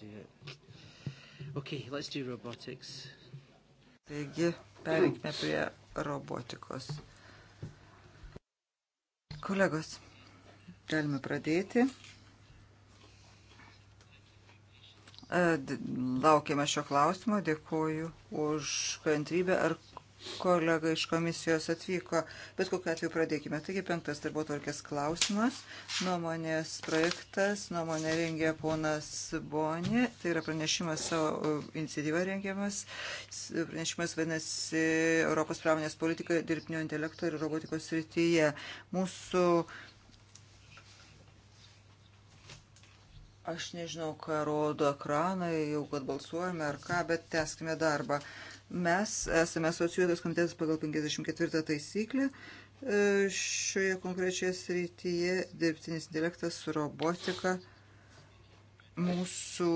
do it. Okay, let's do robotics. Taigi, perinkime prie robotikos. Kolegos, galime pradėti. Laukiame šio klausimo, dėkuoju už kantrybę. Ar kolega iš komisijos atvyko. Bet kokiu atveju pradėkime. Taigi penktas darbo tvarkės klausimas. Nuomonės projektas. Nuomonė rengė ponas Boni. Tai yra pranešimas savo e, iniciatyva rengiamas. Pranešimas vadinasi Europos pramonės politika dirbtinio intelekto ir robotikos srityje. Mūsų Aš nežinau, ką rodo ekranai, jau kad balsuojame ar ką, bet teskime darbą. Uh, Mes esame asociuotas komitetas pagal 54 taisyklę. E, šioje konkrečioje srityje dirbtinis intelektas, robotika, mūsų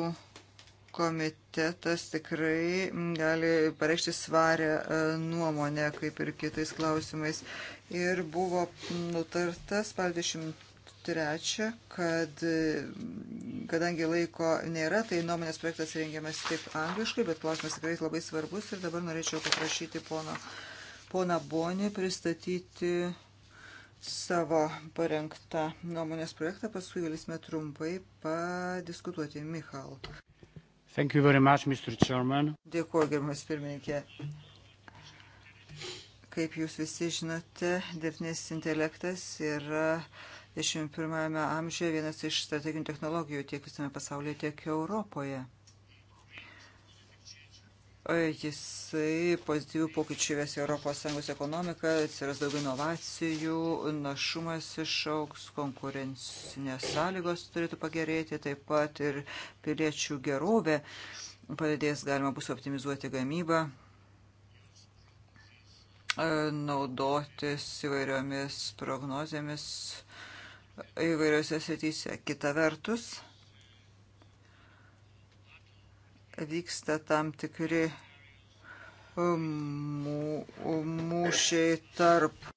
komitetas tikrai gali pareikšti svarę e, nuomonę, kaip ir kitais klausimais. Ir buvo nutarta spalio 10 Trečia, kad kadangi laiko nėra, tai nuomonės projektas rengiamas tik angliškai, bet klausimas tikrai labai svarbus ir dabar norėčiau paprašyti pono, poną Bonį pristatyti savo parengtą nuomonės projektą, paskui galėsime trumpai padiskutuoti. Michal. Thank you very much, Mr. Chairman. Dėkuoju, gerbiamas pirmininkė. Kaip jūs visi žinote, dirbtinis intelektas yra uh, 21 amžiuje vienas iš strateginių technologijų tiek visame pasaulyje, tiek Europoje. E, jisai pozityvių pokyčių ves ES ekonomiką, atsiras daugiau inovacijų, našumas išauks, konkurencinės sąlygos turėtų pagerėti, taip pat ir piliečių gerovė padidės, galima bus optimizuoti gamybą, e, naudotis įvairiomis prognozėmis įvairiose srityse. Kita vertus, vyksta tam tikri um, um, mūšiai tarp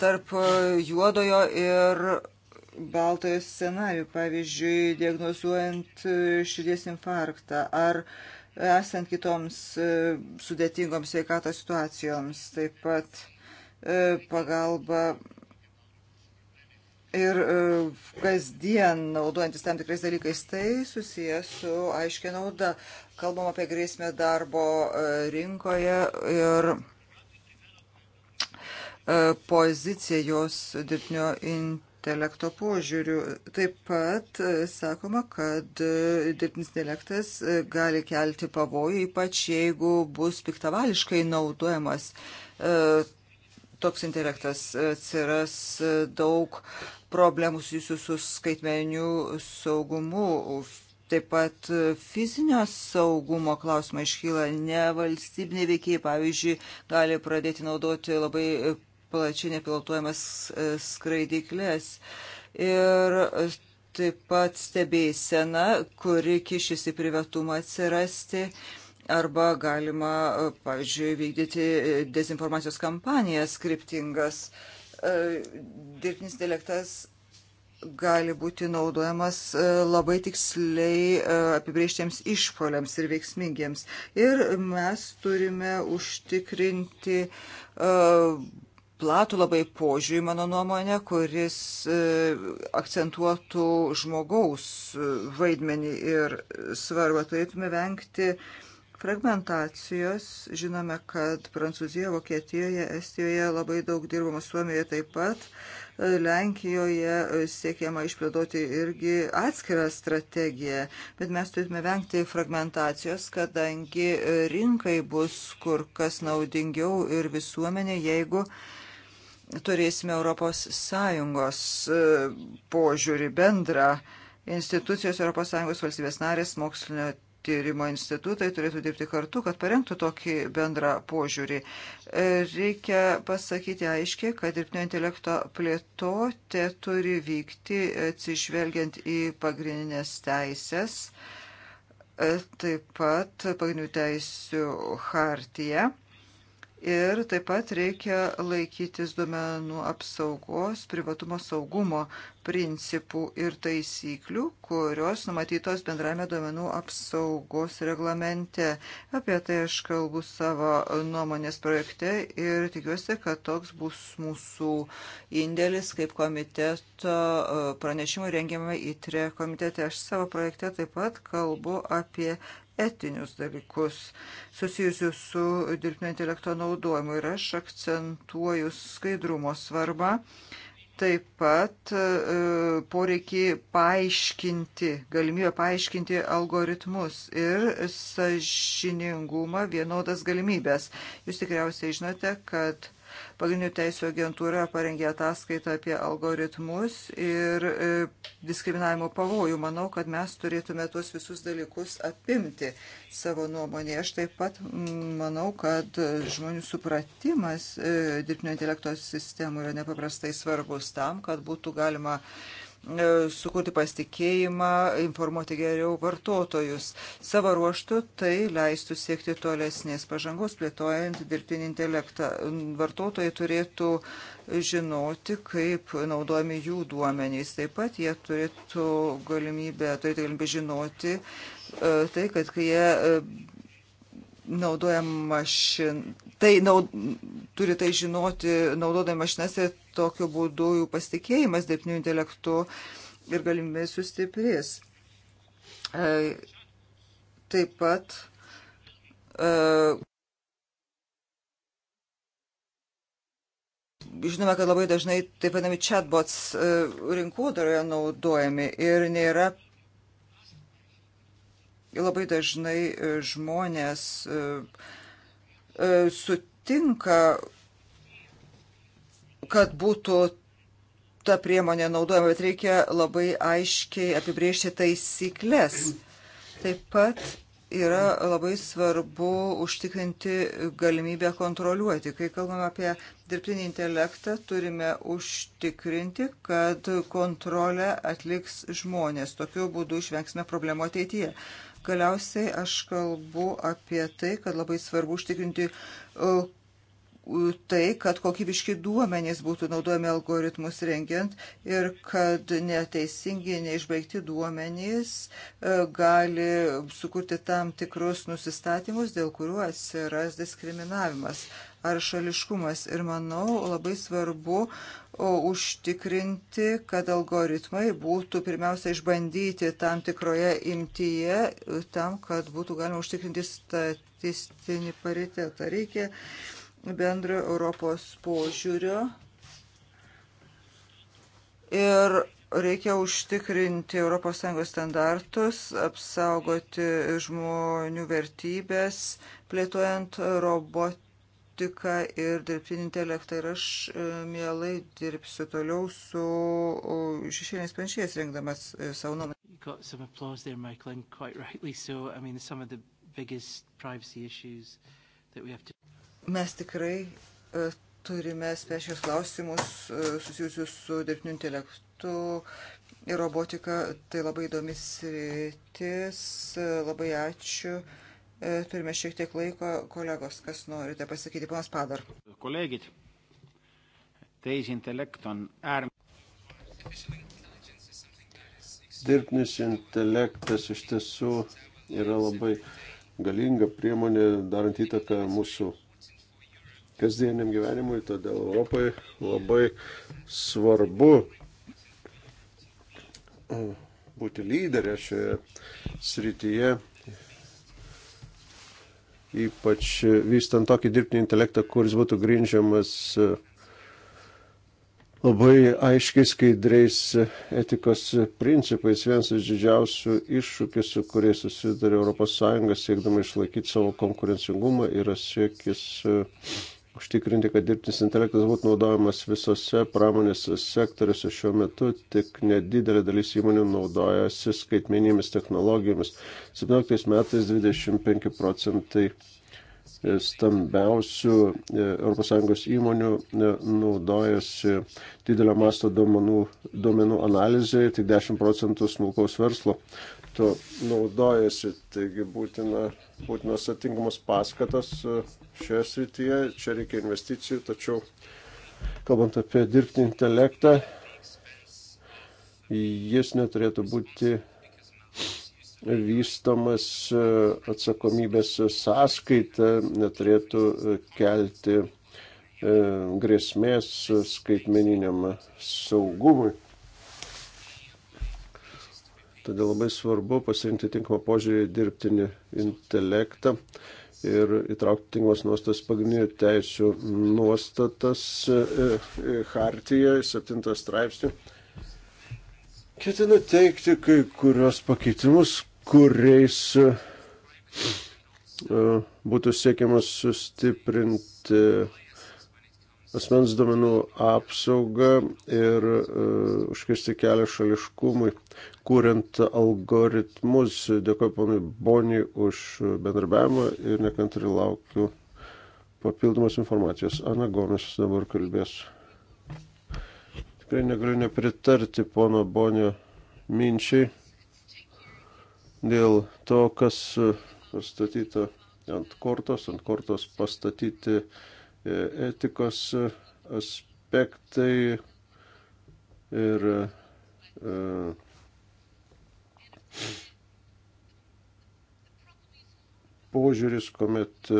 tarp uh, juodojo ir baltojo scenarių, pavyzdžiui, diagnozuojant uh, širdies infarktą ar esant kitoms uh, sudėtingoms sveikatos situacijoms. Taip pat E, pagalba ir e, kasdien naudojantis tam tikrais dalykais, tai susijęs su aiškia nauda. Kalbam apie grėsmę darbo e, rinkoje ir poziciją jos dirbtinio intelekto požiūrių. Taip pat sakoma, kad dirbtinis intelektas gali kelti pavojų, ypač jeigu bus piktavališkai naudojamas toks intelektas e, atsiras e, daug problemų susijusių su skaitmeniniu saugumu. Taip pat e, fizinio saugumo klausimą iškyla ne valstybiniai veikiai, pavyzdžiui, gali pradėti naudoti labai plačiai nepilotuojamas skraidyklės. Ir taip pat stebėsena, kuri kišis į privatumą atsirasti. Uh, Arba galima, pavyzdžiui, vykdyti dezinformacijos kampanijas skriptingas. E, dirbtinis intelektas gali būti naudojamas e, labai tiksliai e, apibrieštiems išpoliams ir veiksmingiems. Ir mes turime užtikrinti platų labai požiūrį, mano nuomonė, kuris akcentuotų žmogaus vaidmenį ir svarbą. Turėtume vengti uh, fragmentacijos. Žinome, kad Prancūzijoje, Vokietijoje, Estijoje labai daug dirbama, Suomijoje taip pat. Lenkijoje siekiama išplėdoti irgi atskirą strategiją, bet mes turėtume vengti fragmentacijos, kadangi rinkai bus kur kas naudingiau ir visuomenė, jeigu turėsime Europos Sąjungos e, požiūrį bendrą institucijos ES valstybės narės, mokslinio tyrimo institutai turėtų dirbti kartu, kad parengtų tokį bendrą požiūrį. E, reikia pasakyti aiškiai, kad dirbtinio intelekto plėtotė turi vykti atsižvelgiant į pagrindinės teisės, e, taip pat pagrindinių teisių hartiją Ir taip pat reikia laikytis duomenų apsaugos, privatumo saugumo principų ir taisyklių, kurios numatytos bendrame duomenų apsaugos reglamente. Apie tai aš kalbu savo nuomonės projekte ir tikiuosi, kad toks bus mūsų indėlis kaip komiteto e, pranešimų rengiamame įtrė komitete. Aš savo projekte taip pat kalbu apie etinius dalykus susijusius su dirbtinio intelekto naudojimu. Ir aš akcentuoju skaidrumo svarbą, taip pat e, poreikį paaiškinti, galimybę paaiškinti algoritmus ir sažiningumą vienodas galimybės. Jūs tikriausiai žinote, kad Pagrindinių teisų agentūra parengė ataskaitą apie algoritmus ir e, diskriminavimo pavojų. Manau, kad mes turėtume tuos visus dalykus apimti savo nuomonėje. Aš taip pat manau, kad žmonių supratimas e, dirbtinio intelekto sistemų yra nepaprastai svarbus tam, kad būtų galima E, sukurti pasitikėjimą, informuoti geriau vartotojus. Savo ruoštų tai leistų siekti tolesnės pažangos, plėtojant dirbtinį intelektą. Vartotojai turėtų žinoti, kaip naudojami jų duomenys. Taip pat jie turėtų galimybę, turėtų galimybę žinoti e, tai, kad kai jie naudojam mašin, tai naud, turi tai žinoti, naudodami mašinas ir tokiu būdu jų pasitikėjimas dirbtiniu intelektu ir galimybė sustiprės. E, taip pat e, žinome, kad labai dažnai taip vadinami chatbots e, rinkodaroje naudojami ir nėra Labai dažnai e, žmonės e, e, sutinka, kad būtų ta priemonė naudojama, bet reikia labai aiškiai apibriežti taisyklės. Taip pat yra labai svarbu užtikrinti galimybę kontroliuoti. Kai kalbame apie dirbtinį intelektą, turime užtikrinti, kad kontrolę atliks žmonės. Tokiu būdu išvengsime problemų ateityje. Galiausiai aš kalbu apie tai, kad labai svarbu užtikrinti e, tai, kad kokybiški duomenys būtų naudojami algoritmus rengiant ir kad neteisingi, neišbaigti duomenys e, gali sukurti tam tikrus nusistatymus, dėl kurių atsiras diskriminavimas ar šališkumas. Ir manau, labai svarbu užtikrinti, kad algoritmai būtų pirmiausia išbandyti tam tikroje imtyje, tam, kad būtų galima užtikrinti statistinį paritetą. Reikia bendro Europos požiūrio. Ir reikia užtikrinti ES standartus, apsaugoti žmonių vertybės, plėtojant robot, robotiką ir dirbtinį intelektą ir aš e, mielai dirbsiu toliau su šešėliniais panšiais rengdamas e, savo nuomonę. Mes tikrai e, turime spešius klausimus susijusius su dirbtiniu intelektu ir robotika. Tai labai įdomis rytis. Labai ačiū. E, turime šiek tiek laiko, kolegos, kas norite pasakyti, ponas Padar. Kolegit, teisintellekt on äärm- dirbtinis intelektas iš tiesų yra labai galinga priemonė darant įtaką mūsų kasdieniam gyvenimui, todėl Europai labai svarbu e, būti lyderė šioje srityje ypač e, vystant tokį dirbtinį intelektą, kuris būtų grindžiamas e, labai aiškiai skaidriais e, etikos principais. Vienas iš didžiausių iššūkių, su kuriais susiduria ES siekdama išlaikyti savo konkurencingumą, yra siekis uh, užtikrinti, kad dirbtinis intelektas būtų naudojamas visose pramonės sektoriuose šiuo metu, tik nedidelė dalis įmonių naudojasi skaitmeninėmis technologijomis. 17 metais 25 procentai e, stambiausių e, ES įmonių e, naudojasi didelio masto duomenų, duomenų analizėje, tik 10 procentų smulkaus verslo projektų naudojasi, taigi būtina, būtinos atinkamos paskatos e, šioje srityje, čia reikia investicijų, tačiau kalbant apie dirbtinį intelektą, jis neturėtų būti vystomas e, atsakomybės sąskaita, neturėtų e, kelti grėsmės skaitmeniniam saugumui. Todėl labai svarbu pasirinkti tinkamą požiūrį į dirbtinį intelektą ir įtraukti tinkamas nuostatas pagrindinių teisų nuostatas e, e, Hartiją, 7 straipsnį. Ketinu teikti kai kurios pakeitimus, kuriais e, būtų siekiamas sustiprinti asmens duomenų apsaugą ir uh, užkirsti kelią šališkumui, kuriant algoritmus. Dėkuoju ponui Boni už bendrabiavimą ir nekantri laukiu papildomos informacijos. Ana Gomes dabar kalbės. Tikrai negaliu nepritarti pono Bonio minčiai dėl to, kas pastatyta ant kortos, ant kortos pastatyti uh, etikos aspektai ir e, požiūris, kuomet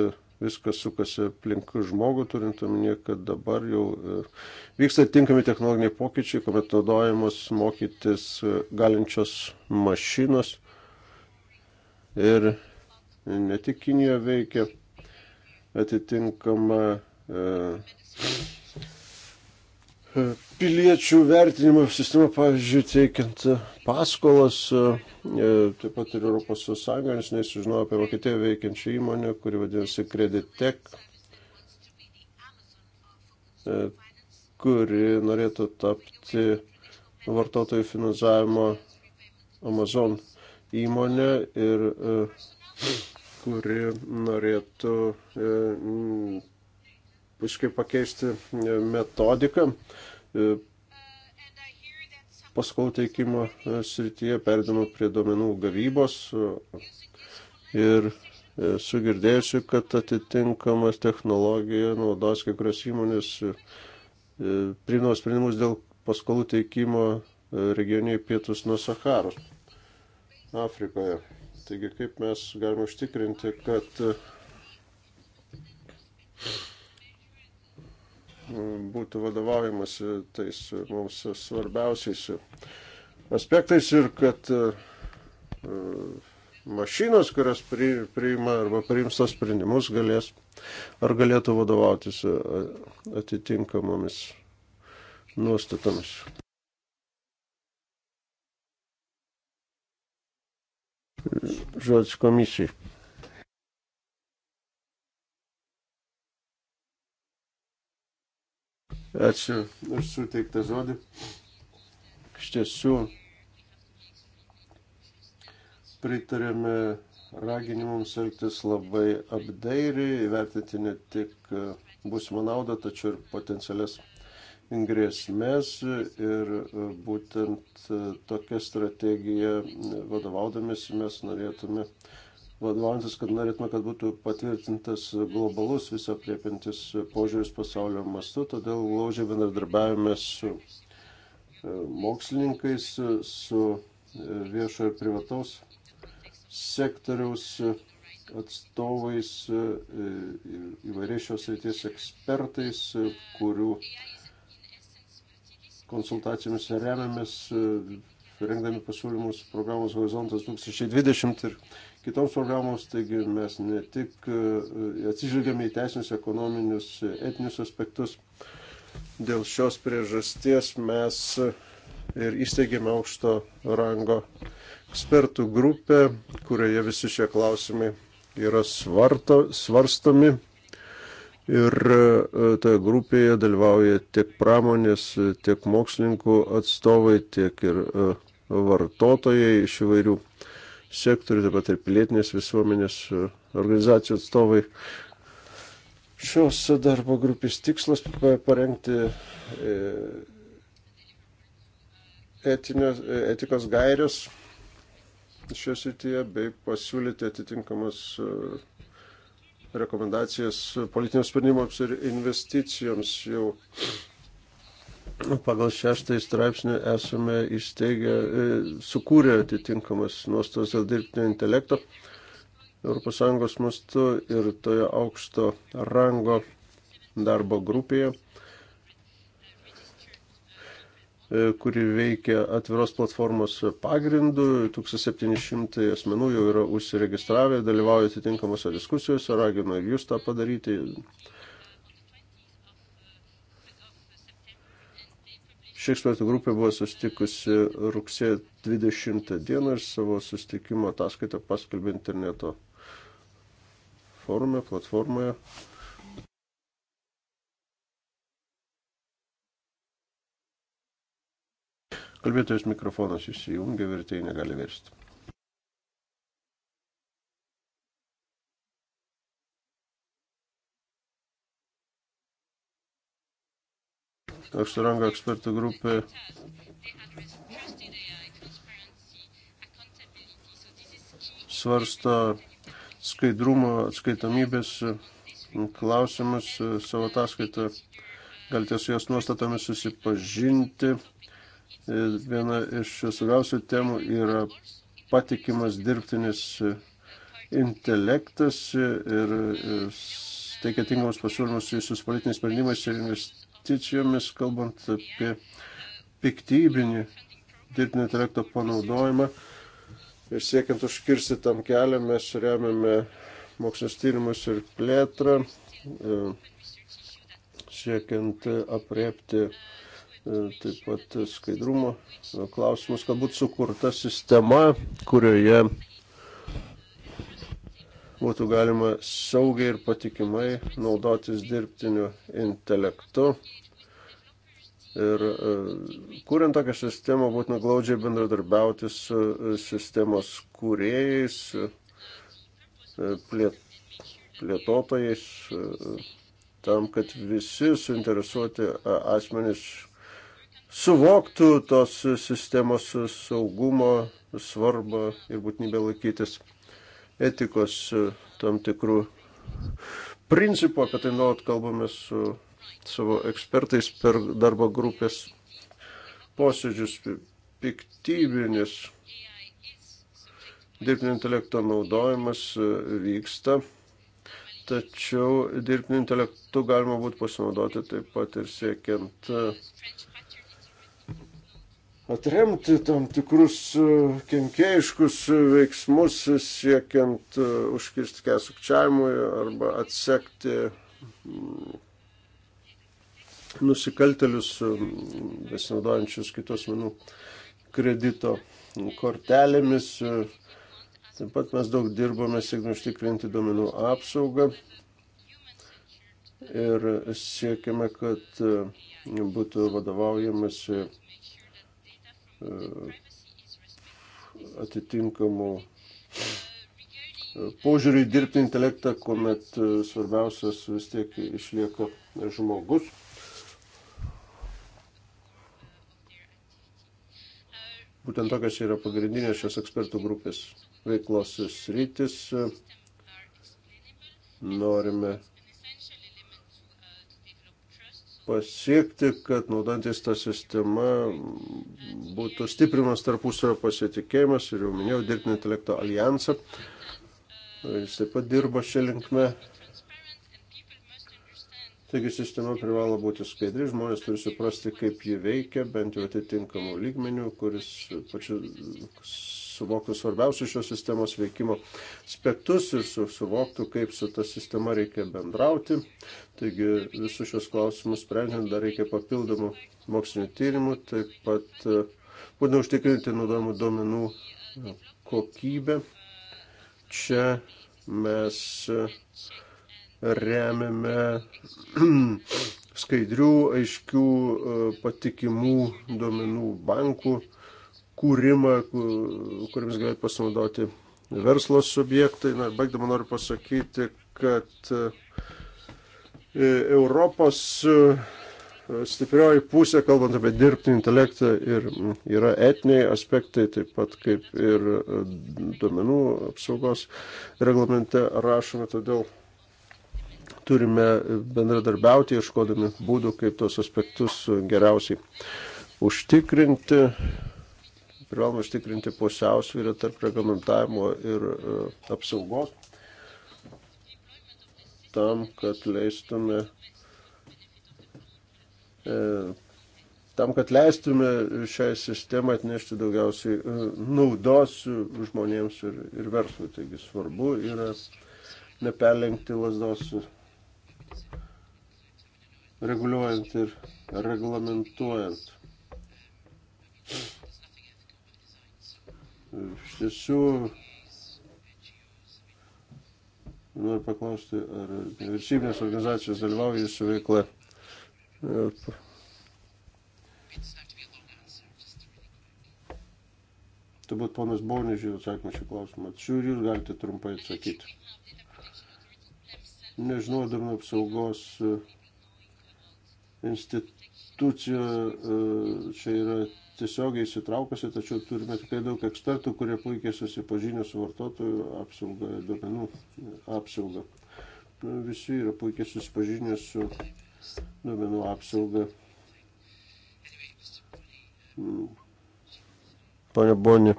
viskas sukasi aplink žmogų, turint omenyje, kad dabar jau e, vyksta tinkami technologiniai pokyčiai, kuomet naudojamos mokytis e, galinčios mašinos. Ir ne tik Kinija veikia atitinkama piliečių vertinimo sistema, pavyzdžiui, teikiant paskolas, e, e, taip pat ir Europos Sąjunga, nes nesužinojau apie Vokietiją veikiančią įmonę, kuri vadinasi Creditek, e, kuri norėtų tapti vartotojų finansavimo Amazon įmonė ir kuri norėtų visiškai pakeisti e, metodiką e, paskolų teikimo e, srityje, perdama prie duomenų gavybos ir sugirdėjusi, kad atitinkama technologija naudos kai kurios įmonės priimamos sprendimus dėl paskolų teikimo regioniai pietus nuo Saharos Afrikoje. Taigi kaip mes galime užtikrinti, kad būtų vadovaujamas tais mums svarbiausiais aspektais ir kad e, mašinos, kurios priima arba priims tos sprendimus, galės ar galėtų vadovautis e, atitinkamomis nuostatomis. Žodis komisijai. Ačiū už suteiktą žodį. Iš tiesų pritarėme raginimams elgtis labai apdairiai, įvertinti ne tik e, būsimą naudą, tačiau ir potencialias grėsmės ir e, būtent e, tokią strategiją vadovaudomės mes norėtume vadovaujantis, kad norėtume, kad būtų patvirtintas globalus viso priepintis požiūris pasaulio mastu, todėl glaužiai bendradarbiavime su e, mokslininkais, su e, viešo ir privataus sektoriaus atstovais, e, įvairiais šios ryties ekspertais, kurių konsultacijomis remiamės, rengdami pasiūlymus programos Horizontas 2020 ir kitoms programoms, taigi mes ne tik e, atsižvelgiame į teisinius, ekonominius, etinius aspektus. Dėl šios priežasties mes ir įsteigėme aukšto rango ekspertų grupę, kurioje visi šie klausimai yra svarto, svarstomi. Ir e, toje grupėje dalyvauja tiek pramonės, tiek mokslininkų atstovai, tiek ir e, vartotojai iš įvairių uh, sektorių, taip pat ir pilietinės visuomenės e, organizacijų atstovai. Šios darbo grupės tikslas parengti e, etinio, e, etikos gairias šioje srityje bei pasiūlyti atitinkamas rekomendacijas politiniams sprendimams ir investicijoms jau pagal šeštąjį straipsnį esame įsteigę, e, sukūrę atitinkamas nuostas dėl dirbtinio intelekto ES mastu ir toje aukšto rango darbo grupėje, e, kuri veikia atviros platformos pagrindu. 1700 asmenų jau yra užsiregistravę, dalyvauja atitinkamose diskusijose, raginu ir jūs tą padaryti Ši ekspertų grupė buvo sustikusi rugsėjo 20 dieną ir savo sustikimo ataskaitą paskelbė interneto forume, platformoje. Kalbėtojas mikrofonas įsijungia, vertėjai negali versti. aukšto rango ekspertų grupė svarsto skaidrumo atskaitomybės klausimus savo ataskaitą. Galite su jos nuostatomis susipažinti. Viena iš svarbiausių temų yra patikimas dirbtinis intelektas ir teikia tinkamus pasiūlymus su politiniais sprendimais ir investicijomis investicijomis, kalbant apie piktybinį dirbtinio intelekto panaudojimą. Ir siekiant užkirsti tam kelią, mes remiame mokslinis tyrimus ir plėtrą, e, siekiant apriepti e, taip pat skaidrumo klausimus, kad būtų sukurta sistema, kurioje būtų galima saugiai ir patikimai naudotis dirbtiniu intelektu. Ir e, kuriant tokią sistemą būtina glaudžiai bendradarbiauti su e, sistemos kūrėjais, e, plėtotojais, tam, kad visi suinteresuoti asmenys suvoktų tos sistemos saugumo svarbą ir būtinybę laikytis etikos e, tam tikrų principų, apie tai nuolat kalbame su savo ekspertais per darbo grupės posėdžius piktybinis dirbtinio intelekto naudojimas e, vyksta, tačiau dirbtinio intelektu galima būtų pasinaudoti taip pat ir siekiant e, atremti tam tikrus e, kenkėjiškus e, veiksmus, e, siekiant užkirsti kelią sukčiavimui arba atsekti mm, nusikaltelius, besinaudojančius kitos menų kredito kortelėmis. Taip pat mes daug dirbame, siekdami užtikrinti duomenų apsaugą ir siekime, kad būtų vadovaujamasi E, atitinkamų e, požiūrį į dirbtinį intelektą, kuomet e, svarbiausias vis tiek išlieka žmogus. Būtent tokios yra pagrindinės šios ekspertų grupės veiklos sritis. Norime pasiekti, kad naudantis tą sistemą būtų stiprinamas tarpusavio pasitikėjimas ir jau minėjau dirbtinio intelekto alijansą. Jis taip pat dirba šią linkmę. Taigi sistema privalo būti skaidri, žmonės turi suprasti, kaip ji veikia, bent jau atitinkamų lygmenių, kuris pačiu suvoktų svarbiausius šios sistemos veikimo aspektus ir su, suvoktų, kaip su ta sistema reikia bendrauti. Taigi visus šios klausimus sprendžiant dar reikia papildomų mokslinių tyrimų, taip pat e, būtina užtikrinti naudojamų duomenų e, kokybę. Čia mes e, remiame skaidrių, aiškių, patikimų duomenų bankų kūrimą, kuriamis galėtų pasinaudoti verslo subjektai. Na, baigdama noriu pasakyti, kad e, Europos e, stiprioji pusė, kalbant apie dirbtinį intelektą, ir yra etiniai aspektai, taip pat kaip ir e, duomenų apsaugos reglamente rašome, todėl turime bendradarbiauti, ieškodami būdų, kaip tos aspektus geriausiai užtikrinti. Privalome užtikrinti pusiausvyrą tarp reglamentavimo ir e, apsaugos tam, kad leistume e, tam, kad leistume šiai sistemai atnešti daugiausiai e, naudos žmonėms ir, ir verslui. Taigi svarbu yra neperlenkti lasdos reguliuojant ir reglamentuojant. Iš tiesų, noriu paklausti, ar nevyriausybinės organizacijos dalyvauja jūsų veikla. Turbūt ponas Baunis žino atsakymą šį klausimą. Šių jūs galite trumpai atsakyti. Nežinodami apsaugos e, institucijų, e, čia yra tiesiogiai įsitraukusi, tačiau turime tikrai daug ekspertų, kurie puikiai susipažinę su vartotojų apsauga ir duomenų apsauga. Visi yra puikiai susipažinę su duomenų apsauga. Pane Boni,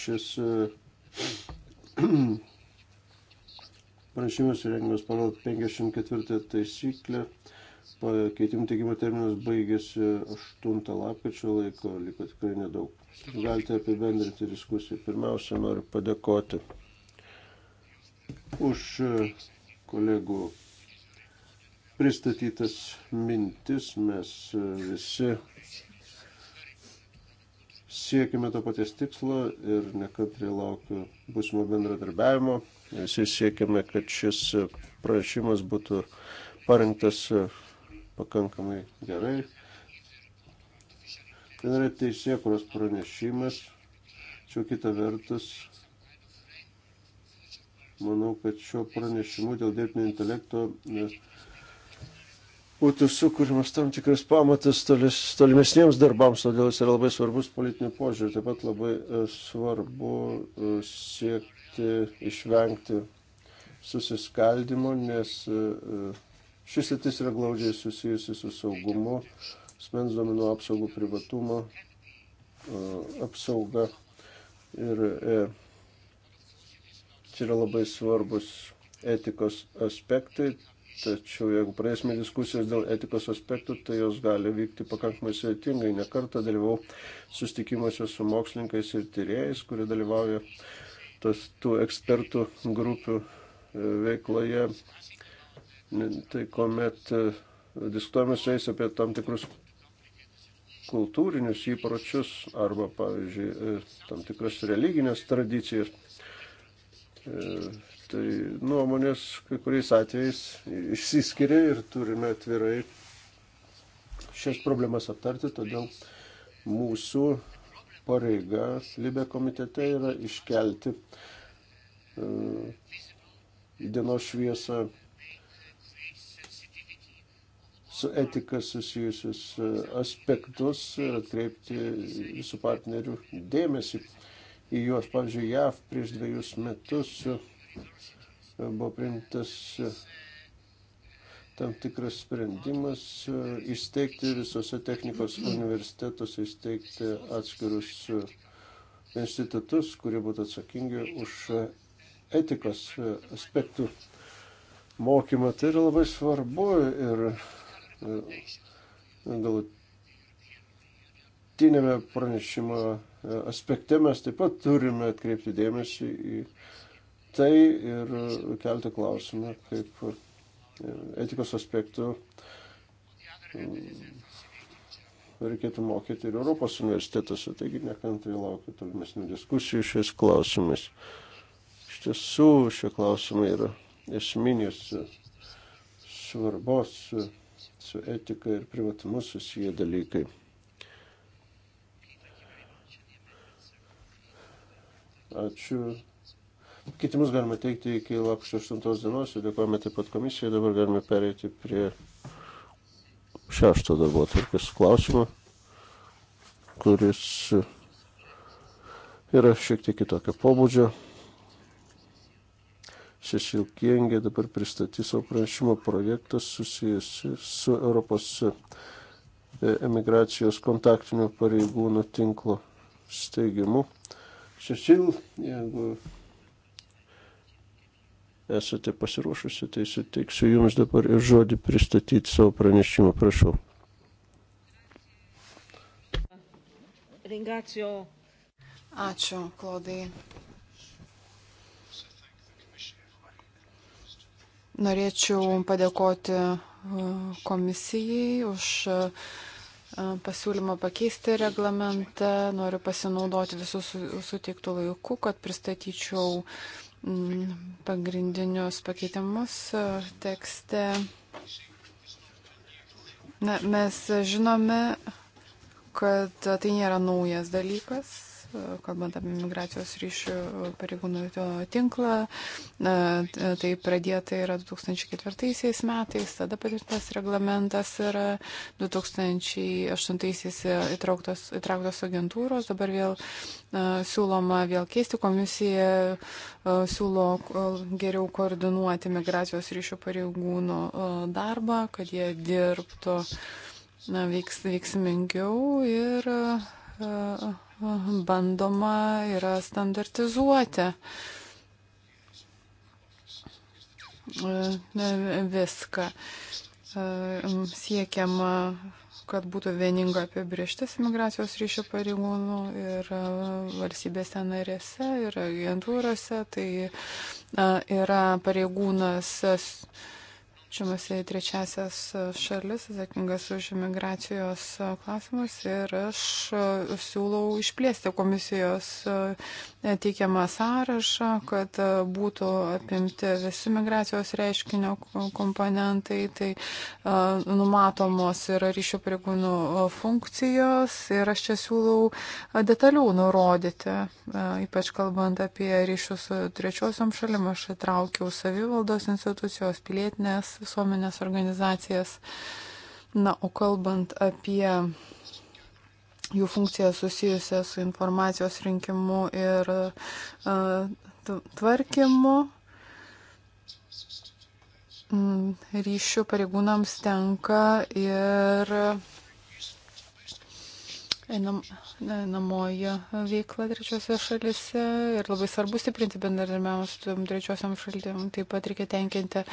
šis pranešimas rengiamas pagal 54 taisyklę Keitimų teikimo terminas baigėsi 8 lapkričio laiko, liko tikrai nedaug. Galite apibendrinti diskusiją. Pirmiausia, noriu padėkoti už e, kolegų pristatytas mintis. Mes e, visi siekime to paties tikslo ir nekantriai laukiu būsimo bendradarbiavimo. Visi siekime, kad šis pranešimas būtų parengtas e, pakankamai gerai. Tai yra teisėkuros pranešimas, čia kita vertus. Manau, kad šio pranešimu dėl dirbtinio intelekto e, būtų sukūrimas tam tikras pamatas tolis, tolimesniems darbams, todėl jis yra labai svarbus politiniu požiūriu. Taip pat labai e, svarbu e, siekti išvengti susiskaldimo, nes Šis sritis yra glaudžiai susijusi su saugumu, smens duomenų apsaugų privatumo apsauga ir e, čia yra labai svarbus etikos aspektai, tačiau jeigu pradėsime diskusijas dėl etikos aspektų, tai jos gali vykti pakankamai sveitingai. Nekartą dalyvau sustikimuose su mokslininkais ir tyrėjais, kurie dalyvauja tos, tų ekspertų grupių e, veikloje tai kuomet e, diskutuojame su jais apie tam tikrus kultūrinius įpročius arba, pavyzdžiui, e, tam tikras religinės tradicijas, e, tai nuomonės kai kuriais atvejais išsiskiria ir turime atvirai šias problemas aptarti, todėl mūsų pareiga Libė komitete yra iškelti į dienos šviesą su etika susijusius e, aspektus ir atkreipti visų partnerių dėmesį į juos. Pavyzdžiui, JAV prieš dviejus metus e, buvo priimtas e, tam tikras sprendimas įsteigti visose technikos universitetuose, įsteigti atskirus institutus, kurie būtų atsakingi už etikos aspektų mokymą. Tai yra labai svarbu ir galutinėme pranešimo e, aspekte mes taip pat turime atkreipti dėmesį į tai ir kelti klausimą, kaip e, etikos aspektų reikėtų mokyti ir Europos universitetuose, taigi nekantrai laukiu tolimesnių diskusijų šiais klausimais. Iš tiesų šie klausimai yra esminės svarbos su etika ir privatumu susiję dalykai. Ačiū. Kitimus galima teikti iki lapkričio 8 dienos ir dėkojame taip pat komisijai. Dabar galime pereiti prie šešto darbo atvarkės klausimo, kuris yra šiek tiek kitokio pobūdžio. Šešilkiengė dabar pristatys savo pranešimo projektą susijusi su Europos e, emigracijos kontaktinio pareigūnų tinklo steigimu. Šešil, jeigu esate pasiruošusi, tai suteiksiu Jums dabar ir žodį pristatyti savo pranešimą, prašau. Ačiū, Klodai. Norėčiau padėkoti e, komisijai už e, e, pasiūlymą pakeisti reglamentą. Noriu pasinaudoti visų suteiktų laikų, kad pristatyčiau mm, pagrindinius pakeitimus tekste. Na, mes žinome, kad tai nėra naujas dalykas kalbant apie migracijos ryšių pareigūnų tinklą. Tai pradėta yra 2004 metais, tada patvirtintas reglamentas yra 2008 įtrauktos, įtrauktos agentūros, dabar vėl siūloma vėl keisti komisiją, siūlo geriau koordinuoti migracijos ryšių pareigūnų darbą, kad jie dirbtų na, veiks, veiksmingiau ir uh, bandoma yra standartizuoti e, viską. E, siekiama, kad būtų vieninga apibrieštis imigracijos ryšio pareigūnų ir e, valstybėse narėse ir agentūrose. Tai yra pareigūnas žemasi į trečiasias šalis, atsakingas už imigracijos klausimus ir aš siūlau išplėsti komisijos teikiamą sąrašą, kad būtų apimti visi migracijos reiškinio komponentai, tai numatomos yra ryšio pareigūnų funkcijos ir aš čia siūlau detaliau nurodyti, ypač kalbant apie ryšius su trečiosiom šalim, aš atraukiau savivaldos institucijos pilietinės visuomenės organizacijas. Na, o kalbant apie jų funkciją susijusią su informacijos rinkimu ir tvarkymu, ryšių pareigūnams tenka ir einamoji e, veikla trečiose šalise ir labai svarbu stiprinti bendradarbiavimą su trečiosiam šalim. Taip pat reikia tenkinti e,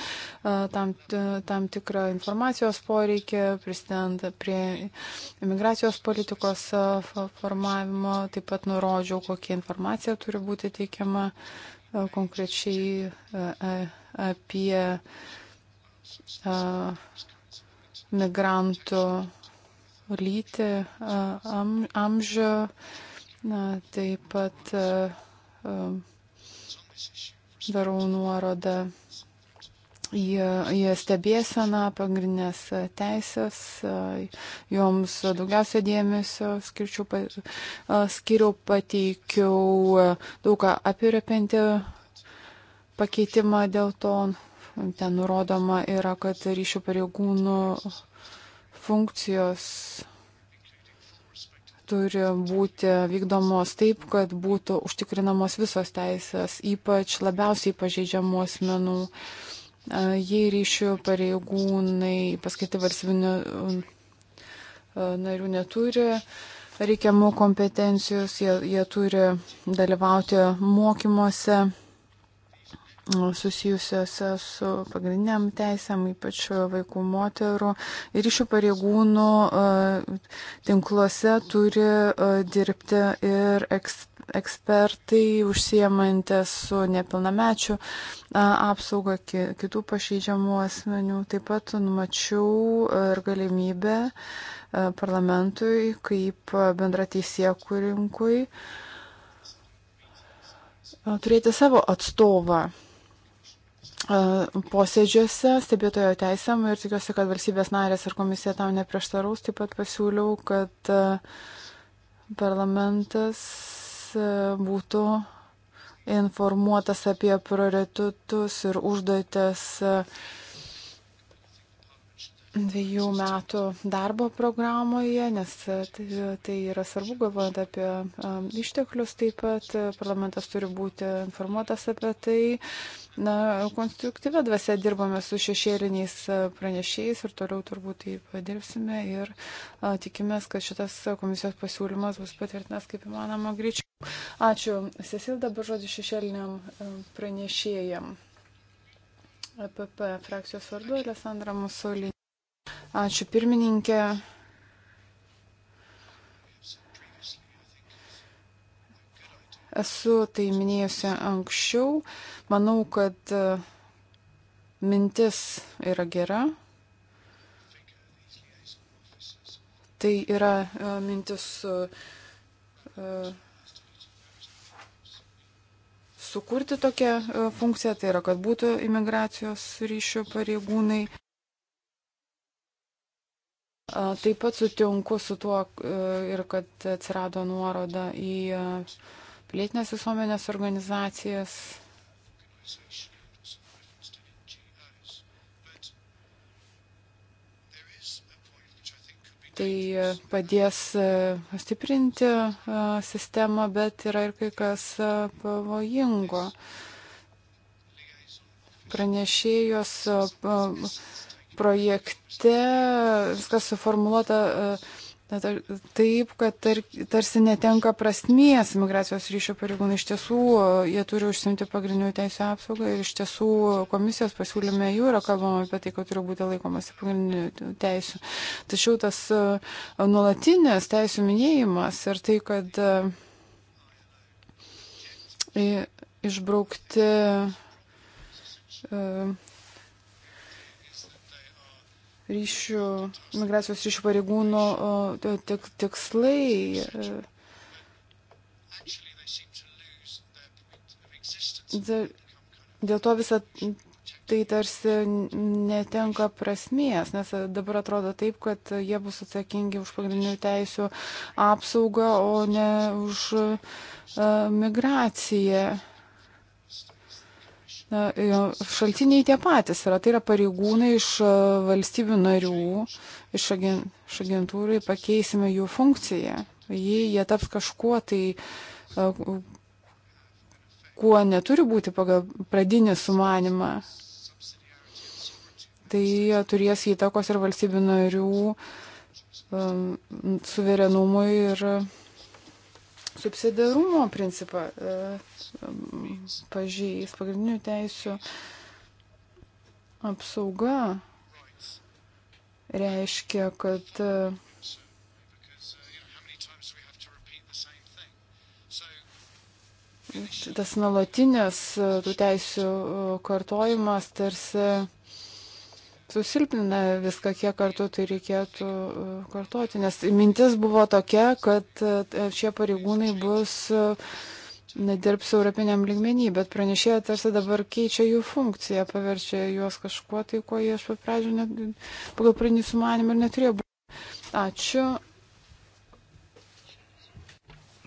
tam, e, tam tikrą informacijos poreikį, prisidant prie imigracijos politikos formavimo. Taip pat nurodžiau, kokia informacija turi būti teikiama konkrečiai apie migrantų lytį, am, amžių, na, taip pat darau nuorodą į, į stebėseną, pagrindinės teisės, joms daugiausia dėmesio skirčiau, skiriau pateikiau daugą apirepinti pakeitimą dėl to. Ten nurodoma yra, kad ryšių pareigūnų funkcijos turi būti vykdomos taip, kad būtų užtikrinamos visos teisės, ypač labiausiai pažeidžiamų asmenų. Jei ryšių pareigūnai paskirti valstybinių narių neturi reikiamų kompetencijos, jie, jie turi dalyvauti mokymuose susijusiuose su pagrindiniam teisėm, ypač vaikų moterų ir iš jų pareigūnų e, tinkluose turi e, dirbti ir ekspertai ekspertai užsiemantis su nepilnamečių e, apsauga kitų pažeidžiamų asmenių. Taip pat numačiau ir galimybę parlamentui kaip bendrateisė kūrinkui turėti savo atstovą E, posėdžiuose stebėtojo teisėm ir tikiuosi, kad valstybės narės ir komisija tam neprieštaraus. Taip pat pasiūliau, kad e, parlamentas e, būtų informuotas apie prioritetus ir užduotis dviejų metų darbo programoje, nes tai, tai yra svarbu, galvojant apie um, išteklius taip pat. Parlamentas turi būti informuotas apie tai. Na, konstruktyvę dvasę dirbame su šešėliniais pranešėjais ir toliau turbūt taip dirbsime ir a, tikimės, kad šitas komisijos pasiūlymas bus patvirtinas kaip įmanoma greičiau. Ačiū. Cecil dabar žodžiu šešėliniam pranešėjam. EPP frakcijos vardu Alessandra Musolini. Ačiū pirmininkė. Esu tai minėjusi anksčiau. Manau, kad e, mintis yra gera. Tai yra e, mintis e, sukurti tokią funkciją, tai yra, kad būtų imigracijos ryšių pareigūnai. Taip pat sutinku su tuo e, ir kad atsirado nuoroda į e, pilietinės visuomenės organizacijas. Tai e, padės stiprinti sistemą, bet yra ir kai kas pavojingo. Pranešėjos projekte viskas suformuoluota e, taip, kad tar, tarsi netenka prasmės migracijos ryšio pareigūnai. Iš tiesų, e, jie turi užsimti pagrindinių teisų apsaugą ir iš tiesų komisijos pasiūlyme jų yra kalbama apie tai, kad turi būti laikomasi pagrindinių teisų. Tačiau tas e, nuolatinės teisų minėjimas ir tai, kad išbraukti ryšių, migracijos ryšių pareigūnų tik, tikslai. E, dėl to visą tai tarsi netenka prasmės, nes dabar atrodo taip, kad jie bus atsakingi už pagrindinių teisių apsaugą, o ne už uh, migraciją. Na, e, šaltiniai tie patys yra, tai yra pareigūnai iš e, valstybių narių, iš, agen, iš agentūrai pakeisime jų funkciją. Jei jie taps kažkuo, tai e, kuo neturi būti pagal pradinį sumanimą, tai turės įtakos ir valstybių narių um, suverenumui ir subsidiarumo principą. Uh, pažeis pagrindinių teisų apsauga reiškia, kad e, tas nuolatinės e, tų teisių e, kartojimas tarsi susilpnina viską, kiek kartų tai reikėtų kartoti, nes mintis buvo tokia, kad šie pareigūnai bus uh, nedirbs europiniam lygmenį, bet pranešėja tarsi dabar keičia jų funkciją, paverčia juos kažkuo tai, ko jie iš pat pradžių net, pagal pradinį sumanimą ir neturėjo būti. Ačiū.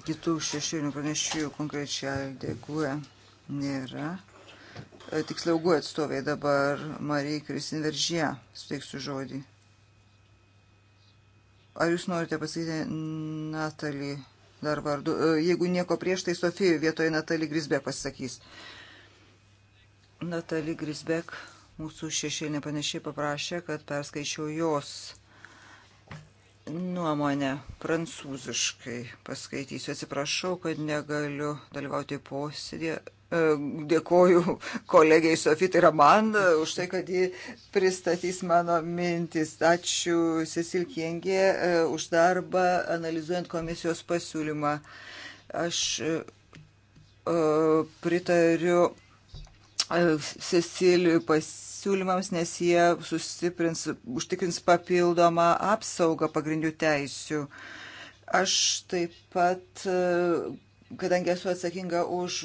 Kitų šešinių pranešėjų konkrečiai dėkuoja nėra. E, tiksliau, guo atstovai dabar Marijai Kristin Veržė, suteiksiu žodį. Ar jūs norite pasakyti Natalį? dar vardu. E, jeigu nieko prieš, tai Sofija vietoje Natali Grisbek pasakys. Natali Grisbek mūsų šešėlinė panašiai paprašė, kad perskaičiau jos nuomonę prancūziškai paskaitysiu. Atsiprašau, kad negaliu dalyvauti posėdėje. E, dėkoju kolegiai Sofitai Raman e, už tai, kad ji pristatys mano mintis. Ačiū Cecil Kiengė e, už darbą analizuojant komisijos pasiūlymą. Aš pritariu Cecilijui pasiūlymą siūlymams, nes jie sustiprins, užtikrins papildomą apsaugą pagrindinių teisių. Aš taip pat, e, kadangi esu atsakinga už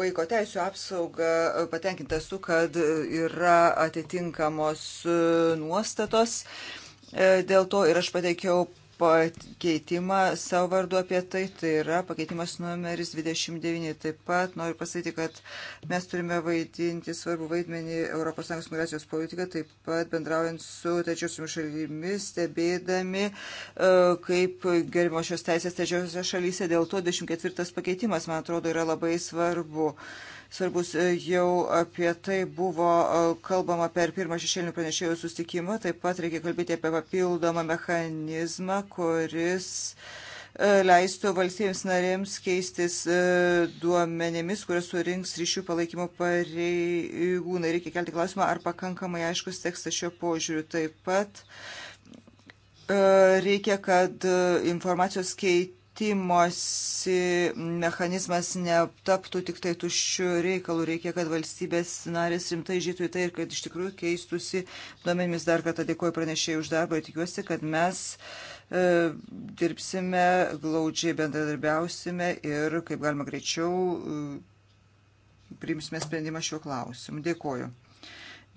vaiko teisų apsaugą, e, patenkinta esu, kad yra atitinkamos e, nuostatos. Dėl to ir aš pateikiau pakeitimą savo vardu apie tai, tai yra pakeitimas numeris 29. Taip pat noriu pasakyti, kad mes turime vaidinti svarbu vaidmenį ES migracijos politiką, taip pat bendraujant su trečiosiomis šalimis, stebėdami, e, kaip gerimo šios teisės trečiosiose šalyse. Dėl to 24 pakeitimas, man atrodo, yra labai svarbu. Uh, svarbus. E, jau apie tai buvo e, kalbama per pirmą šešėlinių pranešėjų sustikimą. Taip pat reikia kalbėti apie papildomą mechanizmą, kuris e, leistų valstybėms narėms keistis duomenėmis, kurias surinks ryšių palaikymo pareigūnai. Reikia kelti klausimą, ar pakankamai aiškus tekstas šio požiūriu. Taip pat reikia, kad informacijos keitimas keitimosi mechanizmas netaptų tik tai tuščių reikalų. Reikia, kad valstybės narės rimtai žytų į tai ir kad iš tikrųjų keistusi duomenimis. Dar kartą dėkuoju pranešėjai už darbą ir tikiuosi, kad mes e, dirbsime, glaudžiai bendradarbiausime ir kaip galima greičiau e, priimsime sprendimą šiuo klausimu. Dėkuoju.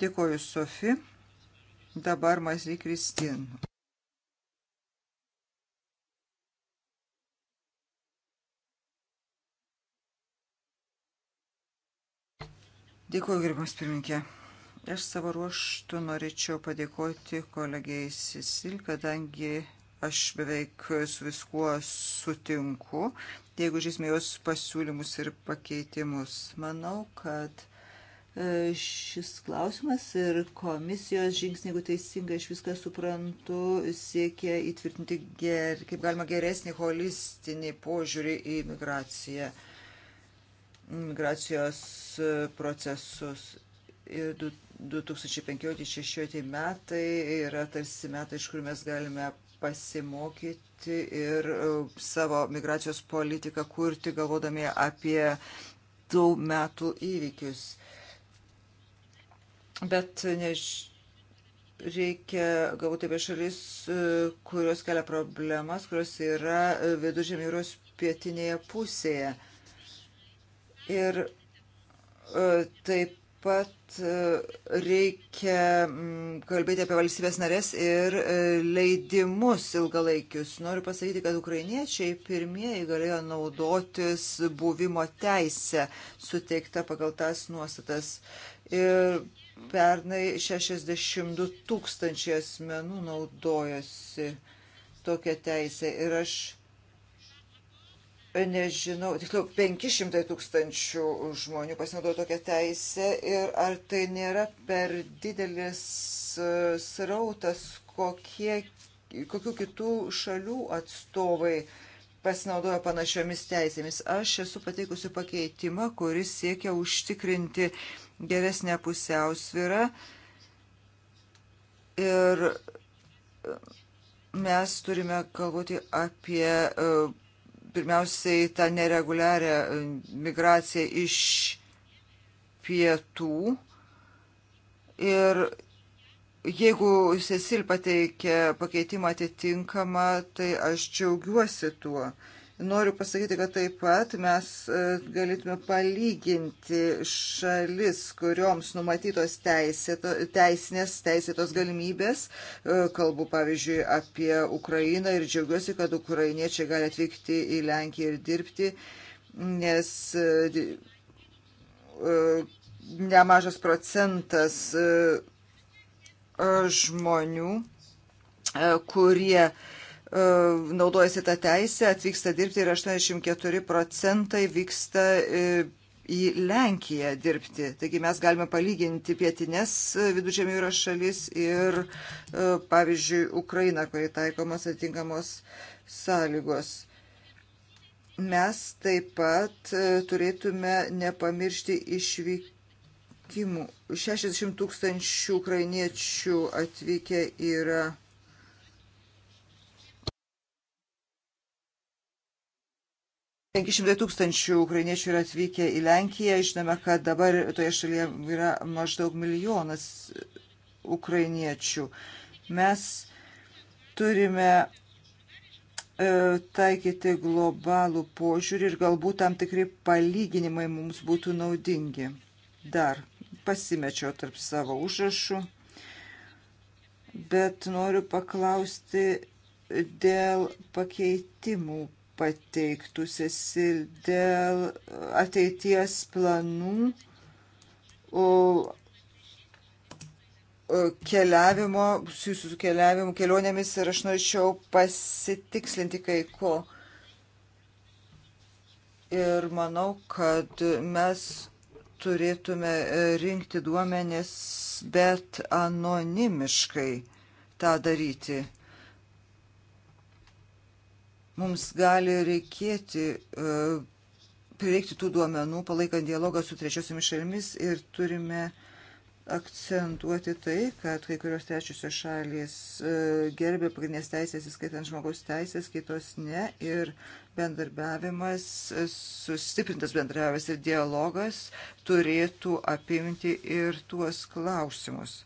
Dėkuoju, Sofi. Dabar Mazly Kristin. Dėkuoju, gerbimas pirminkė. Aš savo ruoštų norėčiau padėkoti kolegijai Sisil, kadangi aš beveik su viskuo sutinku, jeigu žiūrėsime jos pasiūlymus ir pakeitimus. Manau, kad e, šis klausimas ir komisijos žingsniai, jeigu teisingai aš viską suprantu, siekia įtvirtinti ger, kaip galima geresnį holistinį požiūrį į migraciją. Uh, migracijos e, procesus. Ir 2015-2016 metai yra tarsi metai, iš kur mes galime pasimokyti ir e, savo migracijos politiką kurti, galvodami apie tų metų įvykius. Bet než... reikia galbūt apie šalis, e, kurios kelia problemas, kurios yra viduržėmėros pietinėje pusėje. Ir e, taip pat e, reikia mm, kalbėti apie valstybės narės ir e, leidimus ilgalaikius. Noriu pasakyti, kad ukrainiečiai pirmieji galėjo naudotis buvimo teisę suteikta pagal tas nuostatas. Ir pernai 62 tūkstančiai asmenų naudojosi tokią teisę. Ir aš nežinau, tiksliau, 500 tūkstančių žmonių pasinaudojo tokią teisę ir ar tai nėra per didelis e, srautas, kokie, kokių kitų šalių atstovai pasinaudojo panašiomis teisėmis. Aš esu pateikusi pakeitimą, kuris siekia užtikrinti geresnę pusiausvyrą ir mes turime kalbėti apie uh, pirmiausiai tą nereguliarią e, migraciją iš pietų. Ir jeigu Cecil pateikė pakeitimą atitinkamą, tai aš džiaugiuosi tuo. Uh, Noriu pasakyti, kad taip pat mes e, galėtume palyginti šalis, kurioms numatytos teisėto, teisinės teisėtos galimybės. E, kalbu pavyzdžiui apie Ukrainą ir džiaugiuosi, kad ukrainiečiai gali atvykti į Lenkiją ir dirbti, nes e, nemažas procentas žmonių, kurie E, naudojasi tą teisę, atvyksta dirbti ir 84 procentai vyksta e, į Lenkiją dirbti. Taigi mes galime palyginti pietinės e, viduržėmio jūros šalis ir, pavyzdžiui, Ukrainą, kuri taikomos atitinkamos sąlygos. Mes taip pat turėtume nepamiršti išvykti rinkimų. 60 tūkstančių ukrainiečių atvykę yra 500 tūkstančių ukrainiečių yra atvykę į Lenkiją. Žinome, kad dabar toje šalyje yra maždaug milijonas ukrainiečių. Mes turime e, taikyti globalų požiūrį ir galbūt tam tikri palyginimai mums būtų naudingi. Dar pasimečiau tarp savo užrašų, bet noriu paklausti dėl pakeitimų pateiktusis ir dėl ateities planų o, keliavimo, susijusiu su keliavimu, kelionėmis ir aš norėčiau pasitikslinti kai ko. Ir manau, kad mes turėtume e, rinkti duomenis, bet anonimiškai tą daryti. Mums gali reikėti e, prireikti tų duomenų, palaikant dialogą su trečiosiomis šalimis ir turime akcentuoti tai, kad kai kurios trečiosios šalys e, gerbė pagrindinės teisės, įskaitant žmogaus teisės, kitos ne, ir bendarbiavimas, e, sustiprintas bendravimas ir dialogas turėtų apimti ir tuos klausimus.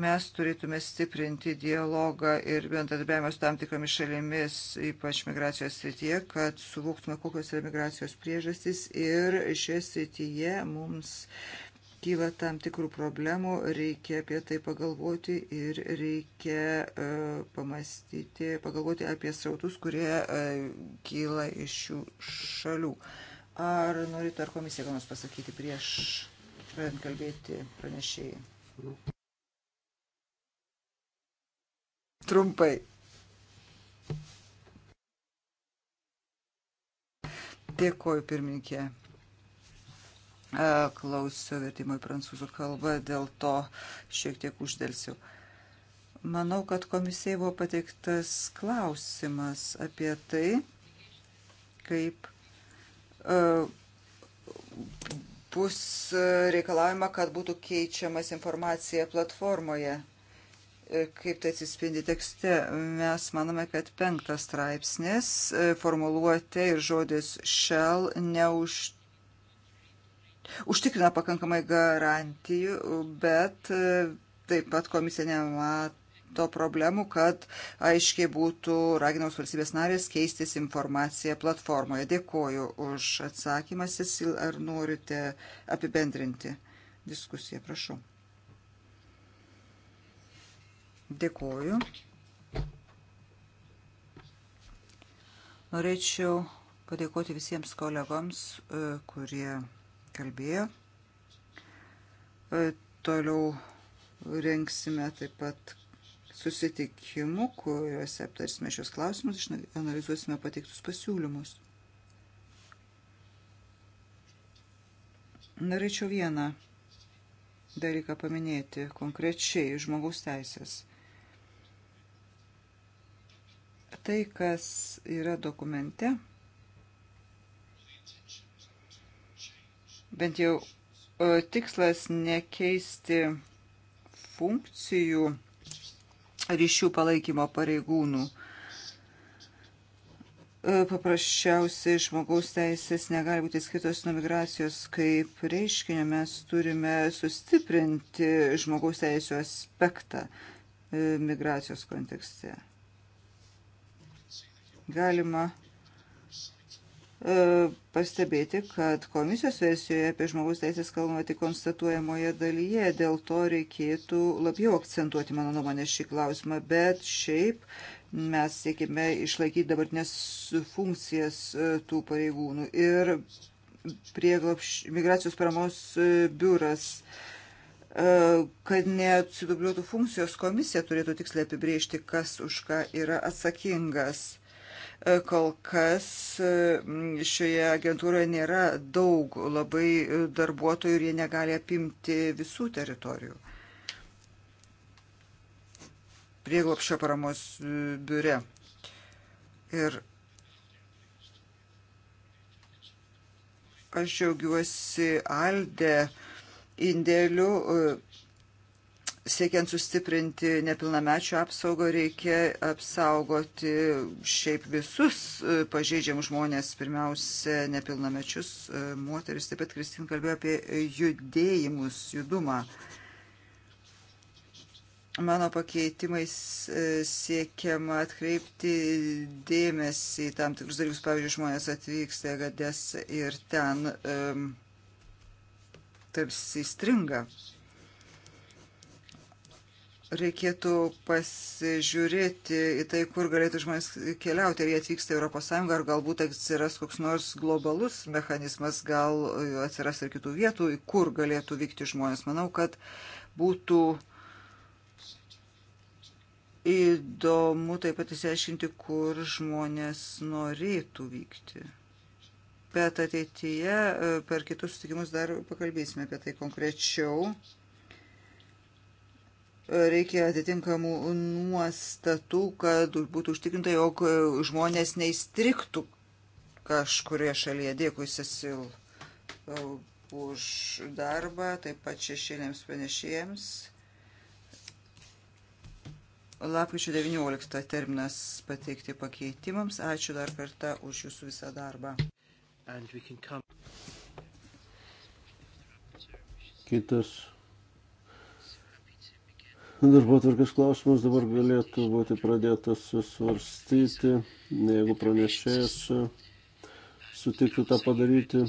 Mes turėtume stiprinti dialogą ir bendradarbiavimą su tam tikromis šalimis, ypač migracijos srityje, kad suvoktume, kokios yra migracijos priežastys ir šioje srityje mums kyla tam tikrų problemų, reikia apie tai pagalvoti ir reikia uh, pamastyti, pagalvoti apie srautus, kurie uh, kyla iš šių šalių. Ar norite, ar komisija ką nors pasakyti prieš pradant kalbėti pranešėjai? Trumpai. Dėkoju, pirmininkė. Klausiu vertimo į prancūzų kalbą, dėl to šiek tiek uždėlsiu. Manau, kad komisijai buvo pateiktas klausimas apie tai, kaip bus reikalavima, kad būtų keičiamas informacija platformoje kaip tai atsispindi tekste. Mes manome, kad penktas straipsnis e, formuluotė ir žodis shell neužtikrina užtikrina pakankamai garantijų, bet e, taip pat komisija nemato problemų, kad aiškiai būtų raginamos valstybės narės keistis informaciją platformoje. Dėkoju už atsakymą, Cecil, ar norite apibendrinti diskusiją, prašau. Dėkuoju. Norėčiau padėkoti visiems kolegoms, e, kurie kalbėjo. E, toliau rengsime taip pat susitikimų, kuriuose aptarsime šios klausimus, analizuosime pateiktus pasiūlymus. Norėčiau vieną dalyką paminėti konkrečiai žmogaus teisės. Tai, kas yra dokumente, bent jau e, tikslas nekeisti funkcijų ryšių palaikymo pareigūnų. E, paprasčiausiai žmogaus teisės negali būti skirtos nuo migracijos kaip reiškinio. Mes turime sustiprinti žmogaus teisų aspektą e, migracijos kontekste galima e, pastebėti, kad komisijos versijoje apie žmogus teisės kalbama tik konstatuojamoje dalyje, dėl to reikėtų labiau akcentuoti, mano nuomonė, šį klausimą, bet šiaip mes siekime išlaikyti dabartinės funkcijas e, tų pareigūnų. Ir prie migracijos paramos e, biuras, kad neatsidubliuotų funkcijos komisija turėtų tiksliai apibriežti, kas už ką yra atsakingas kol kas mm, šioje agentūroje nėra daug labai darbuotojų ir jie negali apimti visų teritorijų. Prieglopščio paramos mm, biure. Ir aš džiaugiuosi Alde indėliu siekiant sustiprinti nepilnamečių apsaugą, reikia apsaugoti šiaip visus e, pažeidžiamus žmonės, pirmiausia, nepilnamečius e, moteris. Taip pat Kristin kalbėjo apie judėjimus, judumą. Mano pakeitimais e, siekiama atkreipti dėmesį į tam tikrus dalykus. Pavyzdžiui, žmonės atvyksta į Gades ir ten um, tarsi įstringa reikėtų pasižiūrėti į tai, kur galėtų žmonės keliauti, ar jie atvyksta į ES, ar galbūt atsiras koks nors globalus mechanizmas, gal atsiras ir kitų vietų, kur galėtų vykti žmonės. Manau, kad būtų įdomu taip pat įsiaiškinti, kur žmonės norėtų vykti. Bet ateityje eh, per kitus sutikimus dar pakalbėsime apie tai konkrečiau reikia atitinkamų nuostatų, kad būtų užtikrinta, jog žmonės neįstriktų kažkurioje šalyje. Dėkui, Sesil, už darbą, taip pat šešėlėms panešėjams. Lapkričio 19 terminas pateikti pakeitimams. Ačiū dar kartą už jūsų visą darbą. Kitas Darbo tvarkės klausimas dabar galėtų būti pradėtas svarstyti, jeigu pranešėjas sutiktų tą padaryti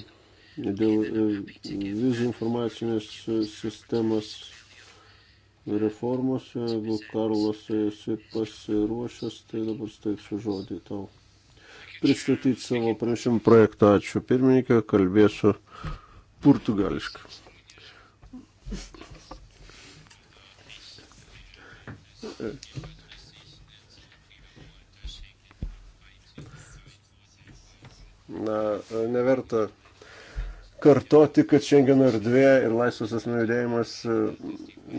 dėl e, vizų informacinės sistemos reformos, jeigu Karlas esi pasiruošęs, tai dabar steiksiu žodį tau. Pristatyti savo pranešimų projektą. Ačiū pirmininkai, kalbėsiu portugališkai. Na, neverta kartoti, kad Schengeno erdvė ir laisvas asmenų judėjimas e,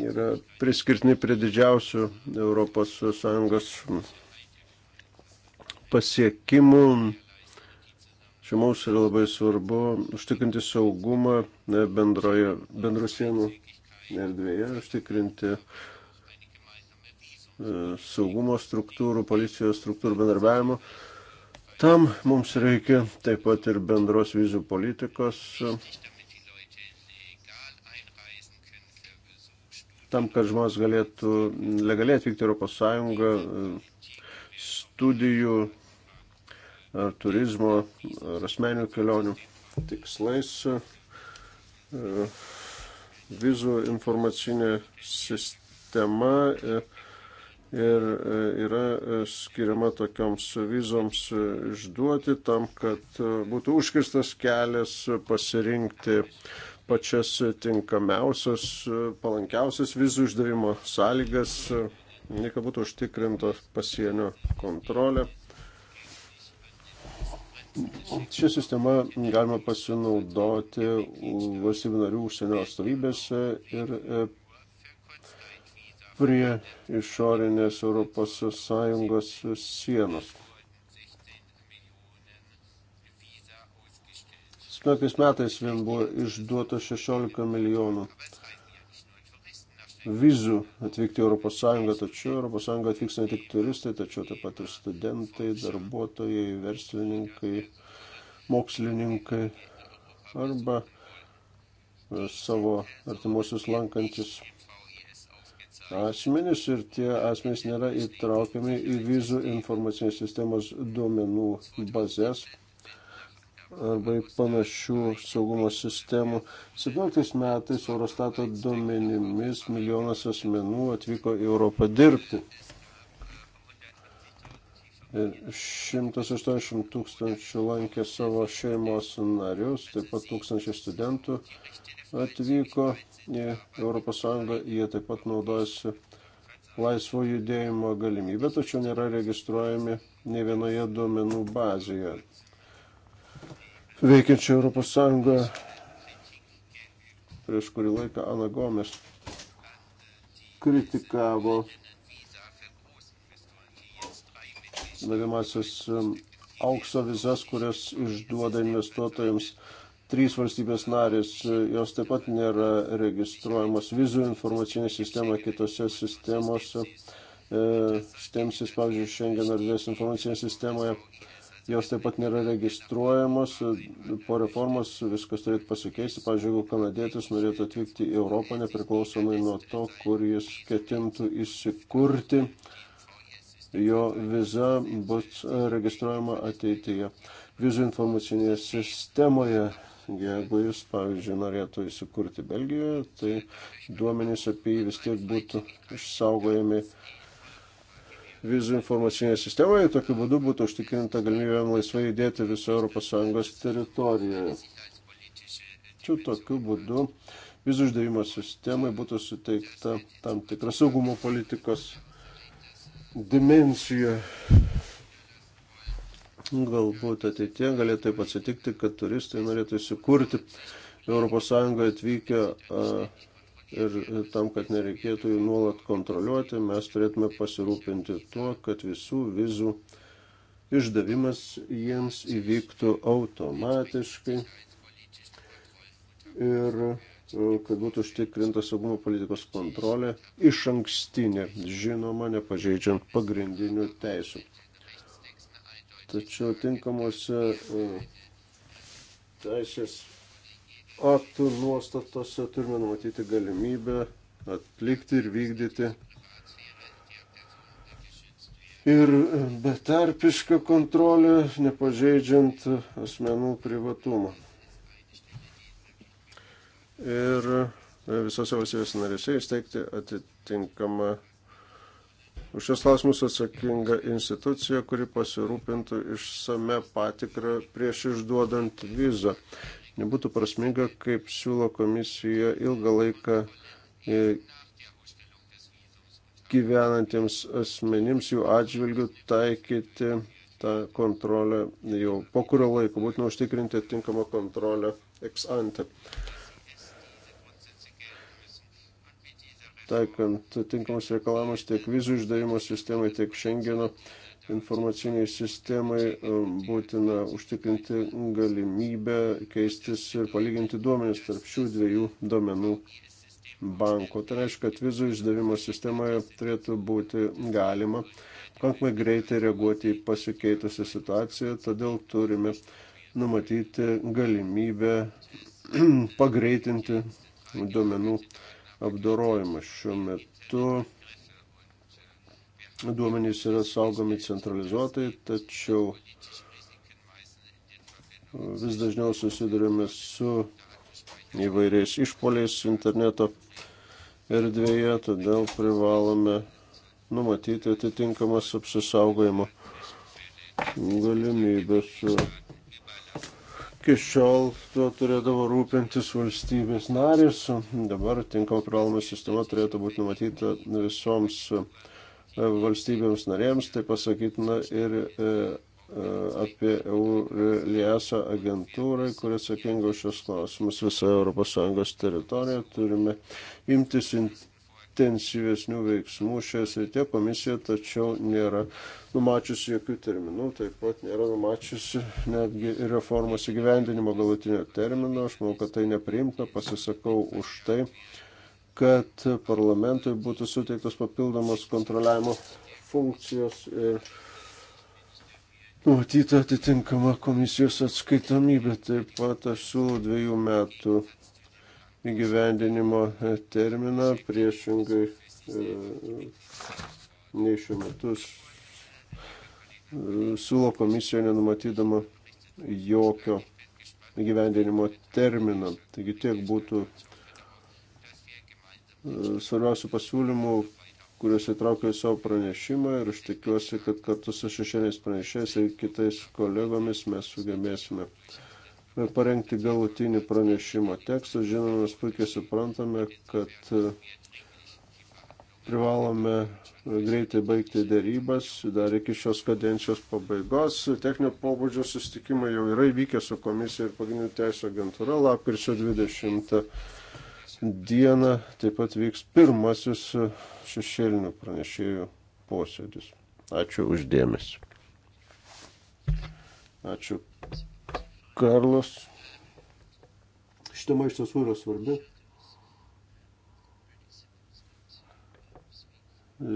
yra priskirtini prie didžiausių ES pasiekimų. Čia mums yra labai svarbu užtikrinti saugumą e, bendroje, bendro sienų erdvėje, užtikrinti E, saugumo struktūrų, policijos struktūrų bendarbiavimo. Tam mums reikia taip pat ir bendros vizų politikos, e, tam, kad žmonės galėtų legaliai atvykti Europos Sąjungą e, studijų ar turizmo ar asmeninių kelionių tikslais. Vizų informacinė sistema. E, ir e, yra e, skiriama tokioms vizoms e, išduoti tam, kad būtų užkirstas kelias pasirinkti pačias tinkamiausias, palankiausias vizų išdavimo sąlygas, kad būtų užtikrinta pasienio kontrolė. Šią sistemą galima pasinaudoti valstybių narių užsienio atstovybėse ir prie išorinės ES sienos. Smekais metais vien buvo išduota 16 milijonų vizų atvykti ES, tačiau ES atvyksta ne tik turistai, tačiau taip pat ir studentai, darbuotojai, verslininkai, mokslininkai arba savo artimuosius lankantis asmenys ir tie asmenys nėra įtraukiami į vizų informacinės sistemos duomenų bazės arba į panašių saugumo sistemų. 17 metais Eurostato duomenimis milijonas asmenų atvyko į Europą dirbti. 180 tūkstančių lankė savo šeimos narius, taip pat tūkstančiai studentų atvyko į ES, jie taip pat naudojasi laisvo judėjimo galimybę, tačiau nėra registruojami ne vienoje duomenų bazėje. Veikiančia ES prieš kurį laiką Ana Gomes kritikavo davimasias aukso vizas, kurias išduoda investuotojams trys valstybės narės. Jos taip pat nėra registruojamos vizų informacinė sistema kitose sistemose. E, Stemsis, pavyzdžiui, Schengen erdvės informacinėje sistemoje. Jos taip pat nėra registruojamos. Po reformos viskas turėtų pasikeisti. Pavyzdžiui, jeigu kanadietis norėtų atvykti į Europą, nepriklausomai nuo to, kur jis ketintų įsikurti, jo viza bus registruojama ateityje vizų informacinėje sistemoje. Jeigu jis, pavyzdžiui, norėtų įsikurti Belgijoje, tai duomenys apie jį vis tiek būtų išsaugojami vizų informacinėje sistemoje, tokiu būdu būtų užtikrinta galimybė laisvai judėti viso ES teritorijoje. Čia tokiu būdu vizų uždavimo sistemai būtų suteikta tam tikra saugumo politikos dimensiją. Galbūt ateitie galėtų taip atsitikti, kad turistai norėtų įsikurti ES atvykę ir tam, kad nereikėtų jų nuolat kontroliuoti, mes turėtume pasirūpinti tuo, kad visų vizų išdavimas jiems įvyktų automatiškai. Ir kad būtų užtikrinta saugumo politikos kontrolė iš ankstinė, žinoma, nepažeidžiant pagrindinių teisų. Tačiau tinkamuose e, teisės aktų nuostatose turime numatyti galimybę atlikti ir vykdyti ir betarpišką kontrolę, nepažeidžiant asmenų privatumą ir e, visose valstybės narėse įsteigti atitinkamą už šios klausimus atsakinga institucija, kuri pasirūpintų išsame patikrą prieš išduodant vizą. Nebūtų prasminga, kaip siūlo komisija ilgą laiką e, gyvenantiems asmenims jų atžvilgių taikyti tą kontrolę jau po kurio laiko, būtina užtikrinti atitinkamą kontrolę ex ante. taikant tinkamus reikalavimus tiek vizų išdavimo sistemai, tiek Schengeno informaciniai sistemai um, būtina užtikrinti galimybę keistis ir palyginti duomenis tarp šių dviejų duomenų banko. Tai reiškia, kad vizų išdavimo sistemoje turėtų būti galima pakankamai greitai reaguoti į pasikeitusią situaciją, todėl turime numatyti galimybę pagreitinti duomenų apdorojimas. Šiuo metu duomenys yra saugomi centralizuotai, tačiau uh, vis dažniau susidurime su įvairiais išpoliais interneto erdvėje, todėl privalome numatyti atitinkamas apsisaugojimo galimybės. Iki šiol tuo turėdavo rūpintis valstybės narės, dabar tinkama privaloma sistema turėtų būti numatyta visoms e, valstybėms narėms, tai pasakytina ir e, e, apie EULIASA agentūrai, kuri atsakinga už šios klausimus visoje ES teritorijoje. Turime imtis intensyvesnių veiksmų šioje srityje komisija tačiau nėra numačiusi jokių terminų, taip pat nėra numačiusi netgi reformos įgyvendinimo galutinio termino. Aš manau, kad tai nepriimtina, pasisakau už tai, kad parlamentui būtų suteiktos papildomos kontroliavimo funkcijos ir numatyta atitinkama komisijos atskaitomybė. Taip pat aš siūlau dviejų metų įgyvendinimo e, terminą, priešingai e, nei šiuo metu e, siūlo komisija nenumatydama jokio įgyvendinimo termino. Taigi tiek būtų svarbiausių pasiūlymų, kuriuos įtraukiau į savo pranešimą ir aš tikiuosi, kad kartu su šešėliais pranešėjais ir kitais kolegomis mes sugebėsime uh, parengti galutinį pranešimo tekstą. Žinoma, mes puikiai suprantame, kad e, privalome greitai baigti dėrybas dar iki šios kadencijos pabaigos. Techninio pobūdžio susitikimai jau yra įvykę su komisija ir pagrindinių teisų agentūra lapkričio 20 dieną. Taip pat vyks pirmasis šešėlinių pranešėjų posėdis. Ačiū uždėmesi. Ačiū Karlas. Šitama iš tiesų yra svarbi.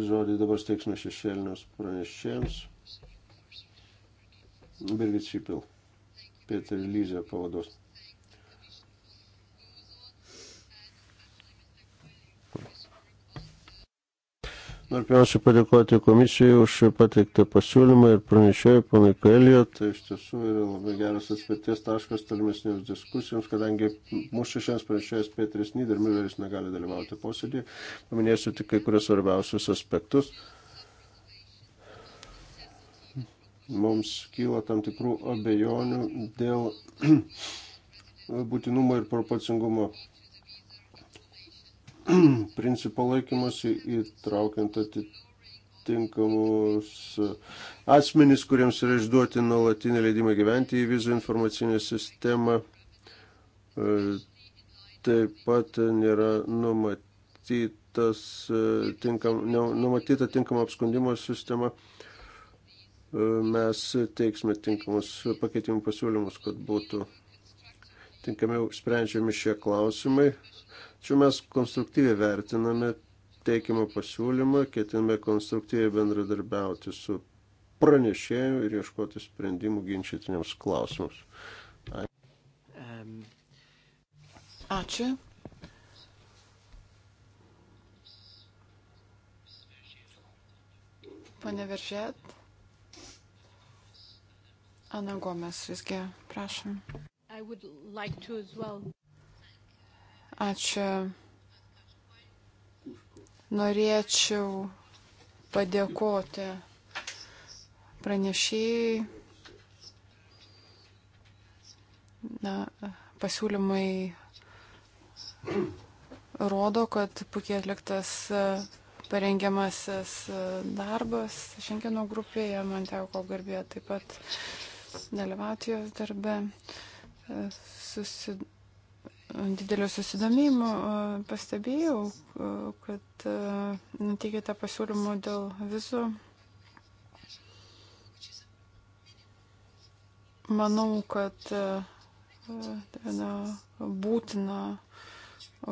Žodį dabar steiksime šešėlinius pranešėjams. Birgit Šipil, Peter Lyzė pavados. Noriu pirmiausia padėkoti komisijai už pateiktą pasiūlymą ir pranešėjai ponai Kaelio. Tai iš tiesų yra labai geras atspirties taškas tolimesnėms diskusijoms, kadangi mūsų šiandien pranešėjas Petris Nidermilleris negali dalyvauti posėdį. Paminėsiu tik kai kurias svarbiausius aspektus. Mums kyla tam tikrų abejonių dėl būtinumo ir proporcingumo principo laikymosi, įtraukiant atitinkamus e, asmenys, kuriems yra išduoti nuolatinį leidimą gyventi į vizų informacinę sistemą. E, taip pat nėra numatytas, e, tinkam, numatyta tinkama apskundimo sistema mes teiksime tinkamus pakeitimų pasiūlymus, kad būtų tinkamiau sprendžiami šie klausimai. Čia mes konstruktyviai vertiname teikimą pasiūlymą, ketiname konstruktyviai bendradarbiauti su pranešėju ir ieškoti sprendimų ginčytiniams klausimams. Ačiū. Pane Veržet. Ana Gomes, visgi prašom. Like well. Ačiū. Norėčiau padėkoti pranešėjai. Na, pasiūlymai rodo, kad puikiai atliktas e, parengiamasis e, darbas Šengeno grupėje. Man teko garbė taip pat dalyvauti jos darbe. E, Susidūrėjau didelio susidomėjimo pastebėjau, kad e, teikėte pasiūlymų dėl vizų. Manau, kad e, e, na, būtina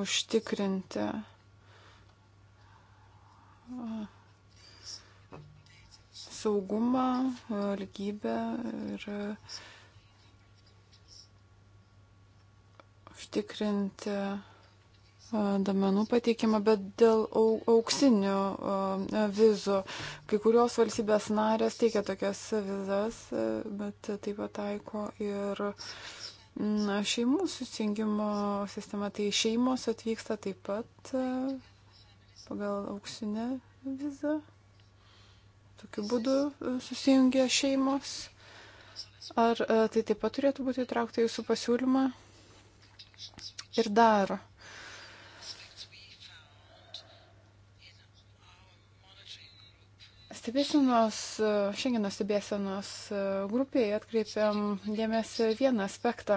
užtikrinti saugumą, lygybę ir uh, užtikrinti domenų pateikimą, bet dėl auksinių vizų. Kai kurios valstybės narės teikia tokias vizas, bet taip pat taiko ir šeimų susijungimo sistema. Tai šeimos atvyksta taip pat pagal auksinę vizą. Tokiu būdu susijungia šeimos. Ar tai taip pat turėtų būti įtraukta jūsų pasiūlymą? ir daro. Stebėsenos, šiandienos stebėsenos grupėje atkreipiam dėmesį vieną aspektą.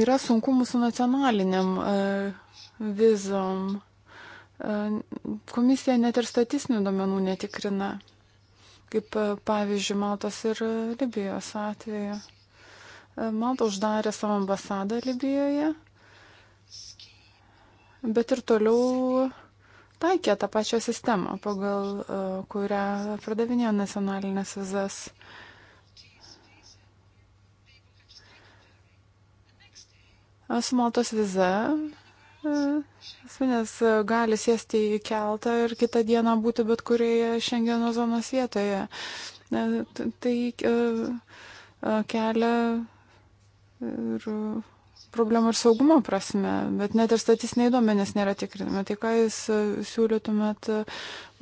Yra sunkumų su nacionaliniam e, vizom. E, komisija net ir statistinių domenų netikrina kaip e, pavyzdžiui Maltos ir e, Libijos atveju. E, Malta uždarė savo ambasadą Libijoje, bet ir toliau taikė tą pačią sistemą, pagal kurią pradavinėjo nacionalinės vizas. Su Maltos viza Nes e, gali sėsti į keltą ir kitą dieną būti bet kurioje Šengeno zonos vietoje. E, tai e, kelia ir problemų ir saugumo prasme, bet net ir statistiniai duomenys nėra tikrinami. Tai ką jūs siūlytumėt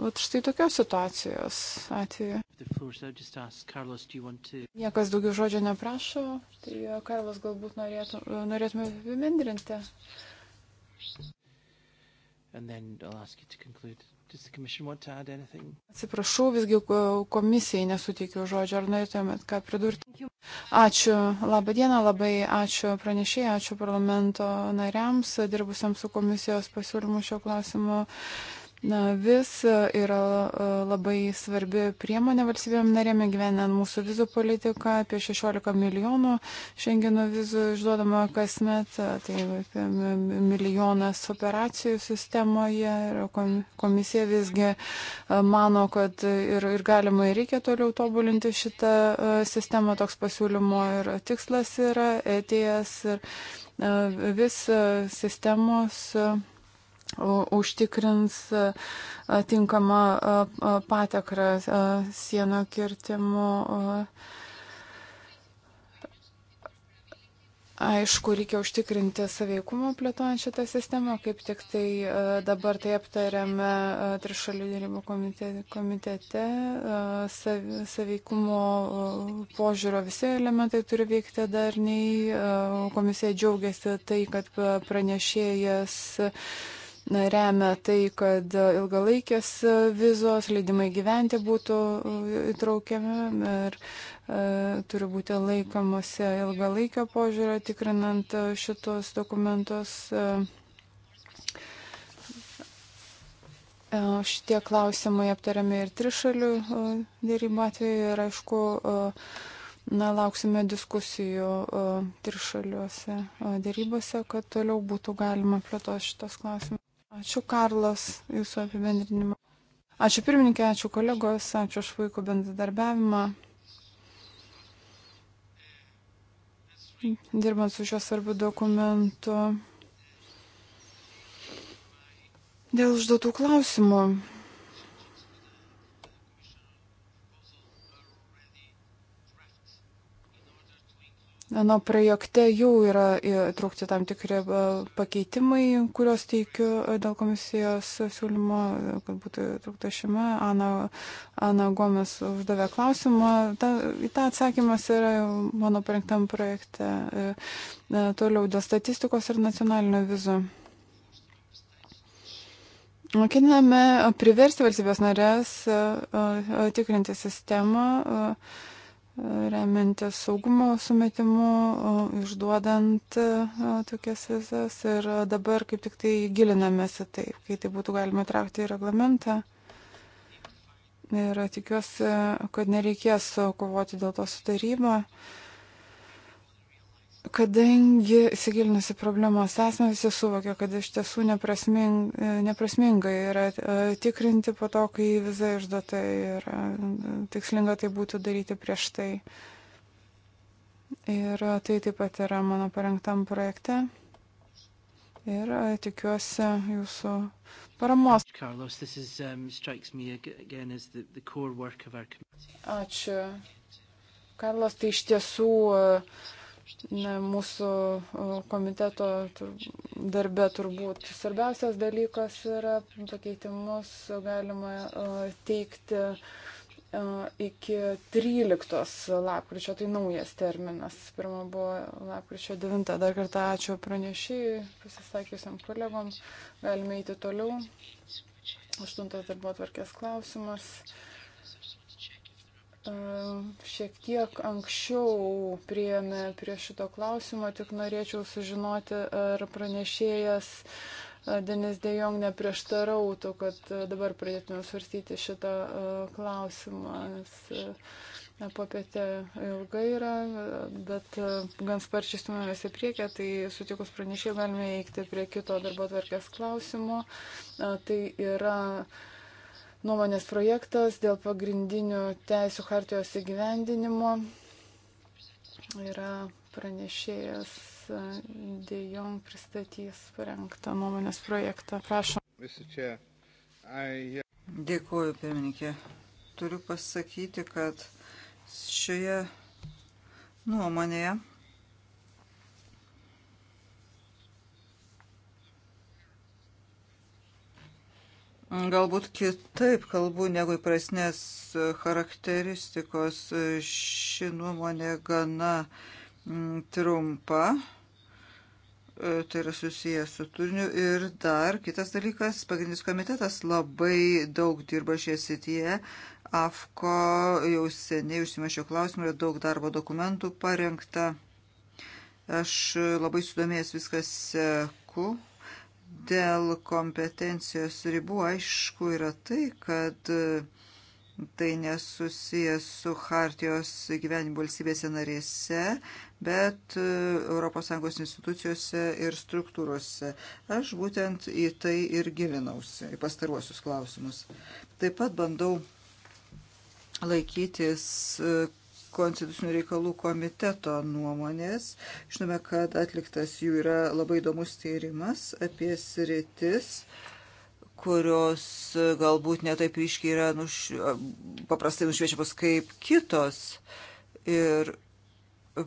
vat, štai tokios situacijos atveju? Niekas daugiau žodžio neprašo, tai Karlas galbūt norėtų, norėtume apibendrinti. Uh, Atsiprašau, visgi komisijai nesuteikiu žodžio, ar norėtumėt ką pridurti. Ačiū, laba diena, labai ačiū pranešėjai, ačiū parlamento nariams, dirbusiam su komisijos pasiūlymu šio klausimu. Na, vis e, yra e, labai svarbi priemonė valstybėm narėm gyvenant mūsų vizų politiką. Apie 16 milijonų šengeno vizų išduodama kasmet, e, tai apie milijonas operacijų sistemoje. Ir komisija visgi mano, kad ir, ir galima ir reikia toliau tobulinti šitą sistemą. Toks pasiūlymo ir tikslas yra ETS ir vis sistemos. Uh, užtikrins e, e, tinkamą e, patekrą sienų kirtimų. Aišku, reikia užtikrinti saveikumą plėtojant šitą sistemą, kaip tik tai dabar tai aptariame trišalių dėrybų komitete, komitete saveikumo požiūrio visi elementai turi veikti darniai. Komisija džiaugiasi tai, kad pranešėjas remia tai, kad ilgalaikės vizos, leidimai gyventi būtų e, įtraukiami ir e, turi būti laikomasi ilgalaikio požiūrio, tikrinant e, šitos dokumentus. Šitie klausimai aptariami ir trišalių dėrybų atveju ir aišku, na, lauksime diskusijų trišaliuose dėrybose, kad toliau būtų galima plėtoti šitos klausimus. Ačiū, Karlas, jūsų apibendrinimą. Ačiū pirmininkė, ačiū kolegos, ačiū už puikų bendradarbiavimą. Dirbant su šiuo svarbiu dokumentu. Dėl užduotų klausimų Na, projekte jau yra įtraukti tam tikri e, pakeitimai, kuriuos teikiu e, dėl komisijos siūlymo, kad būtų įtraukta šiame. Ana, Ana Gomes uždavė klausimą. Ta, į tą atsakymas yra mano parengtam projekte. E, toliau dėl statistikos ir nacionalinio vizo. Ketiname priversti valstybės narės tikrinti sistemą. A, remiantis saugumo sumetimu, išduodant e, tokias vizas. Ir dabar kaip tik tai gilinamės į tai, kai tai būtų galima traukti į reglamentą. Ir tikiuosi, kad nereikės kovoti dėl to su taryba. Uh, Kadangi įsigilinusi problemos esmę, visi suvokia, kad iš tiesų neprasminga, neprasminga yra e, tikrinti po to, kai viza išduota ir e, tikslinga tai būtų daryti prieš tai. Ir e, tai taip pat yra mano parengtam projekte. Ir tikiuosi jūsų paramos. Carlos, is, um, again, the, the Ačiū. Karlos, tai iš tiesų. Uh, na, mūsų komiteto darbe turbūt svarbiausias dalykas yra pakeitimus galima teikti iki 13 lapkričio, tai naujas terminas. Pirma buvo lapkričio 9. Dar kartą ačiū pranešėjai, pasisakysiam kolegom. Galime eiti toliau. Aštuntas darbo atvarkės klausimas. E, šiek tiek anksčiau prieėmė prie šito klausimo, tik norėčiau sužinoti, ar pranešėjas e, Denis Dejong neprieštarautų, kad e, dabar pradėtume svarstyti šitą klausimą, nes popietė ilgai yra, bet gan sparčiai stumėmės į priekį, tai sutikus pranešėjai galime eikti prie kito darbo tvarkės klausimo. Tai yra nuomonės projektas dėl pagrindinių teisų hartijos įgyvendinimo. Yra pranešėjas e, Dejong pristatys parengtą nuomonės projektą. Prašom. Dėkuoju, pirmininkė. Turiu pasakyti, kad šioje nuomonėje Galbūt kitaip kalbu negu įprasnės charakteristikos. Ši nuomonė gana mm, trumpa. E, tai yra susijęs su turiniu. Ir dar kitas dalykas, pagrindinis komitetas labai daug dirba šioje srityje. AFKO jau seniai užsimašio klausimą, yra daug darbo dokumentų parengta. Aš labai sudomėjęs viskas seku Dėl kompetencijos ribų aišku yra tai, kad e, tai nesusijęs su Hartijos gyvenimu valstybėse narėse, bet ES institucijose ir struktūrose. Aš būtent į tai ir gilinausi, į pastaruosius klausimus. Taip pat bandau laikytis e, konstitucinių reikalų komiteto nuomonės. Žinome, kad atliktas jų yra labai įdomus tyrimas apie sritis, kurios galbūt netaip ryškiai yra nuš... paprastai nušviečiamos kaip kitos. Ir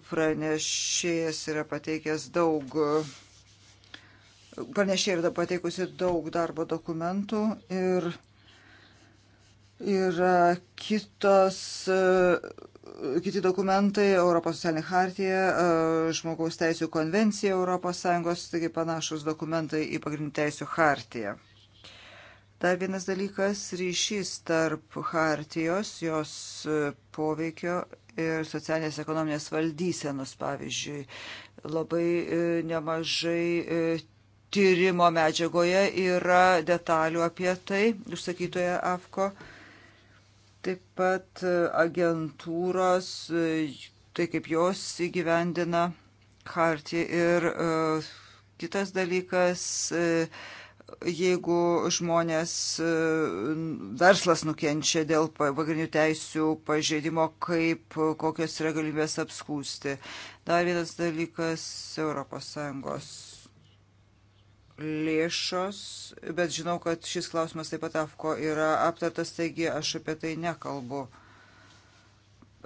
pranešėjas yra pateikęs daug. Pranešė yra pateikusi daug darbo dokumentų ir yra kitos uh, kiti dokumentai, Europos socialinė hartija, e, žmogaus teisų konvencija ES, taigi panašus dokumentai į pagrindinį teisų hartiją. Dar vienas dalykas - ryšys tarp hartijos, jos e, poveikio ir socialinės ekonominės valdysenos, pavyzdžiui. Labai e, nemažai tyrimo medžiagoje yra detalių apie tai, užsakytoje AFKO. Taip pat e, agentūros, e, tai kaip jos įgyvendina hartį ir e, kitas dalykas, jeigu žmonės, verslas nukenčia dėl pagrindinių teisių pažeidimo, kaip, kokios yra galimybės apskūsti. Dar vienas dalykas - ES lėšos, bet žinau, kad šis klausimas taip pat AFKO yra aptartas, taigi aš apie tai nekalbu.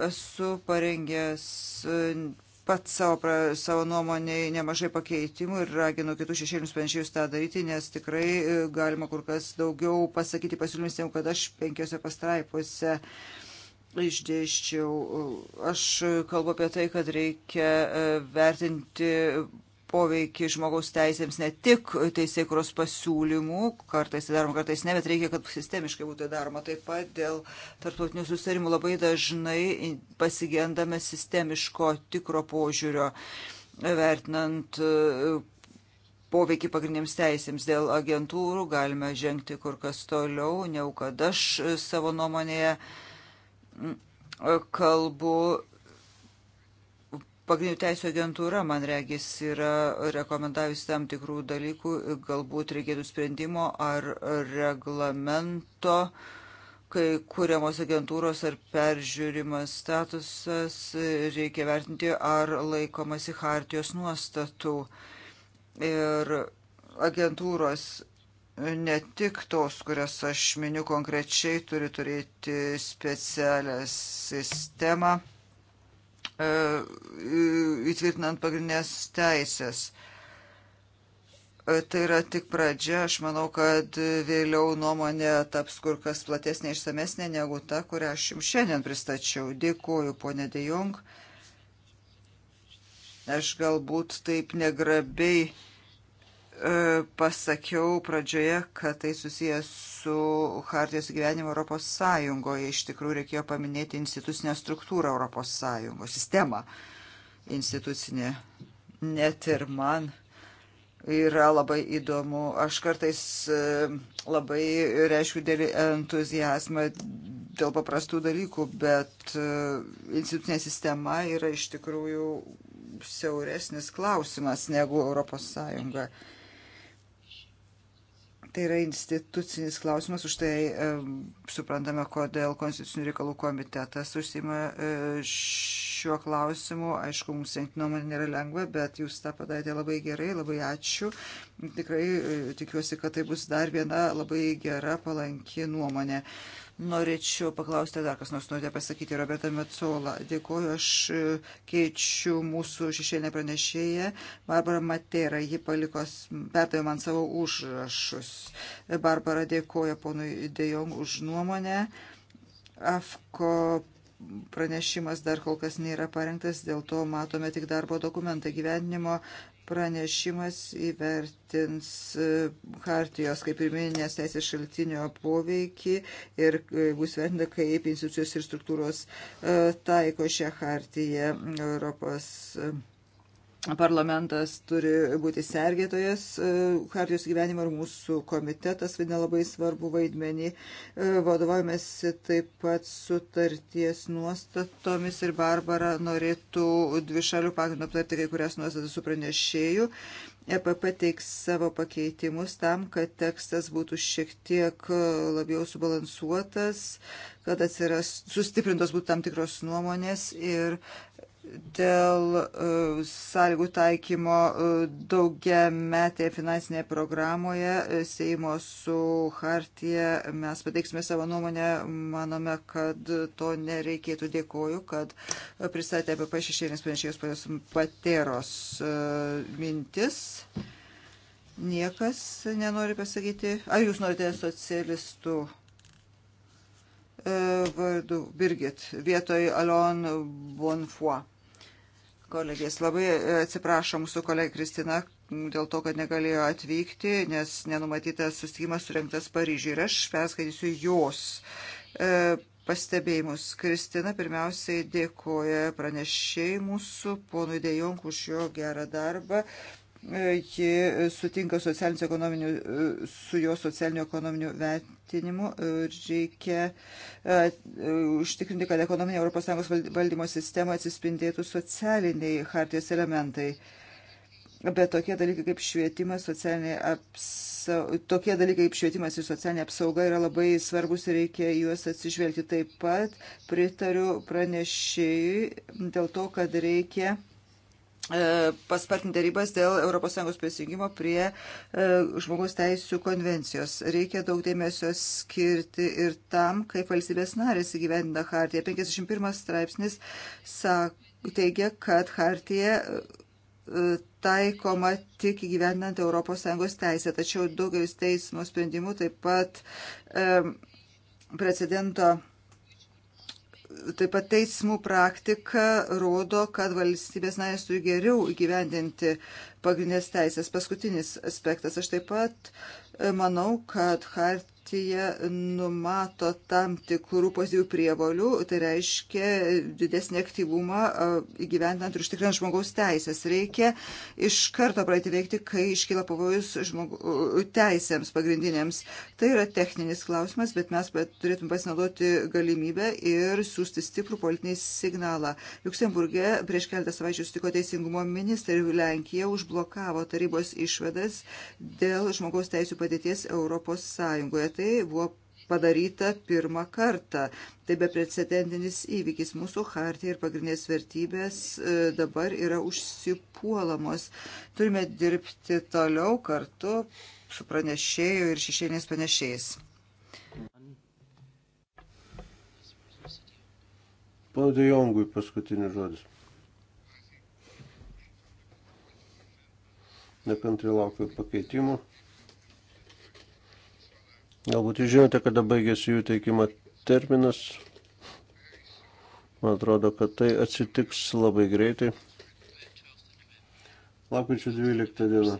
Esu parengęs e, pat savo, pra, savo nuomonėje nemažai pakeitimų ir raginu kitus šešėlius panašius tą daryti, nes tikrai e, galima kur kas daugiau pasakyti pasiūlymus, negu kad aš penkiose pastraipose išdėščiau. Aš kalbu apie tai, kad reikia e, vertinti poveikį žmogaus teisėms ne tik teisėkros pasiūlymų, kartais tai daroma, kartais ne, bet reikia, kad sistemiškai būtų daroma. Taip pat dėl tarptautinių susitarimų labai dažnai pasigendame sistemiško tikro požiūrio vertinant e, poveikį pagrindiniams teisėms dėl agentūrų, galime žengti kur kas toliau, negu kad aš savo nuomonėje kalbu Pagrindinių teisų agentūra, man regis, yra rekomendavusi tam tikrų dalykų, galbūt reikėtų sprendimo ar reglamento, kai kuriamos agentūros ar peržiūrimas statusas, reikia vertinti, ar laikomasi hartijos nuostatų. Ir agentūros ne tik tos, kurias aš miniu konkrečiai, turi turėti specialią sistemą E, įtvirtinant pagrindinės teisės. E, tai yra tik pradžia, aš manau, kad vėliau nuomonė taps kur kas platesnė išsamesnė negu ta, kurią aš jums šiandien pristačiau. Dėkuoju, ponė Dejong. Aš galbūt taip negrabiai E, pasakiau pradžioje, kad tai susijęs su Hartijos gyvenimu Europos Sąjungoje. Iš tikrųjų reikėjo paminėti institucinę struktūrą Europos Sąjungos, sistemą institucinę. Net ir man yra labai įdomu. Aš kartais e, labai reiškiu dėl entuzijasmą dėl paprastų dalykų, bet e, institucinė sistema yra iš tikrųjų siauresnis klausimas negu Europos Sąjunga. Tai yra institucinis klausimas, už tai e, suprantame, kodėl Konstitucinių reikalų komitetas užsima e, šiuo klausimu. Aišku, mums senti nuomonė nėra lengva, bet jūs tą padarėte labai gerai, labai ačiū. Tikrai e, tikiuosi, kad tai bus dar viena labai gera, palanki nuomonė. E, Norėčiau paklausti, dar kas nors norite pasakyti, Roberta Metzola. Dėkuoju, aš e, keičiu mūsų šešėlinę pranešėją. Barbara Matera, ji paliko, perdavė man savo užrašus. Barbara dėkoja ponui Dejong už nuomonę. AFKO pranešimas dar kol kas nėra parengtas, dėl to matome tik darbo dokumentą gyvenimo pranešimas įvertins e, hartijos kaip pirminės teisės šaltinio poveikį ir e, bus vertinta, kaip institucijos ir struktūros e, taiko šią hartiją Europos Sąjungos parlamentas turi būti sergėtojas e, Hartijos gyvenimo ir mūsų komitetas vaidina labai svarbu vaidmenį. E, Vadovaujamės taip pat sutarties nuostatomis ir Barbara norėtų dvi šalių pagrindų aptarti kai kurias nuostatas su pranešėju. EPP teiks savo pakeitimus tam, kad tekstas būtų šiek tiek e, labiau subalansuotas, kad atsiras, sustiprintos būtų tam tikros nuomonės ir dėl e, sąlygų taikymo e, daugiametėje finansinėje programoje e, Seimo su Hartija. Mes pateiksime savo nuomonę, manome, kad to nereikėtų. Dėkoju, kad pristatė apie pašešėlinės pranešėjus ponios Pateros mintis. Niekas nenori pasakyti. Ar jūs norite socialistų? vardu Birgit vietoj Alon Bonfoy kolegės. Labai e, atsiprašo mūsų kolegė Kristina dėl to, kad negalėjo atvykti, nes nenumatytas susitikimas surinktas Paryžiuje. Ir aš perskaitysiu jos e, pastebėjimus. Kristina pirmiausiai dėkoja pranešėjai mūsų, ponui Dejonk, už jo gerą darbą ji sutinka su jo socialiniu ekonominiu vertinimu ir reikia e, užtikrinti, kad ekonominė ES valdymo sistema atsispindėtų socialiniai hartijos elementai. Bet tokie dalykai kaip švietimas, socialinė apsauga, tokie dalykai kaip švietimas ir socialinė apsauga yra labai svarbus ir reikia juos atsižvelgti. Taip pat pritariu pranešėjui dėl to, kad reikia uh, E, paspartinti darybas dėl ES prisijungimo prie e, žmogaus teisų konvencijos. Reikia daug dėmesio skirti ir tam, kaip valstybės narės įgyvendina hartiją. 51 straipsnis teigia, kad hartija e, taikoma tik įgyvendinant ES teisę, tačiau daugelis teismo sprendimų taip pat precedento Taip pat teismų praktika rodo, kad valstybės narės turi geriau įgyvendinti pagrindinės teisės. Paskutinis aspektas. Aš taip pat e, manau, kad hart Hartija numato tam tikrų pozityvių prievolių, tai reiškia didesnį aktyvumą įgyvendant ir užtikrinant žmogaus teisės. Reikia iš karto pradėti veikti, kai iškyla pavojus žmogu, teisėms pagrindinėms. Tai yra techninis klausimas, bet mes turėtume pasinaudoti galimybę ir siūsti stiprų politinį signalą. Luksemburgė prieš keletą savaičių sutiko teisingumo ministrą ir Lenkija užblokavo tarybos išvadas dėl žmogaus teisų padėties Europos Sąjungoje tai buvo padaryta pirmą kartą. Tai beprecedentinis įvykis mūsų hartija ir pagrindinės vertybės e, dabar yra užsipuolamos. Turime dirbti toliau kartu su pranešėju ir šešėliniais pranešėjais. Pana Dejongui paskutinis žodis. Nekantri laukiu pakeitimų. Galbūt jūs žinote, kada baigėsi jų teikimo terminas. Man atrodo, kad tai atsitiks labai greitai. Lapkričio 12 diena.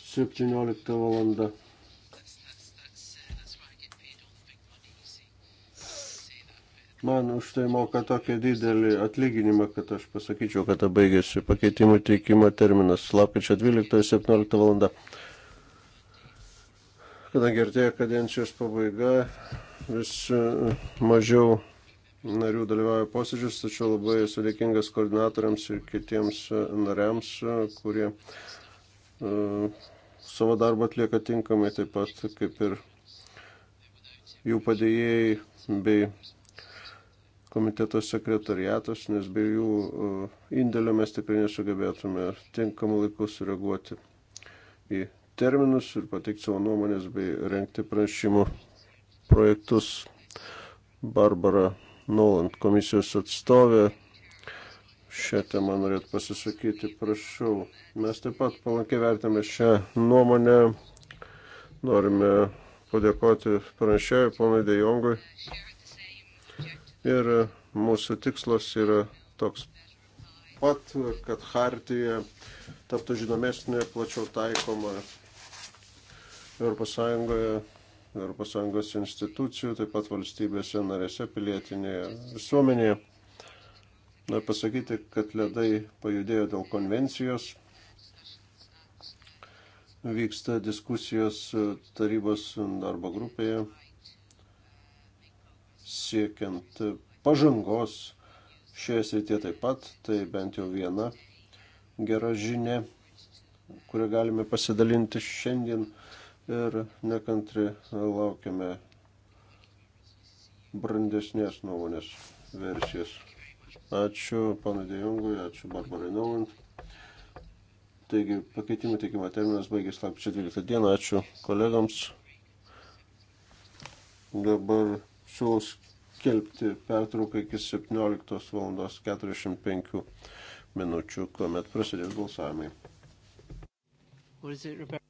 17 valanda. Man už tai moka tokį didelį atlyginimą, kad aš pasakyčiau, kad baigėsi pakeitimų teikimo terminas. Lapkričio 12-17 valanda kadangi artėja kadencijos pabaiga, vis e, mažiau narių dalyvauja posėdžius, tačiau labai esu dėkingas koordinatoriams ir kitiems e, nariams, e, kurie uh, savo darbą atlieka tinkamai, taip pat kaip ir jų padėjėjai bei komiteto sekretariatas, nes be jų uh, indėlio mes tikrai nesugebėtume tinkamų laikų sureaguoti į terminus ir pateikti savo nuomonės bei renkti pranešimų projektus. Barbara Noland, komisijos atstovė, šią temą norėtų pasisakyti, prašau. Mes taip pat palankiai vertame šią nuomonę. Norime padėkoti pranešėjui, ponui Dejongui. Ir mūsų tikslas yra toks pat, kad Hartija taptų žinomesnė, plačiau taikoma ES, ES institucijų, taip pat valstybėse narėse, pilietinėje visuomenėje. Noriu pasakyti, kad ledai pajudėjo dėl konvencijos. Vyksta diskusijos tarybos darbo grupėje siekiant pažangos šioje srityje taip pat, tai bent jau viena gera žinia, kurią galime pasidalinti šiandien ir nekantri laukiame brandesnės nuomonės versijos. Ačiū panai Dejungui, ačiū Barbarai Naujant. Taigi pakeitimų teikimo terminas baigės lapkričio 12 dieną. Ačiū kolegams. Dabar siūlau skelbti pertrauką iki 17.45 minučių, kuomet prasidės balsavimai. What is it, Rebecca?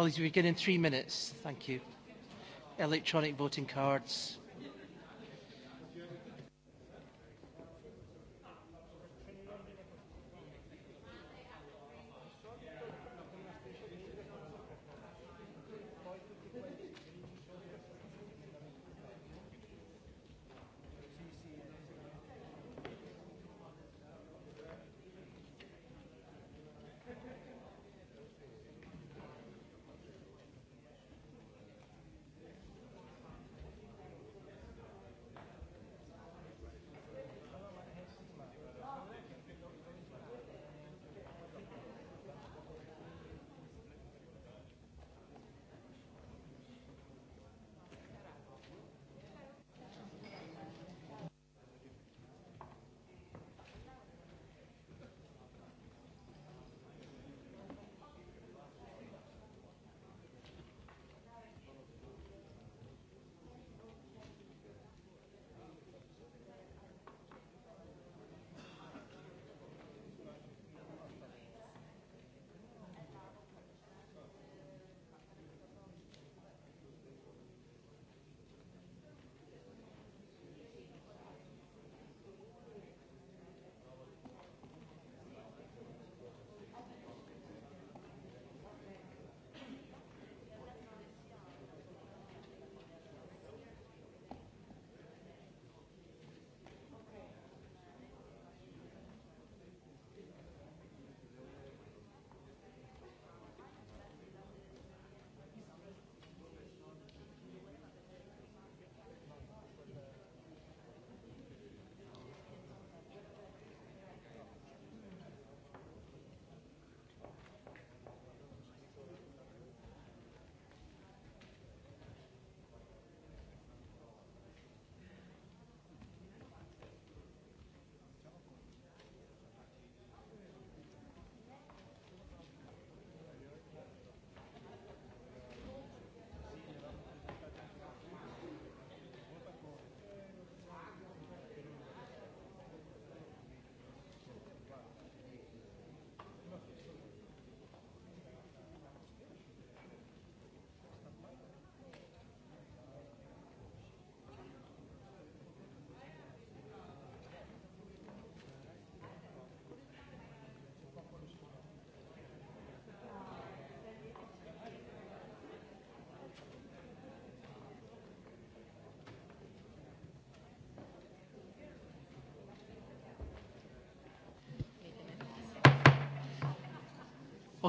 Colleagues, we begin in three minutes. Thank you. Electronic voting cards.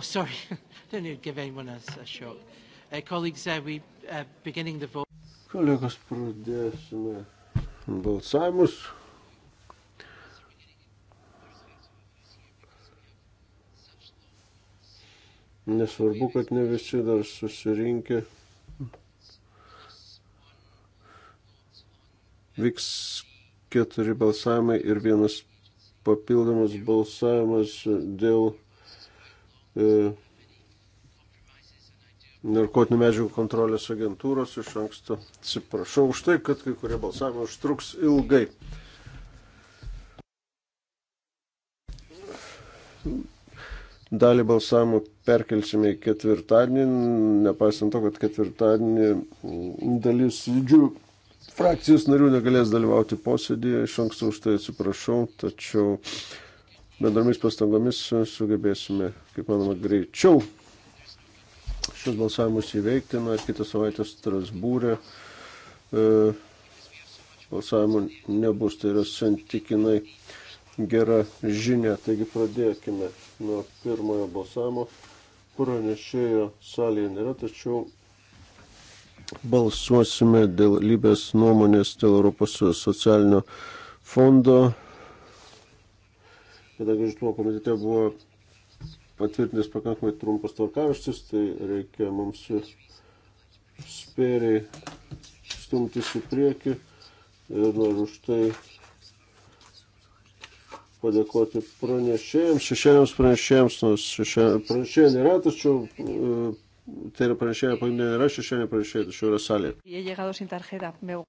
Oh, sorry. Didn't need to give anyone a, a shock. Uh, colleagues, uh, we uh, beginning the vote. Kolegos, pradėsime balsavimus. Nesvarbu, kad ne visi dar susirinkę. Vyks keturi balsavimai ir vienas papildomas balsavimas dėl E, narkotinių medžiagų kontrolės agentūros iš anksto atsiprašau už tai, kad kai kurie balsavimai užtruks ilgai. Dalį balsavimų perkelsime į ketvirtadienį, nepaisant to, kad ketvirtadienį dalis didžių frakcijos narių negalės dalyvauti posėdėje, iš anksto už tai atsiprašau, tačiau bendromis pastangomis sugebėsime, kaip manoma, greičiau šios balsavimus įveikti. Na ir kitą savaitę Strasbūrė e, balsavimų nebus, tai yra santykinai gera žinia. Taigi pradėkime nuo pirmojo balsavimo. Pranešėjo salėje nėra, tačiau balsuosime dėl lybės nuomonės dėl Europos socialinio fondo kadangi žitumo komitete buvo patvirtinęs pakankamai trumpas tvarkaraštis, tai reikia mums spėriai stumtis į priekį ir noriu už tai padėkoti pranešėjams, šešėliams pranešėjams, nors pranešėjai nėra, tačiau e, tai yra pranešėjai, pagrindinė nėra šešėlė pranešėjai, tačiau yra salė.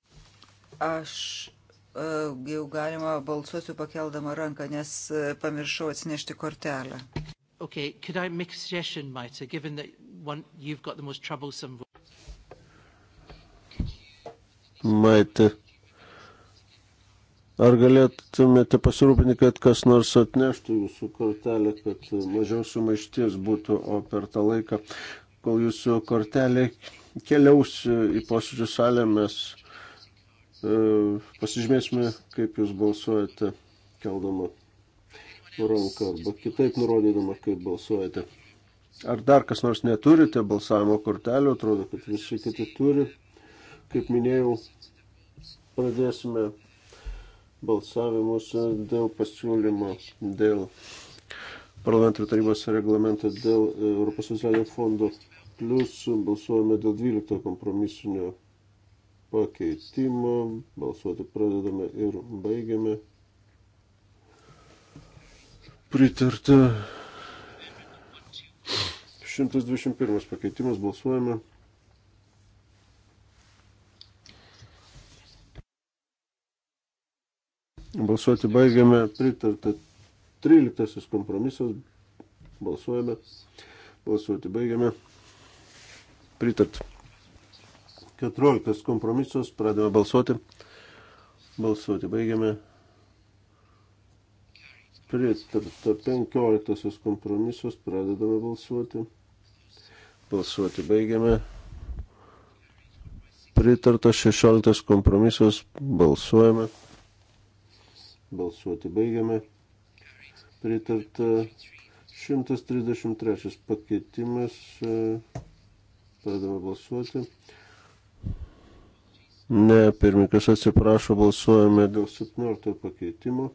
Aš E, jau galima balsuosiu pakeldama ranką, nes e, pamiršau atsinešti kortelę. Okay, could I make a suggestion, Maita, given that one, you've got the most troublesome vote? Maita, ar galėtumėte pasirūpinti, kad kas nors atneštų jūsų kortelę, kad mažiau sumaišties būtų, o per tą laiką, kol jūsų kortelė keliaus į posėdžių salę, mes E, pasižymėsime, kaip jūs balsuojate keldama ranką arba kitaip nurodydama, kaip balsuojate. Ar dar kas nors neturite balsavimo kortelių, atrodo, kad visi kiti turi. Kaip minėjau, pradėsime balsavimus dėl pasiūlymo, dėl parlamento tarybos reglamento, dėl e, Europos socialinio fondo, plus balsuojame dėl 12 kompromisinio pakeitimą. Balsuoti pradedame ir baigiame. Pritarta. 121 pakeitimas balsuojame. Balsuoti baigiame, pritarta 13 kompromisas, balsuojame, balsuoti baigiame, pritarta. 14 kompromisus, pradame balsuoti. Balsuoti baigiame. Pritarta 15 kompromisus, pradedame balsuoti. Balsuoti baigiame. Pritarta 16 kompromisus, balsuojame. Balsuoti baigiame. Pritarta 133 pakeitimas, pradedame balsuoti Ne, pirmininkas atsiprašo, balsuojame dėl 17 pakeitimo.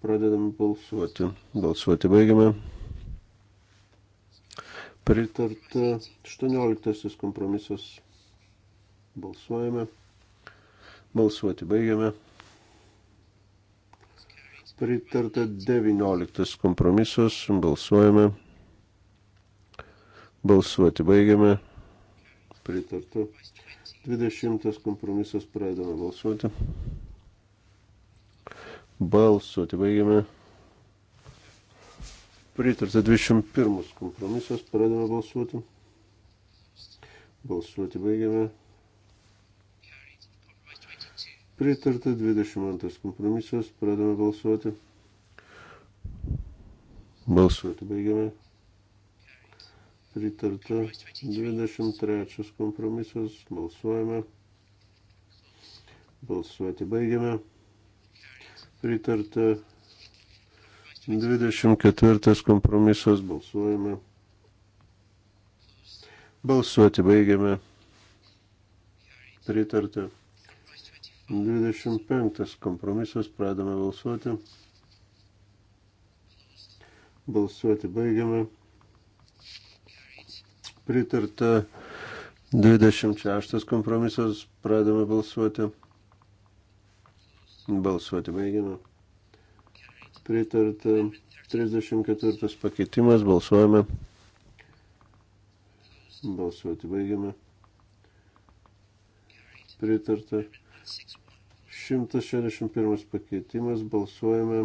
Pradedame balsuoti. Balsuoti baigiame. Pritarta 18 kompromisas. Balsuojame. Balsuoti baigiame. Pritarta 19 kompromisas. Balsuojame. Balsuoti baigiame. Pritarta 20 kompromisas pradedame balsuoti. Balsuoti baigiame. Pritarta 21 kompromisas pradedame balsuoti. Balsuoti baigiame. Pritarta 22 kompromisas pradedame balsuoti. Balsuoti baigiame pritarta. 23 kompromisas, balsuojame. Balsuoti baigiame. Pritarta. 24 kompromisas, balsuojame. Balsuoti baigiame. Pritarta. 25 kompromisas, pradame balsuoti. Balsuoti baigiame pritarta 26 kompromisas, pradame balsuoti. Balsuoti baigime. Pritarta 34 pakeitimas, balsuojame. Balsuoti baigiame. Pritarta 161 pakeitimas, balsuojame.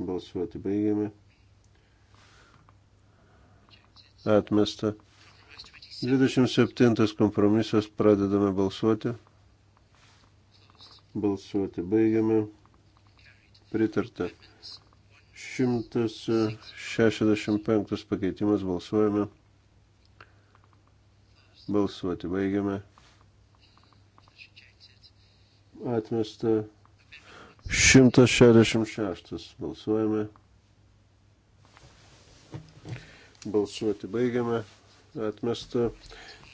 Balsuoti baigiame atmesta. 27 kompromisas pradedame balsuoti. Balsuoti baigiame. Pritarta. 165 pakeitimas balsuojame. Balsuoti baigiame. Atmesta. 166 balsuojame. Balsuoti baigiame. Atmesta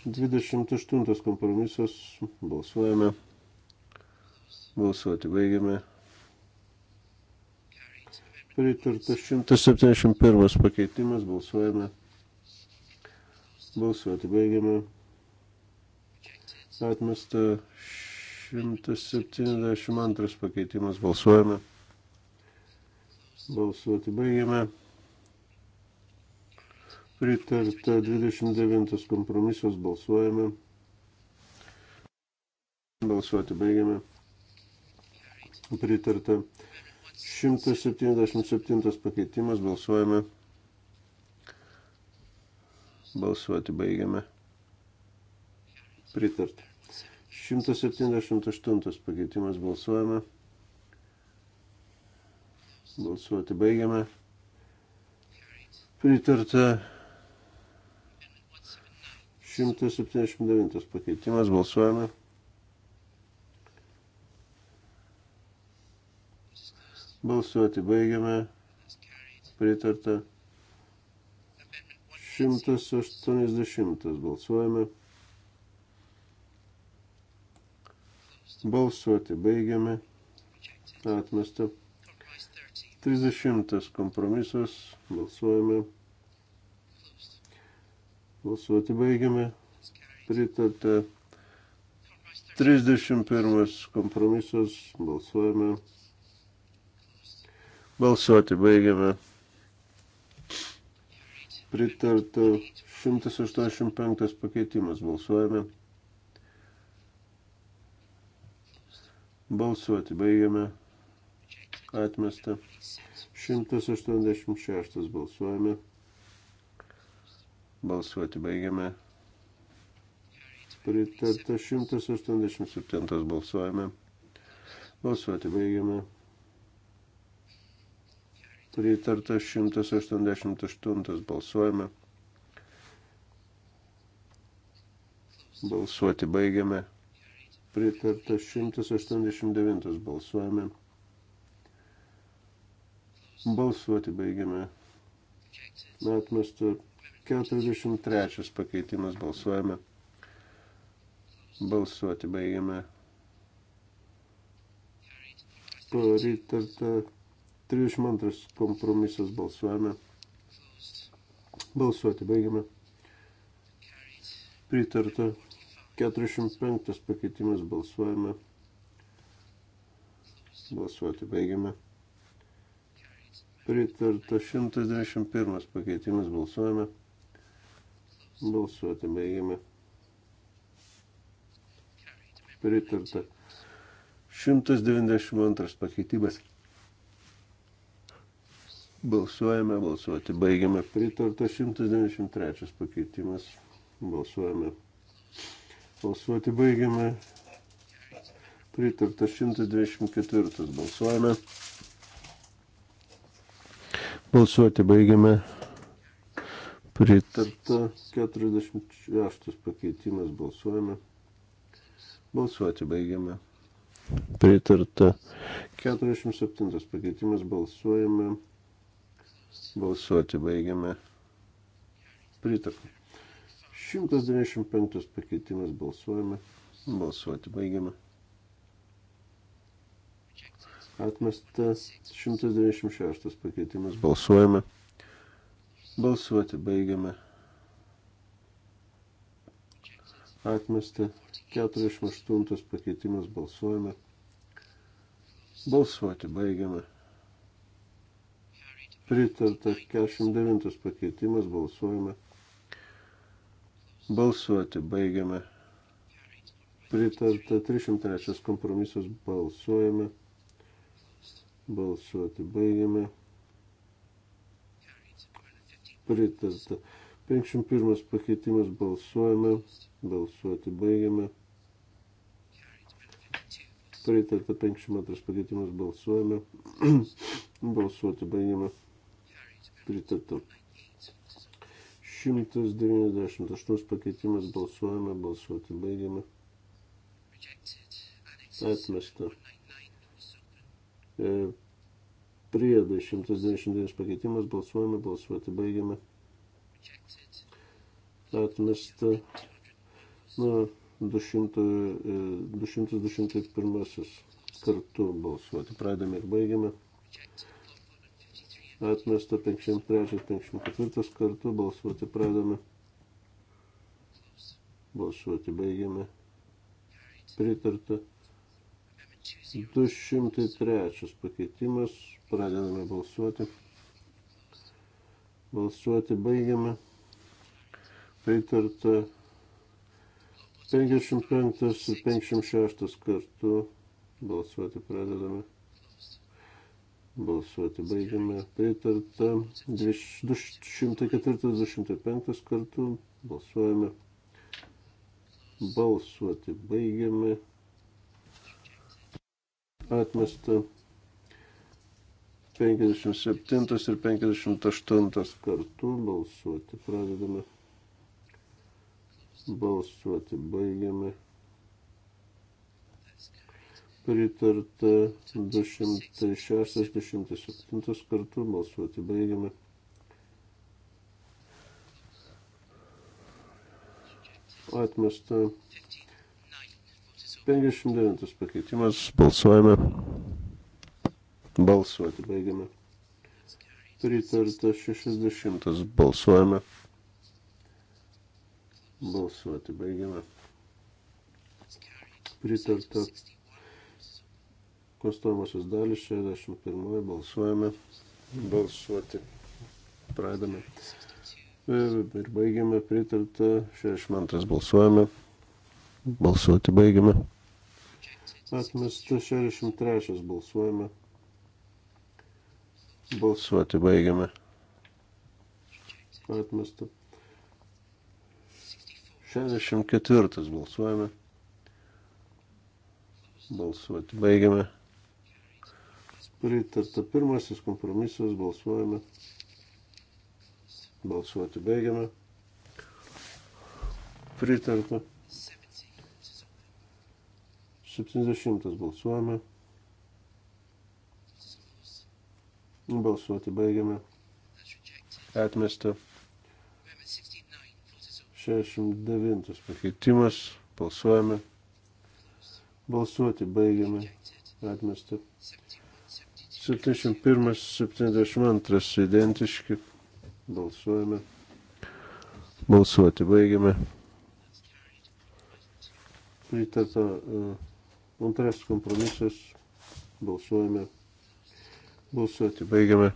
28 kompromisas. Balsuojame. Balsuoti baigiame. Pritartas 171 pakeitimas. Balsuojame. Balsuoti baigiame. Atmesta 172 pakeitimas. Balsuojame. Balsuoti baigiame. Pritarta 29 kompromisas balsuojame. Balsuoti baigiame. Pritarta 177 pakeitimas balsuojame. Balsuoti baigiame. Pritarta. 178 pakeitimas balsuojame. Balsuoti baigiame. Pritarta 179 pakeitimas, balsuojame. Balsuoti baigiame. Pritarta. 180 balsuojame. Balsuoti baigiame. Atmesta. 30 kompromisas. Balsuojame. Balsuoti baigiame. Pritarta 31 kompromisas. Balsuojame. Balsuoti baigiame. Pritarta 185 pakeitimas. Balsuojame. Balsuoti baigiame. Atmesta. 186 balsuojame. Balsuoti baigiame. Pritarta 187 balsuojame. Balsuoti baigiame. Pritarta 188 balsuojame. Balsuoti baigiame. Pritarta 189 balsuojame. Balsuoti baigiame. Atmesta 43 pakeitimas balsuojame. Balsuoti baigiame. Pritarta 32 kompromisas balsuojame. Balsuoti baigiame. Pritarta 45 pakeitimas balsuojame. Balsuoti baigiame. Pritarta 121 pakeitimas balsuojame. Balsuoti baigiame. Pritarta. 192 pakeitimas. Balsuojame, balsuoti baigiame. Pritarta 193 pakeitimas. Balsuojame. Balsuoti baigiame. Pritarta 124. Balsuojame. Balsuoti baigiame. Pritarta 46 pakeitimas balsuojame. Balsuoti baigiame. Pritarta 47 pakeitimas balsuojame. Balsuoti baigiame. Pritarta. 195 pakeitimas balsuojame. Balsuoti baigiame. Atmestas 196 pakeitimas balsuojame. balsuojame. Balsuoti baigiame. Atmesti 48 pakeitimas balsuojame. Balsuoti baigiame. Pritarta 49 pakeitimas balsuojame. Balsuoti baigiame. Pritarta 303 kompromisas balsuojame. Balsuoti baigiame pritarta. 51 pakeitimas balsuojame, balsuoti baigiame. Pritarta 52 pakeitimas balsuojame, balsuoti baigiame. Pritarta. 198 pakeitimas balsuojame, balsuoti baigiame. Atmesta. E, priedai. 199 pakeitimas, balsuojame, balsuoti baigiame. Atmesta nuo 200-201 e, kartu balsuoti. Pradame ir baigiame. Atmesta 53-54 kartu balsuoti pradame. Balsuoti baigiame. Pritarta 203 pakeitimas. Pradedame balsuoti. Balsuoti baigiame. Pritarta 55 ir 56 kartu. Balsuoti pradedame. Balsuoti baigiame. Pritarta 204-205 kartu. Balsuojame. Balsuoti baigiame atmesta 57 ir 58 kartu balsuoti. Pradedame balsuoti, baigiame. Pritarta 206-207 kartu balsuoti, baigiame. Atmesta 59 pakeitimas. Balsuojame. Balsuoti baigiame. Pritarta 60. Balsuojame. Balsuoti baigiame. Pritarta konstatuojamosios dalis 61. Balsuojame. Balsuoti. Pradame. Ir baigiame pritarta 62. Balsuojame. Balsuoti baigiame. Atmestas 63 balsuojame. Balsuoti baigiame. Atmesta. 64 balsuojame. Balsuoti baigiame. Pritarta pirmasis kompromisas, balsuojame. Balsuoti baigiame. Pritarta. 70 balsuojame. Balsuoti baigiame. Atmesta. 69 pakeitimas. Balsuojame. Balsuoti baigiame. Atmesta. 71, 72 identiški. Balsuojame. Balsuoti baigiame. Pritarta. Uh, Antras kompromisas. Balsuojame. Balsuoti. Baigiame.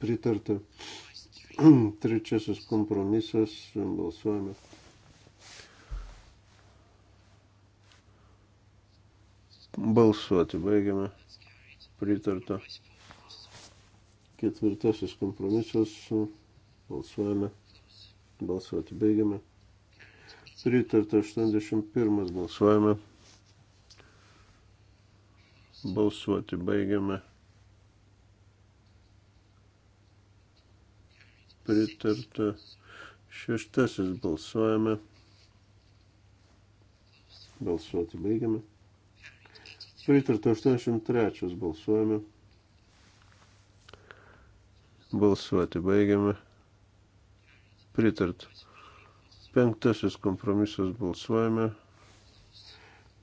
Pritarta. Trečiasis kompromisas. Balsuojame. Balsuoti. Baigiame. Pritarta. Ketvirtasis kompromisas. Balsuojame. Balsuoti. Baigiame. Pritarta 81 balsuojame. Balsuoti baigiame. Pritarta šeštasis balsuojame. Balsuoti baigiame. Pritarta 83 balsuojame. Balsuoti baigiame. Pritarta Penktasis kompromisas balsuojame.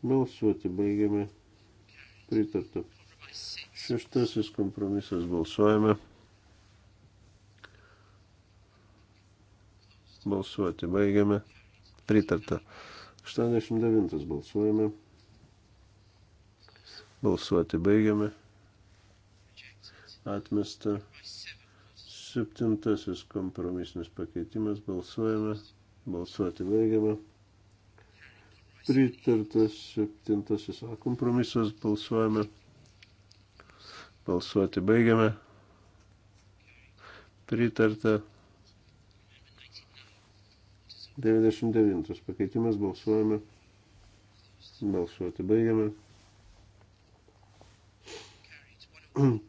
Balsuoti baigiame. Pritarta. Šeštasis kompromisas balsuojame. Balsuoti baigiame. Pritarta. 89 balsuojame. Balsuoti baigiame. Atmesta. Septintasis kompromisinis pakeitimas. Balsuojame. Balsuoti baigiame. Pritartas septintasis A kompromisas. Balsuojame. Balsuoti baigiame. Pritarta. 99 pakeitimas. Balsuojame. Balsuoti baigiame.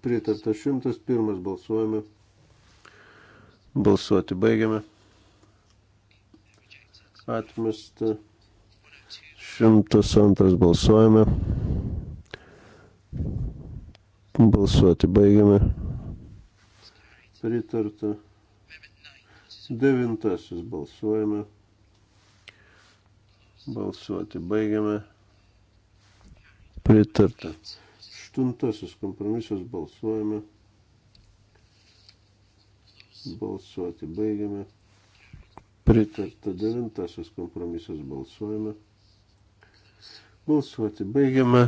Pritarta 101 balsuojame. Balsuoti baigiame atmesta. 102 balsuojame. Balsuoti baigiame. Pritarta. Devintasis balsuojame. Balsuoti baigiame. Pritarta. Aštuntasis kompromisas balsuojame. Balsuoti baigiame. Pritarta devintasis kompromisas balsuojame. Balsuoti baigiame.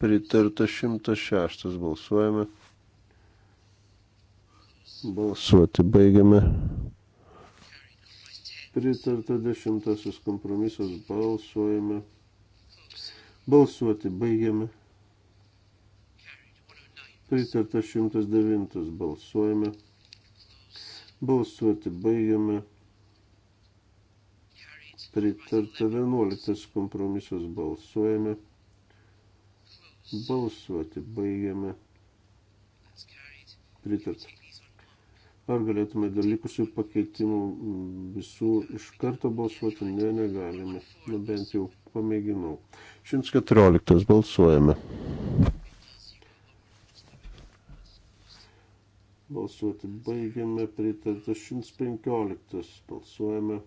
Pritarta 106 balsuojame. Balsuoti baigiame. Pritarta dešimtasis kompromisas balsuojame. Balsuoti baigiame. Pritarta 109 balsuojame. Balsuoti baigiame pritarta 11 kompromisas balsuojame. Balsuoti baigiame. Pritarta. Ar galėtume dėl likusių pakeitimų mm, visų iš karto balsuoti? Ne, negalime. Na bent jau pamėginau. 114 balsuojame. Balsuoti baigiame. Pritarta 115 balsuojame.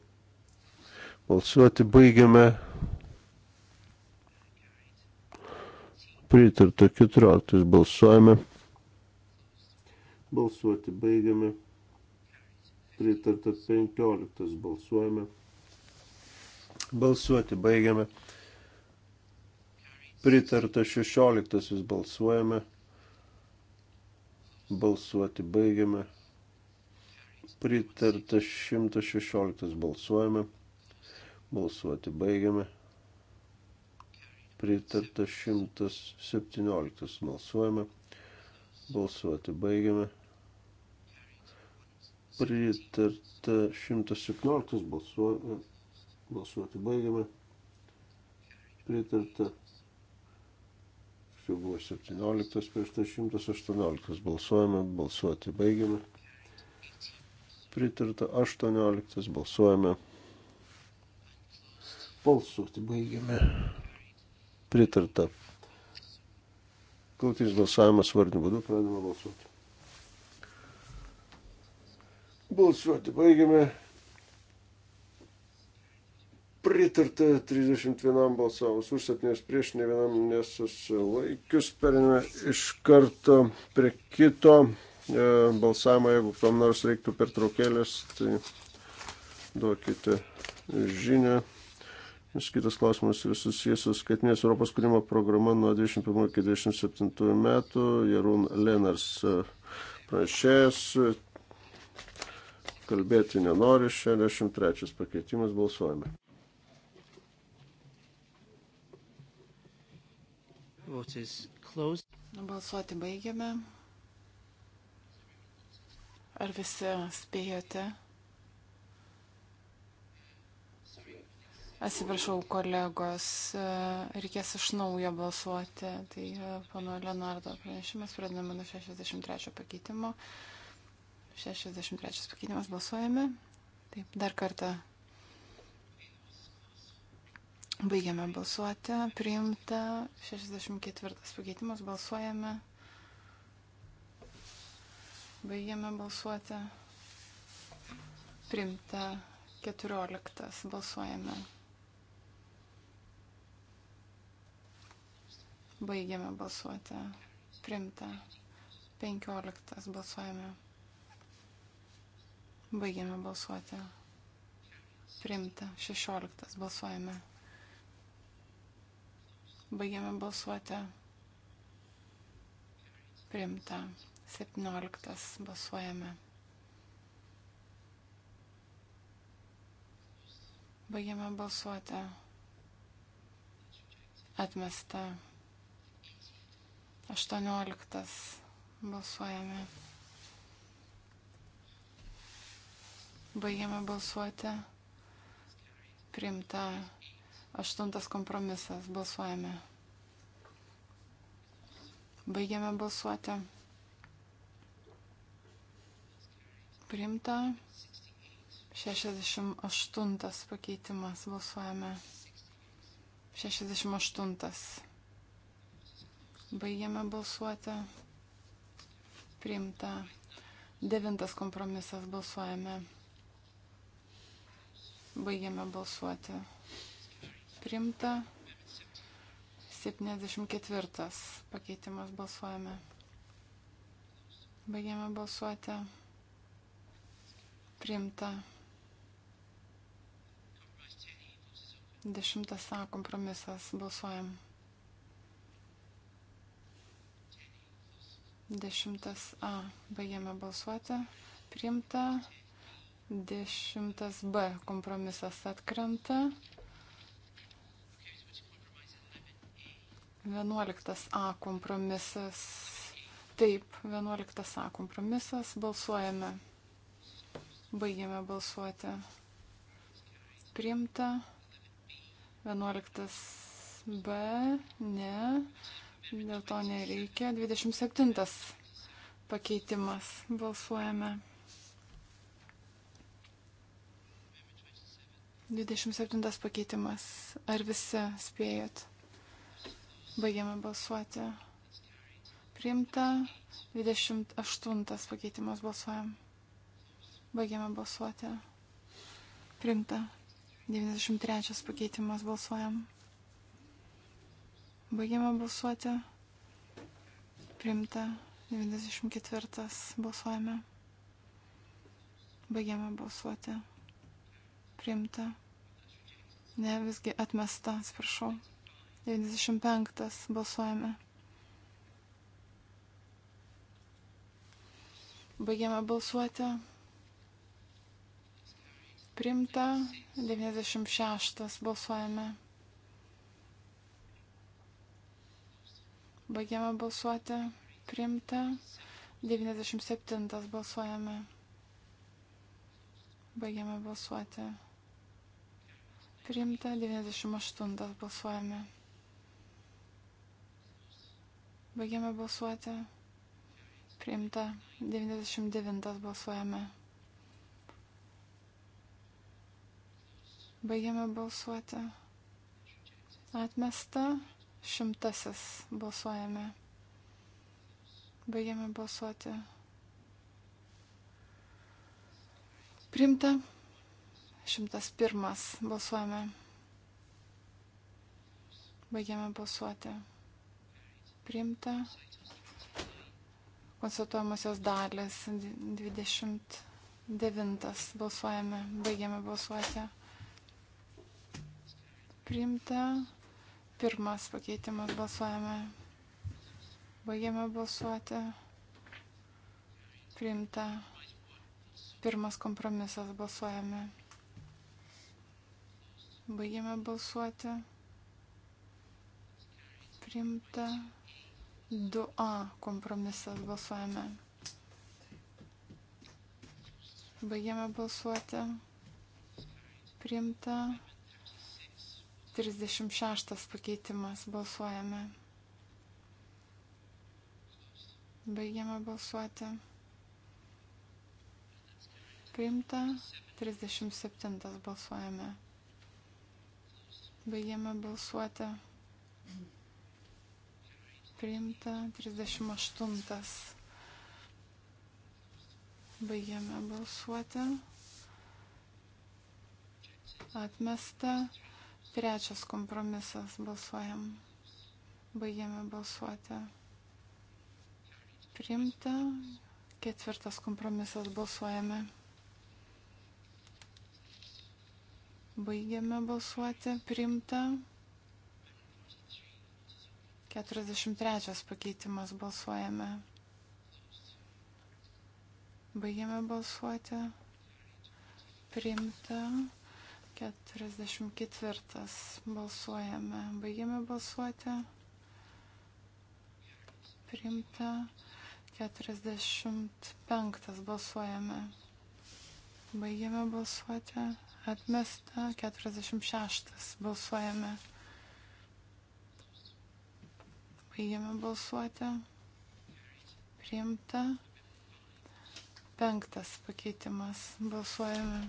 Balsuoti baigiame. Pritarta 14. Balsuojame. Balsuoti baigiame. Pritarta 15. Balsuojame. Balsuoti baigiame. Pritarta 16. Balsuojame. Balsuoti baigiame. Pritarta 116. Balsuojame. Balsuoti baigiame. Pritarta 117. Balsuojame. Balsuoti baigiame. Pritarta 117. Balsuojame. Balsuoti baigiame. Pritarta. Čia buvo 17 prieš tai 118. Balsuojame. Balsuoti baigiame. Pritarta 18. Balsuojame. Balsuoti baigiame. Pritarta. Galutinis balsavimas vardiniu būdu pradedame balsuoti. Balsuoti baigiame. Pritarta 31 balsavus už 7 prieš, ne vienam nesusilaikius. Periname iš karto prie kito e, balsavimo, jeigu kam nors reiktų pertraukėlės, tai duokite žinią. Nes kitas klausimas yra susijęs su skaitinės Europos kūrimo programa nuo 21 iki 27 metų. Jarūn Lenars e, pranešėjas, kalbėti nenori, 63 pakeitimas balsuojame. Balsuoti baigiame. Ar visi spėjote? Atsiprašau, kolegos, e, reikės iš naujo balsuoti. Tai pano Leonardo pranešimas, pradedame nuo 63 pakeitimo. 63 pakeitimas balsuojame. Taip, dar kartą Baigiame balsuoti. Priimta 64 pakeitimas. Balsuojame. Baigiame balsuoti. Priimta 14. Balsuojame. Baigiame balsuoti. Primta. 15 balsuojame. Baigiame balsuoti. Primta. 16 balsuojame. Baigiame balsuoti. Primta. 17 balsuojame. Baigiame balsuoti. Atmesta. 18. Balsuojame. Baigiame balsuoti. Primta. Aštuntas kompromisas. Balsuojame. Baigiame balsuoti. Primta. 68 pakeitimas. Balsuojame. 68. Baigiame balsuoti. Priimta. Devintas kompromisas balsuojame. Baigiame balsuoti. Priimta. 74 pakeitimas balsuojame. Baigiame balsuoti. Priimta. Dešimtas A kompromisas balsuojam. Dešimtas A. Baigiame balsuoti. Priimta. Dešimtas B. Kompromisas atkrenta. Vienuoliktas A. Kompromisas. Taip, vienuoliktas A. Kompromisas. Balsuojame. Baigiame balsuoti. Priimta. Vienuoliktas B. Ne. Dėl to nereikia. 27 pakeitimas. Balsuojame. 27 pakeitimas. Ar visi spėjot? Baigiame balsuoti. Priimta. 28 pakeitimas. Balsuojam. Baigiame balsuoti. Priimta. 93 pakeitimas. Balsuojam. Baigėme balsuoti. Primta 94. Balsuojame. Baigėme balsuoti. Primta. Ne, visgi atmesta, atsiprašau. 95. Balsuojame. Baigėme balsuoti. Primta 96. Balsuojame. Baigiame balsuoti. Primta. 97 balsuojame. Baigiame balsuoti. Primta. 98 balsuojame. Baigiame balsuoti. Priimta. 99 balsuojame. Baigiame balsuoti. Atmesta. Šimtasis balsuojame. Baigiame balsuoti. Primta. Šimtas pirmas balsuojame. Baigiame balsuoti. Primta. Konstatuojamosios dalis 29 balsuojame. Baigiame balsuoti. Primta. Pirmas pakeitimas balsuojame. Baigiame balsuoti. Priimta. Pirmas kompromisas balsuojame. Baigiame balsuoti. Priimta. 2A kompromisas balsuojame. Baigiame balsuoti. Priimta. 36 pakeitimas. Balsuojame. Baigiame balsuoti. Priimta. 37 balsuojame. Baigiame balsuoti. Priimta. 38. Baigiame balsuoti. Atmesta. Trečias kompromisas balsuojam. Baigėme balsuoti. Primta. Ketvirtas kompromisas balsuojame. Baigėme balsuoti. Primta. 43 pakeitimas balsuojame. Baigėme balsuoti. Primta. 44 balsuojame. Baigėme balsuoti. Primta. 45 balsuojame. Baigėme balsuoti. Atmesta. 46 balsuojame. Baigėme balsuoti. Priimta. Penktas pakeitimas. Balsuojame.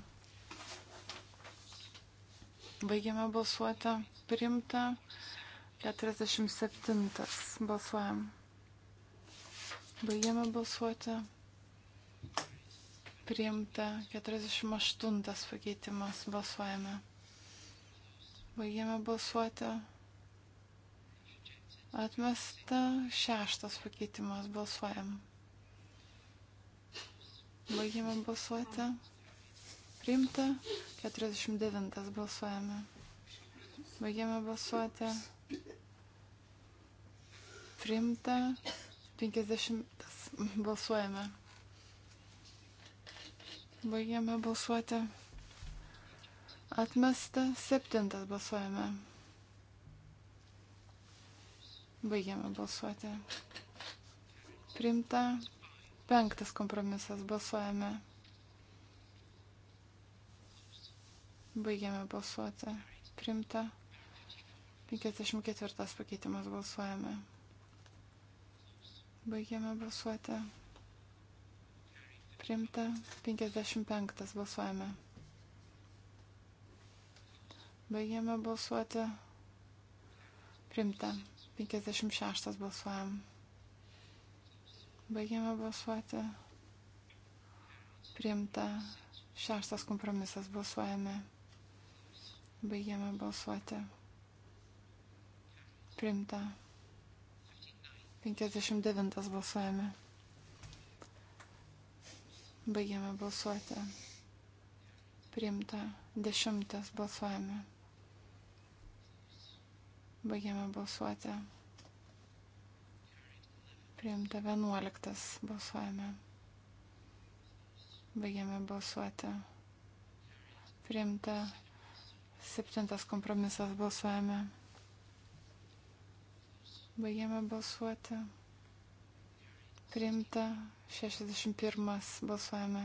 Baigiame balsuoti. Primta. 47. Balsuojam. Baigiame balsuoti. Priimta 48 pakeitimas. Balsuojame. Baigiame balsuoti. Atmesta šeštas pakeitimas. Balsuojam. Baigiame balsuoti priimta, 49 balsuojame. Baigėme balsuoti. Priimta, 50 balsuojame. Baigėme balsuoti. Atmesta, 7 balsuojame. Baigėme balsuoti. Priimta, penktas kompromisas balsuojame. Baigiame balsuoti. Primta. 54 pakeitimas balsuojame. Baigiame balsuoti. Primta. 55 balsuojame. Baigiame balsuoti. Primta. 56 balsuojam. Baigiame balsuoti. Primta. Šeštas kompromisas balsuojame. Baigiame balsuoti. Primta. 59 balsuojame. Baigiame balsuoti. Primta. 10 balsuojame. Baigiame balsuoti. Priimta 11 balsuojame. Baigiame balsuoti. Priimta Septintas kompromisas balsuojame. Baigėme balsuoti. Priimta 61 balsuojame.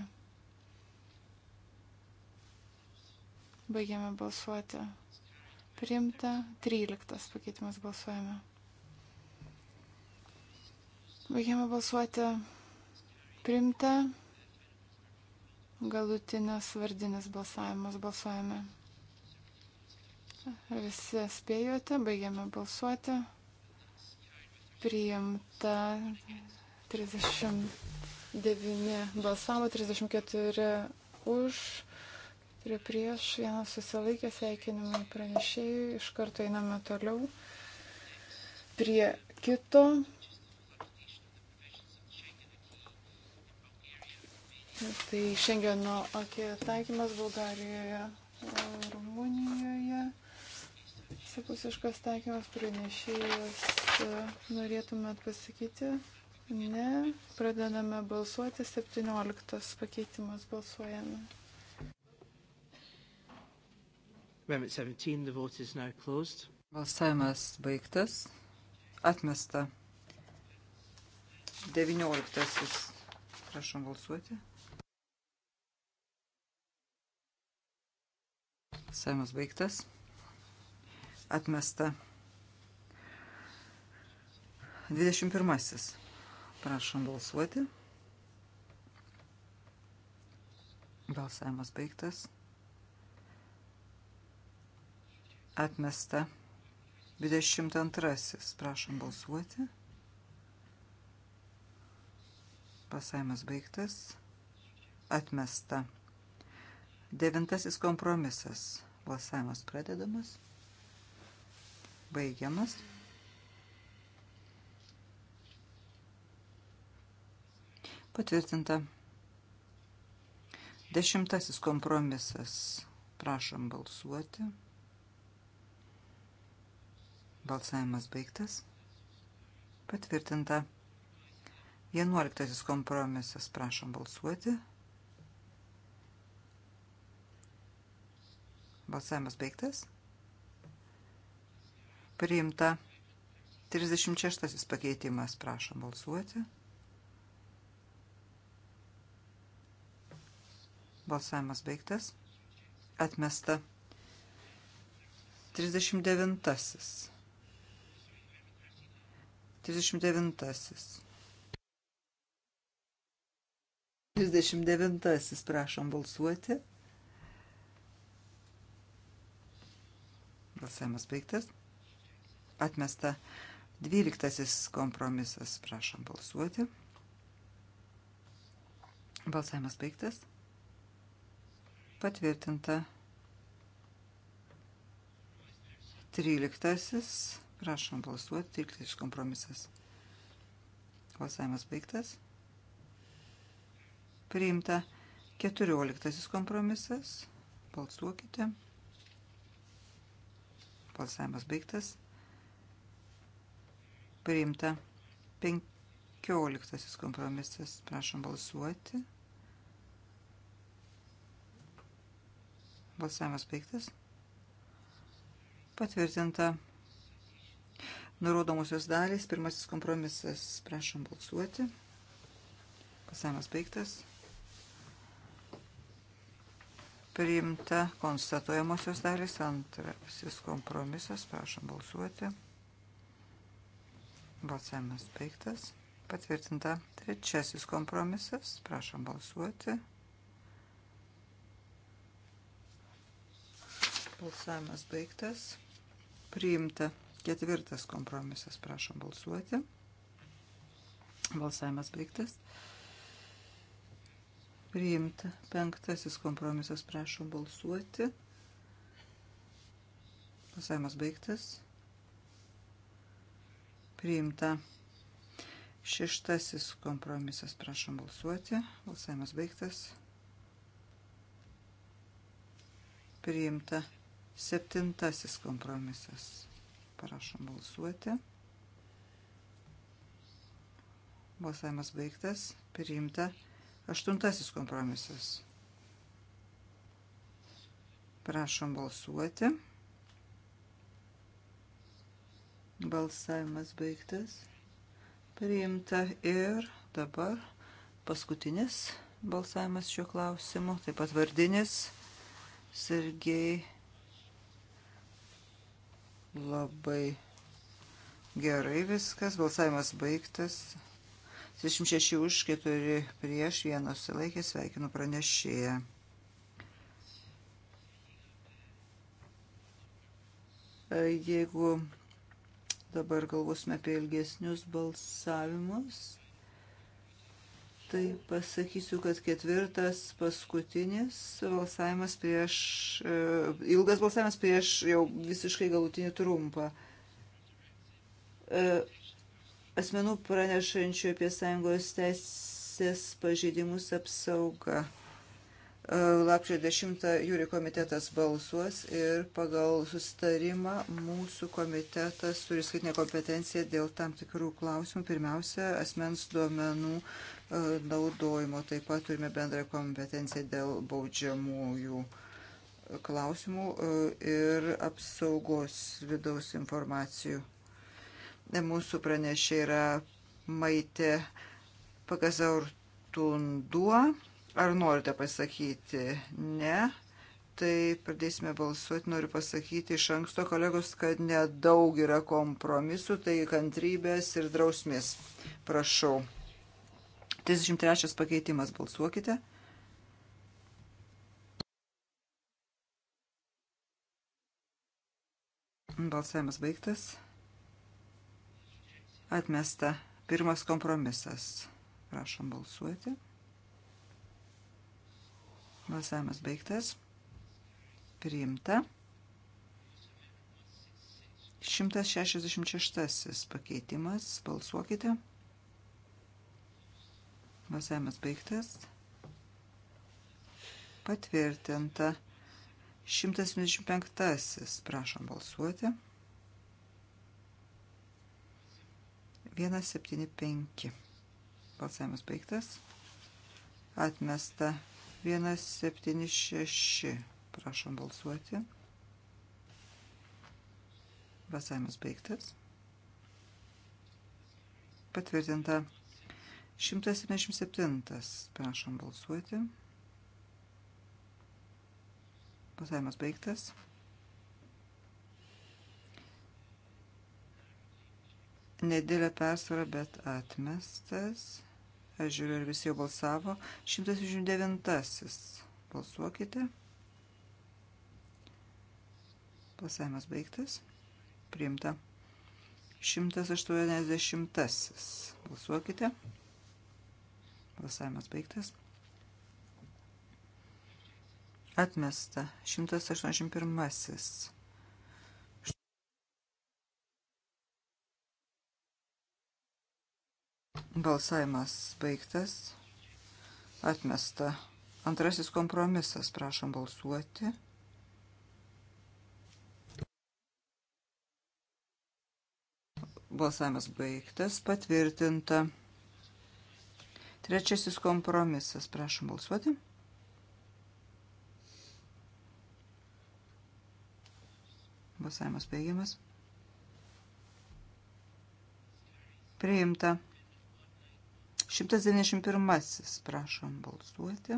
Baigėme balsuoti. Priimta 13 pakeitimas balsuojame. Baigėme balsuoti. Priimta galutinis vardinis balsavimas balsuojame. Visi spėjote, baigėme balsuoti. Priimta 39 balsavo, 34 už, 4 prieš, vienas susilaikė, sveikinimai pranešėjai, iš karto einame toliau prie kito. Tai Šengeno akė taikymas Bulgarijoje, Rumunijoje visapusiškas taikymas pranešėjas. E, norėtumėt pasakyti? Ne. Pradedame balsuoti. 17 pakeitimas balsuojame. Amendment 17, the vote is now closed. Balsavimas baigtas. Atmesta. 19. Prašom balsuoti. Balsavimas baigtas atmesta. 21. Prašom balsuoti. Balsavimas baigtas. Atmesta. 22. Prašom balsuoti. Balsavimas baigtas. Atmesta. Devintasis kompromisas. Balsavimas pradedamas baigiamas. Patvirtinta. Dešimtasis kompromisas. Prašom balsuoti. Balsavimas baigtas. Patvirtinta. Vienuoliktasis kompromisas. Prašom balsuoti. Balsavimas baigtas. Priimta. 36 pakeitimas. Prašom balsuoti. Balsavimas baigtas. Atmesta. 39. 39. 39. Prašom balsuoti. Balsavimas baigtas atmesta. Dvyliktasis kompromisas, prašom balsuoti. Balsavimas baigtas. Patvirtinta. Tryliktasis, prašom balsuoti, tryliktasis kompromisas. Balsavimas baigtas. Priimta. Keturioliktasis kompromisas. Balsuokite. Balsavimas baigtas priimta. 15 kompromisas. Prašom balsuoti. Balsavimas baigtas. Patvirtinta. Nurodomosios dalys. Pirmasis kompromisas. Prašom balsuoti. Balsavimas baigtas. Priimta konstatuojamosios dalys. Antrasis kompromisas. Prašom balsuoti. Balsuoti. Balsavimas baigtas. Patvirtinta trečiasis kompromisas. Prašom balsuoti. Balsavimas baigtas. Priimta ketvirtas kompromisas. Prašom balsuoti. Balsavimas baigtas. Priimta penktasis kompromisas. Prašom balsuoti. Balsavimas baigtas priimta. Šeštasis kompromisas, prašom balsuoti. Balsavimas baigtas. Priimta. Septintasis kompromisas, prašom balsuoti. Balsavimas baigtas. Priimta. Aštuntasis kompromisas. Prašom balsuoti. Balsavimas baigtas. Priimta ir dabar paskutinis balsavimas šiuo klausimu, taip pat vardinis Sergei labai gerai viskas, balsavimas baigtas. 36 už 4 prieš vienos laikė sveikinu pranešėją. Jeigu Dabar galvosime apie ilgesnius balsavimus. Tai pasakysiu, kad ketvirtas paskutinis balsavimas prieš, e, ilgas balsavimas prieš jau visiškai galutinį trumpą. E, asmenų pranešančių apie sąjungos teisės pažeidimus apsauga. Lapkričio 10 jūri komitetas balsuos ir pagal sustarimą mūsų komitetas turi skaitinę kompetenciją dėl tam tikrų klausimų. Pirmiausia, asmens duomenų e, naudojimo. Taip pat turime bendrą kompetenciją dėl baudžiamųjų e, klausimų e, ir apsaugos vidaus informacijų. Mūsų pranešė yra Maitė Pakazaur Tunduo Ar norite pasakyti? Ne. Tai pradėsime balsuoti. Noriu pasakyti iš anksto, kolegos, kad nedaug yra kompromisų, tai kantrybės ir drausmės. Prašau. 33 pakeitimas balsuokite. Balsavimas baigtas. Atmesta pirmas kompromisas. Prašom balsuoti. Balsavimas baigtas. Priimta. 166 pakeitimas. Balsuokite. Balsavimas baigtas. Patvirtinta. 175. Prašom balsuoti. 175. Balsavimas baigtas. Atmesta 176. Prašom balsuoti. Balsavimas baigtas. Patvirtinta. 177. Prašom balsuoti. Balsavimas baigtas. Nedėlė persvara, bet atmestas. Aš žiūriu, ar visi jau balsavo. 129. Balsuokite. Balsavimas baigtas. Priimta. 180. Balsuokite. Balsavimas baigtas. Atmesta. 181. Balsavimas baigtas. Atmesta. Antrasis kompromisas. Prašom balsuoti. Balsavimas baigtas. Patvirtinta. Trečiasis kompromisas. Prašom balsuoti. Balsavimas baigiamas. Priimta. 191. Prašom balsuoti.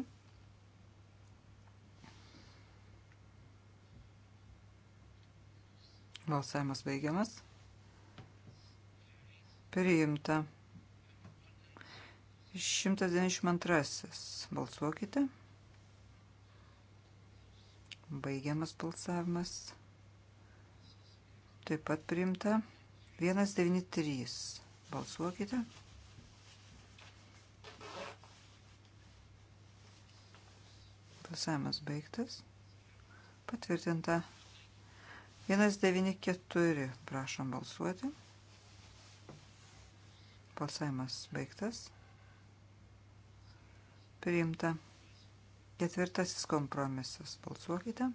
Balsavimas baigiamas. Priimta. 192. Balsuokite. Baigiamas balsavimas. Taip pat priimta. 193. Balsuokite. Balsuokite. Balsavimas baigtas. Patvirtinta. 194. Prašom balsuoti. Balsavimas baigtas. Priimta. Ketvirtasis kompromisas. Balsuokite.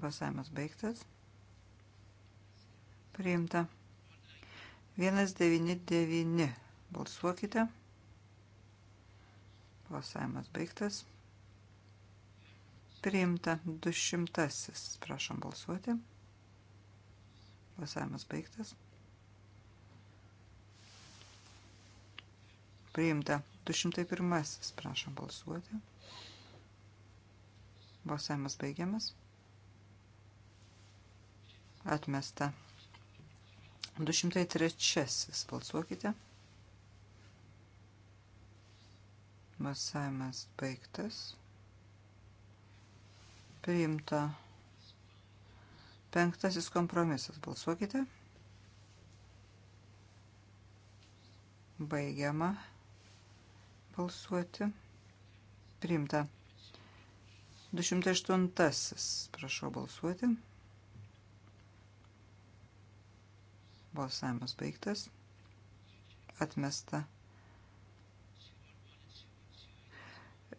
Balsavimas baigtas. Priimta. 199. Balsuokite. Balsuokite. Balsavimas baigtas. Priimta 200. Prašom balsuoti. Balsavimas baigtas. Priimta 201. Prašom balsuoti. Balsavimas baigiamas. Atmesta. 203. Balsuokite. 203. Balsavimas baigtas. Priimta. Penktasis kompromisas. Balsuokite. Baigiama balsuoti. Priimta. 208. Prašau balsuoti. Balsavimas baigtas. Atmesta.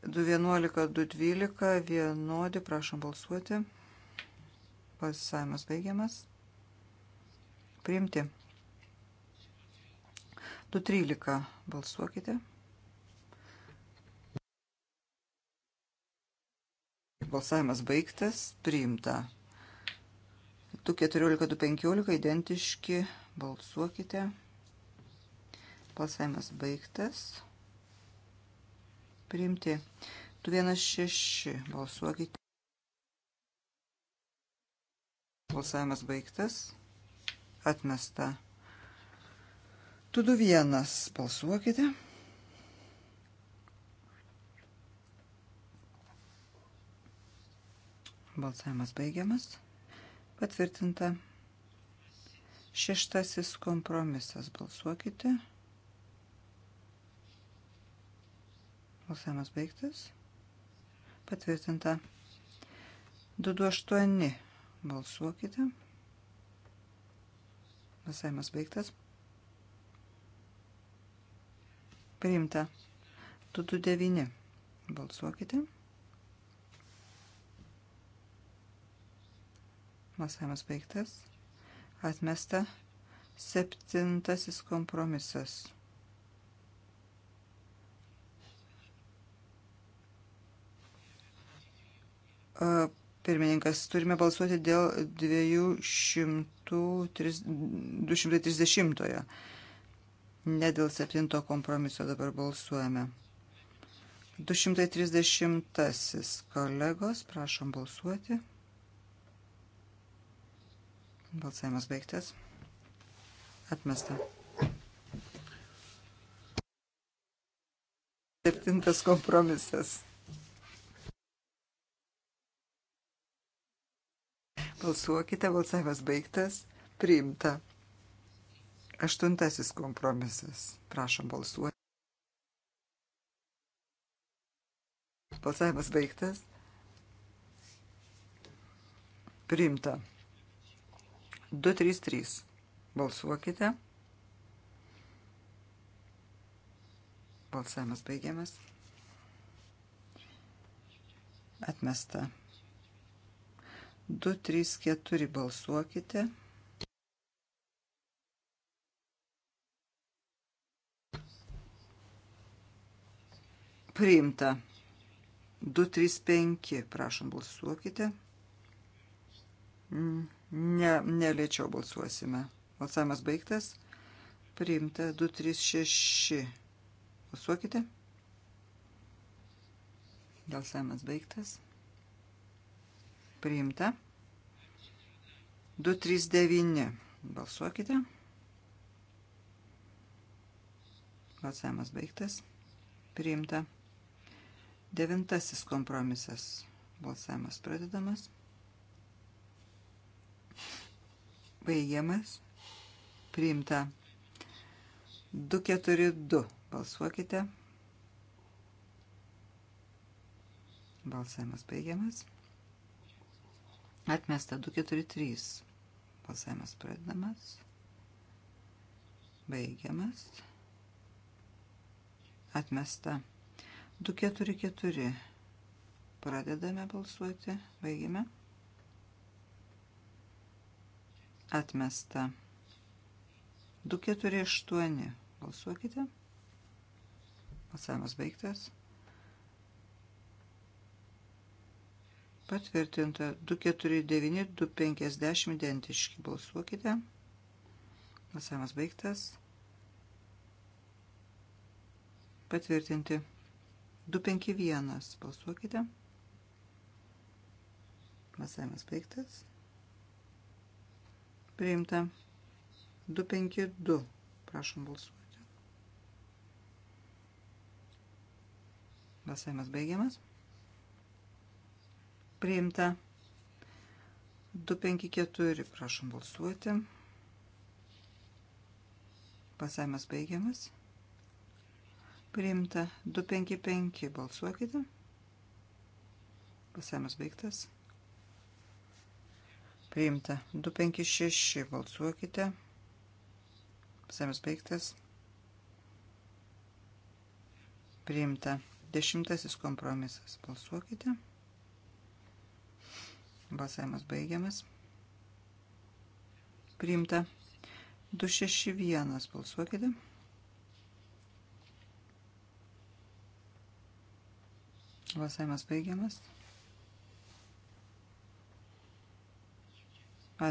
211, 212, vienodi, prašom balsuoti. Pasisavimas baigiamas. Priimti. 213, balsuokite. Balsavimas baigtas, priimta. 214, 215, identiški, balsuokite. Balsavimas baigtas priimti. 216 balsuokite. Balsavimas baigtas. Atmesta. 221 balsuokite. Balsavimas baigiamas. Patvirtinta. Šeštasis kompromisas. Balsuokite. Balsuokite. Balsavimas baigtas. Patvirtinta. 228. Balsuokite. Balsavimas baigtas. Priimta. 229. Balsuokite. Balsavimas baigtas. Atmesta. Septintasis kompromisas. pirmininkas, turime balsuoti dėl 230, ne dėl 7 kompromiso dabar balsuojame. 230 kolegos, prašom balsuoti. Balsavimas baigtas. Atmesta. Septintas kompromisas. Balsuokite, balsavimas baigtas, priimta. Aštuntasis kompromisas. Prašom balsuoti. Balsavimas baigtas. Priimta. 233. Balsuokite. Balsavimas baigiamas. Atmesta. 2, 3, 4 balsuokite. Priimta. 2, 3, 5. Prašom, balsuokite. Mm, ne, nelėčiau balsuosime. Balsavimas baigtas. Priimta. 2, 3, 6. Balsuokite. Balsavimas baigtas. Priimta. 239. Balsuokite. Balsavimas baigtas. Priimta. Devintasis kompromisas. Balsavimas pradedamas. Baigiamas. Priimta. 242. Balsuokite. Balsavimas baigiamas. Atmesta 243. Balsavimas pradedamas. Baigiamas. Atmesta 244. Pradedame balsuoti. Baigiame. Atmesta 248. Balsuokite. Balsavimas baigtas. Patvirtinta 249, 250 identiški. Balsuokite. Balsavimas baigtas. Patvirtinti 251. Balsuokite. Balsavimas baigtas. Priimta 252. Prašom balsuoti. Balsavimas baigiamas priimta. 254, prašom balsuoti. Pasavimas baigiamas. Priimta 255, balsuokite. Pasavimas baigtas. Priimta 256, balsuokite. Pasavimas baigtas. Priimta dešimtasis kompromisas, balsuokite. Balsuokite. Balsavimas baigiamas. Priimta. 261 balsuokite. Balsavimas baigiamas.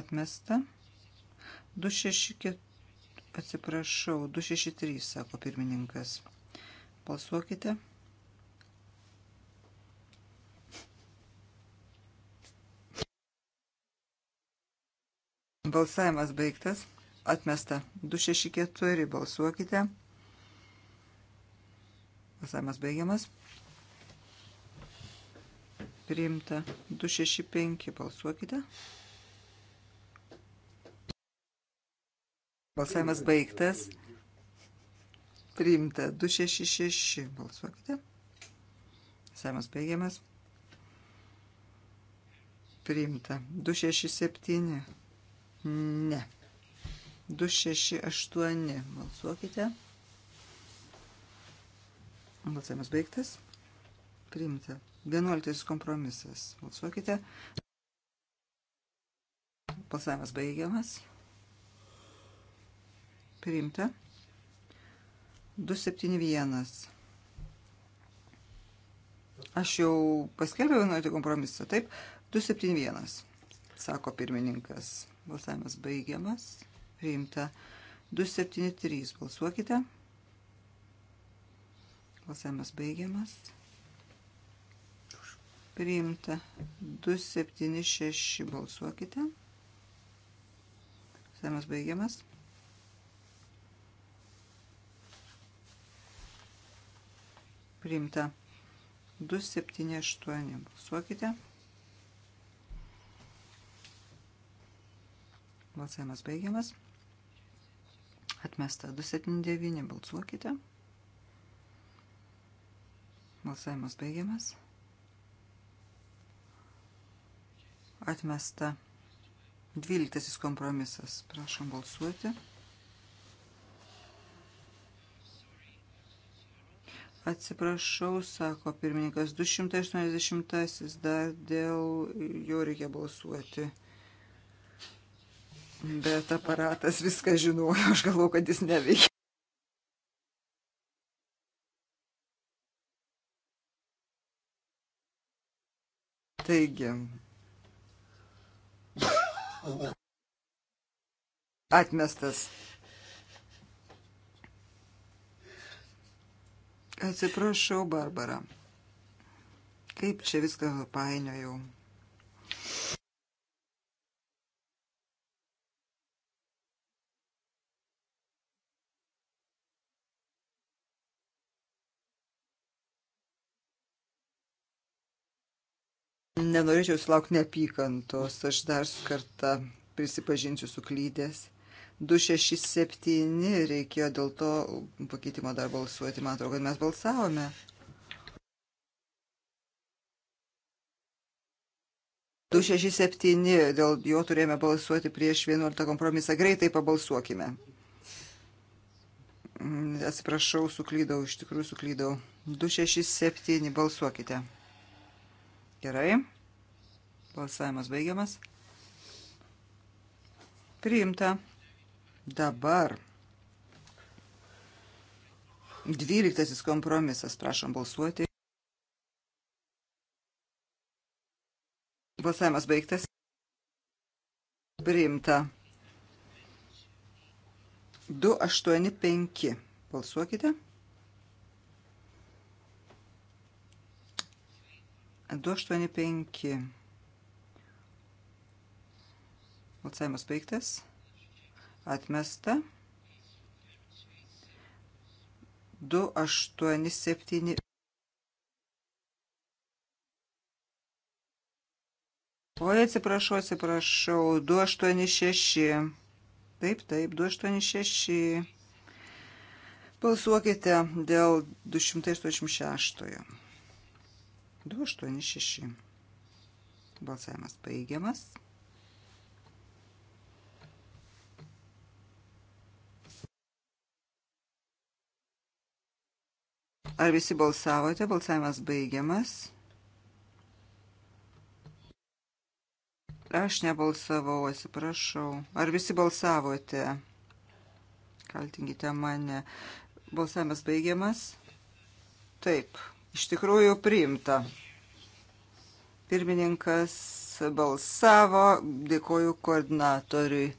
Atmesta. 264, atsiprašau, 263, sako pirmininkas. Balsuokite. 263. Balsavimas baigtas. Atmesta. 264 balsuokite. Balsavimas baigiamas. Priimta. 265 balsuokite. Balsavimas baigtas. Priimta. 266 balsuokite. Balsavimas baigiamas. Priimta. 267 Ne. 268. Balsuokite. Balsavimas baigtas. Priimta. 11 kompromisas. Balsuokite. Balsavimas baigiamas. Priimta. 271. Aš jau paskelbiau vienuolį kompromisą, taip? 271, sako pirmininkas. Balsavimas baigiamas. Priimta 273. Balsuokite. Balsavimas baigiamas. Priimta 276. Balsuokite. Balsavimas baigiamas. Priimta 278. Balsuokite. Balsavimas baigiamas. Atmesta 279. Balsuokite. Balsavimas baigiamas. Atmesta 12 kompromisas. Prašom balsuoti. Atsiprašau, sako pirmininkas, 280 dar dėl jo reikia balsuoti bet aparatas viską žinojo, aš galvoju, kad jis neveikia. Taigi. Atmestas. Atsiprašau, Barbara. Kaip čia viską painiojau. Nenorėčiau sulaukti neapykantos, aš dar kartą prisipažinsiu suklydęs. 267 reikėjo dėl to pakeitimo dar balsuoti, man atrodo, kad mes balsavome. 267 dėl jo turėjome balsuoti prieš 11 kompromisą. Greitai pabalsuokime. Mm, atsiprašau, suklydau, iš tikrųjų suklydau. 267 balsuokite. 267. Gerai. Balsavimas baigiamas. Priimta. Dabar. Dvyliktasis kompromisas. Prašom balsuoti. Balsavimas baigtas. Priimta. 285. Balsuokite. 285. Balsavimas baigtas. Atmesta. 287. Oi, atsiprašau, atsiprašau, 286. Taip, taip, 286. Balsuokite dėl 286. 286. Balsavimas baigiamas. Ar visi balsavote? Balsavimas baigiamas. Aš nebalsavau, atsiprašau. Ar visi balsavote? Kaltinkite mane. Balsavimas baigiamas. Taip. Iš tikrųjų priimta. Pirmininkas balsavo, dėkoju koordinatoriui.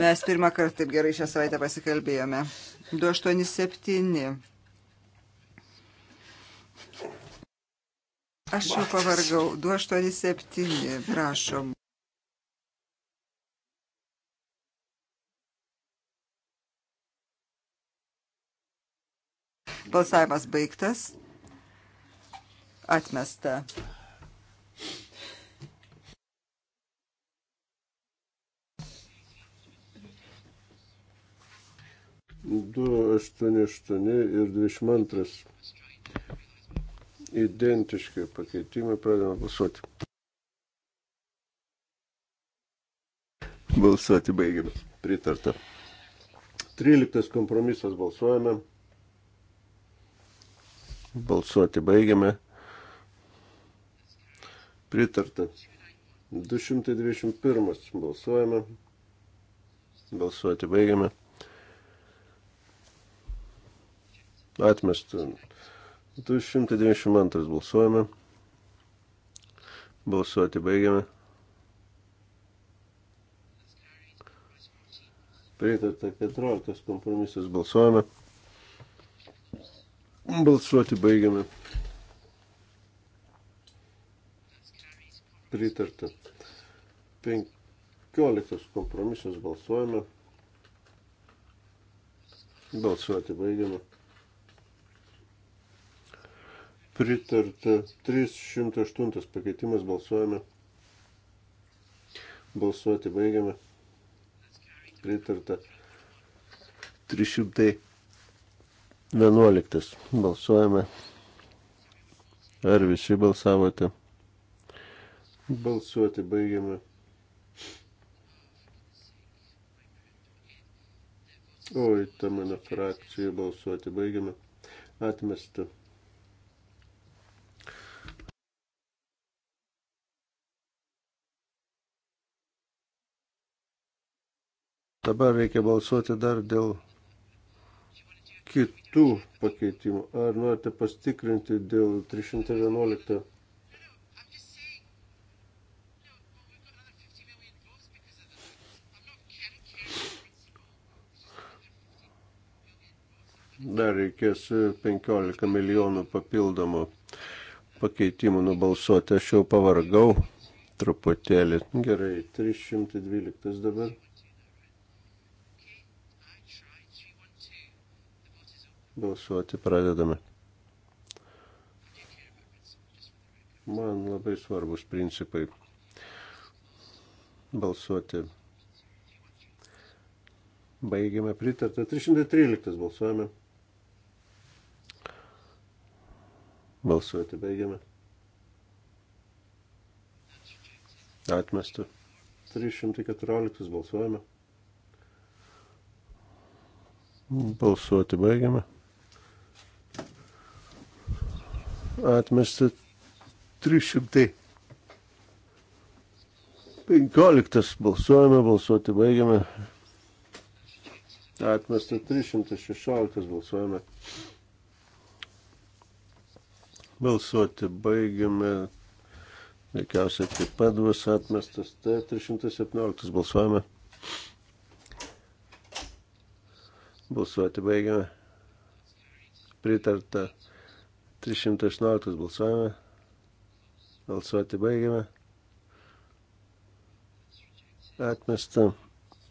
Mes pirmą kartą taip gerai šią savaitę pasikalbėjome. 287. Aš jau pavargau. 287, prašom. Balsavimas baigtas atmesta. Du, aštuoni, aštuoni ir dvidešimt antras. Identiški pakeitimai pradėjome balsuoti. Balsuoti baigiame. Pritarta. 13 kompromisas balsuojame. Balsuoti baigiame. Pritarta. 221 balsuojame. Balsuoti baigiame. Atmestų. 292 balsuojame. Balsuoti baigiame. Pritarta 14 kompromisas balsuojame. Balsuoti baigiame. pritarta. 15 kompromisas balsuojame. Balsuoti baigiame. Pritarta 308 pakeitimas balsuojame. Balsuoti baigiame. Pritarta 311 balsuojame. Ar visi balsavote? Balsuoti baigiame. Oi, ta mano frakcija balsuoti baigiame. Atmesta. Dabar reikia balsuoti dar dėl kitų pakeitimų. Ar norite pastikrinti dėl 311? dar reikės 15 milijonų papildomų pakeitimų nubalsuoti. Aš jau pavargau truputėlį. Gerai, 312 dabar. Balsuoti pradedame. Man labai svarbus principai balsuoti. Baigiame pritartą. 313 balsuojame. Balsuoti baigiame. Atmesta. 314 balsuojame. Balsuoti baigiame. Atmesta 315 balsuojame, balsuoti baigiame. Atmesta 316 balsuojame. Balsuoti baigiame. Veikiausiai taip pat bus atmestas T317. Tai Balsuojame. Balsuoti baigiame. Pritarta 318. Balsuojame. Balsuoti baigiame. Atmesta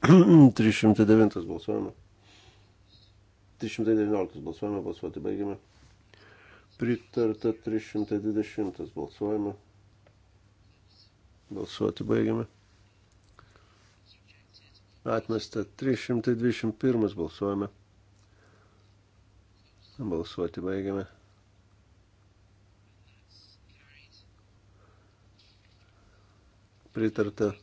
309. Balsuojame. 319. Balsuojame. Balsuoti baigiame. Pritarta 320 balsuojame. Balsuoti baigiame. Atmesta 321 balsuojame. Balsuoti baigiame. Pritarta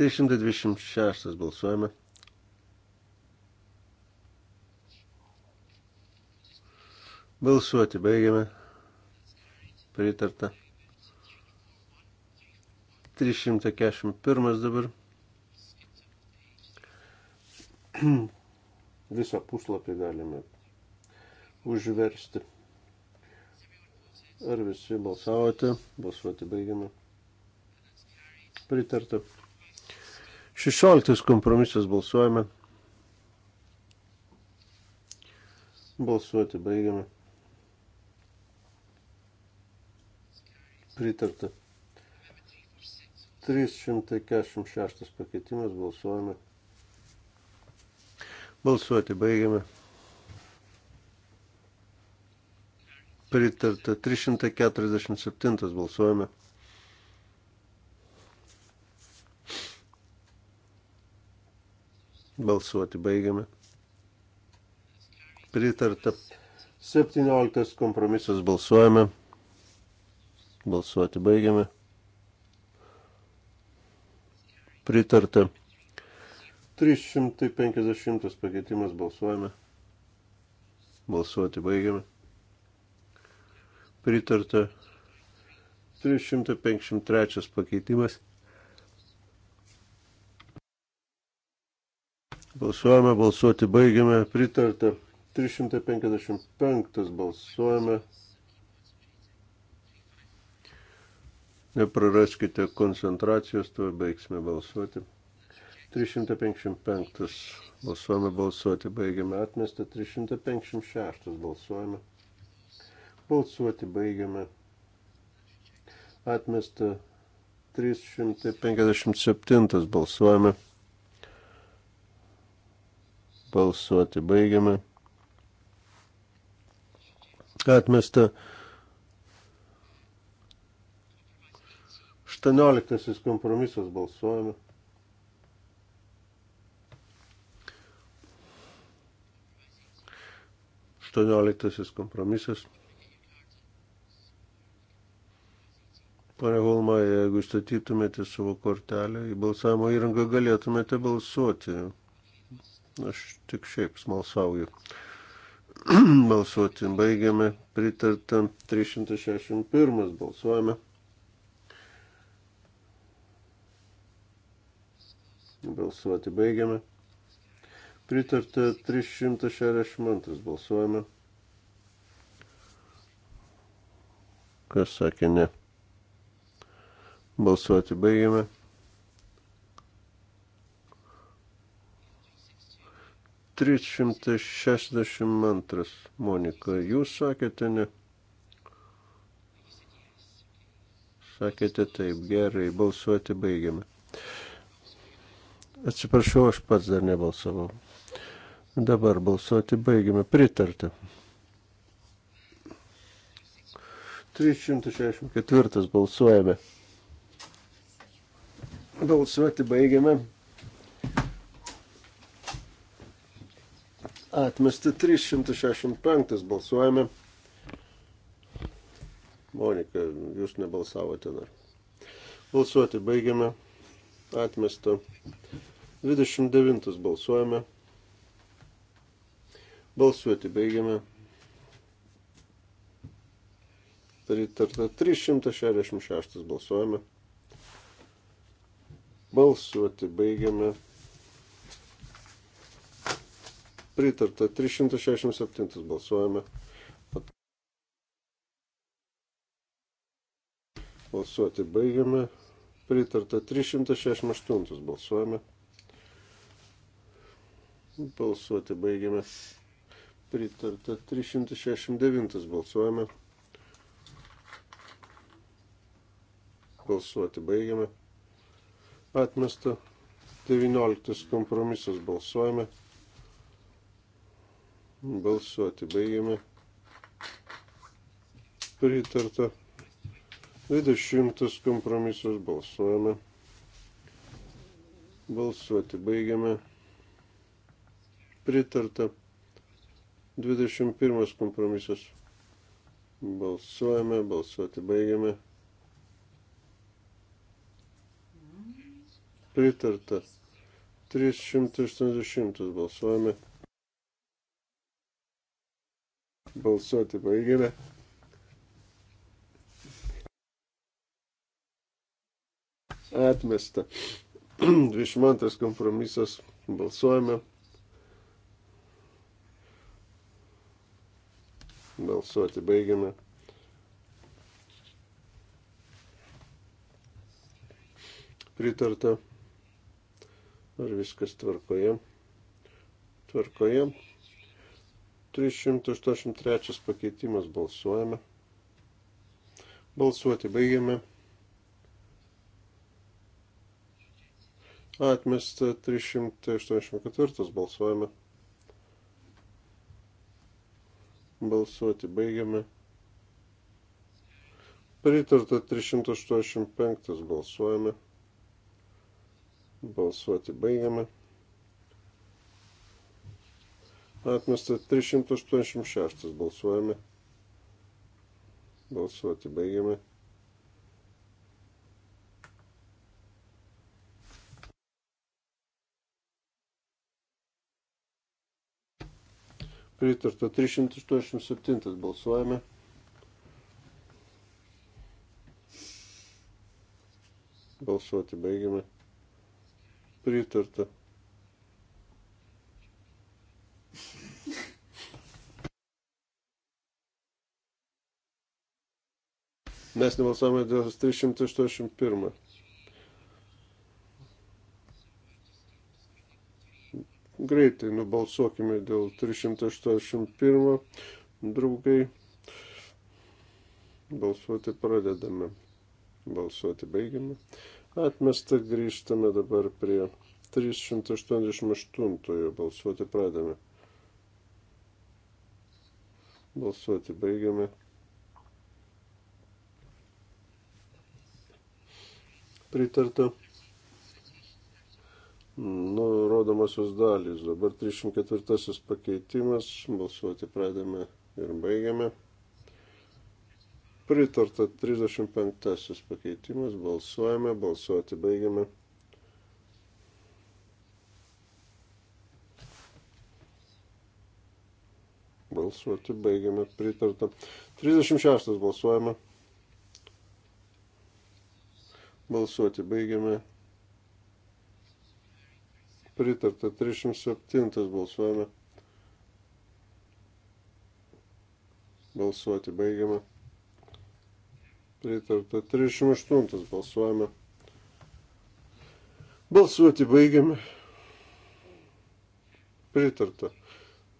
326 balsuojame. Balsuoti baigiame. Pritarta. 341 dabar. Visą puslapį galime užversti. Ar visi balsavote? Balsuoti baigiame. Pritarta. 16 kompromisas balsuojame. Balsuoti baigiame. Pritarta. 346 pakeitimas balsuojame. Balsuoti baigiame. Pritarta 347 balsuojame. Balsuoti baigiame. Pritarta 17 kompromisas balsuojame. Balsuoti baigiame. Pritarta. 350 pakeitimas balsuojame. Balsuoti baigiame. Pritarta. 353 pakeitimas. Balsuojame, balsuoti baigiame. Pritarta. 355 balsuojame, Nepraraskite koncentracijos, tuo baigsime balsuoti. 355 balsuojame balsuoti, baigiame atmestą. 356 balsuojame. Balsuoti baigiame. Atmestą 357 balsuojame. Balsuoti baigiame. Atmestą 357. 18 kompromisas balsuojame. Aštuonioliktasis kompromisas. Pane Holma, jeigu statytumėte savo kortelę į balsavimo įrangą, galėtumėte balsuoti. Aš tik šiaip smalsauju. balsuoti baigiame, pritartam 361 balsuojame. Balsuoti baigiame. Pritarta 362. Balsuojame. Kas sakė ne? Balsuoti baigiame. Trys šimtai šešdešimt antras. Monika, jūs sakėte ne? Sakėte taip, gerai, balsuoti baigiame. Atsiprašau, aš pats dar nebalsavau. Dabar balsuoti baigiame. Pritarta. 364 balsuojame. Balsuoti baigiame. Atmesti 365 balsuojame. Monika, jūs nebalsavote dar. Balsuoti baigiame. Atmesta 29 balsuojame. Balsuoti baigiame. Pritarta 366 balsuojame. Balsuoti baigiame. Pritarta 367 balsuojame. Balsuoti baigiame. Pritarta 368 balsuojame. Balsuoti baigiame. Pritarta 369 balsuojame. Balsuoti baigiame. Atmesta 19 kompromisas balsuojame. Balsuoti baigiame. Pritarta 20 kompromisas balsuojame. Balsuoti baigiame pritarta. 21 kompromisas. Balsuojame, balsuoti baigiame. Pritarta. 380 balsuojame. Balsuoti baigiame. Atmesta. 22 kompromisas. Balsuojame. Balsuoti baigiame. Pritarta. Ar viskas tvarkoje? Tvarkoje. 383 pakeitimas balsuojame. Balsuoti baigiame. Atmesta 384 balsuojame. Balsuoti baigiame. Pritarta 385 balsuojame. Balsuoti baigiame. Atmesta 386 balsuojame. Balsuoti baigiame. Pritarta 387 balsuojame. Balsuoti baigiame. Pritarta. Mes nebalsavome dėl 381. greitai nubalsuokime dėl 381 draugai. Balsuoti pradedame. Balsuoti baigiame. Atmesta grįžtame dabar prie 388 balsuoti pradame. Balsuoti baigiame. Pritarta nurodomosios dalys. Dabar 304 pakeitimas, balsuoti pradėme ir baigiame. Pritarta 35 pakeitimas, balsuojame, balsuoti baigiame. Balsuoti baigiame, pritarta. 36 balsuojame. Balsuoti baigiame pritarta. 307 balsuojame. Balsuoti baigiame. Pritarta. 308 balsuojame. Balsuoti baigiame. Pritarta.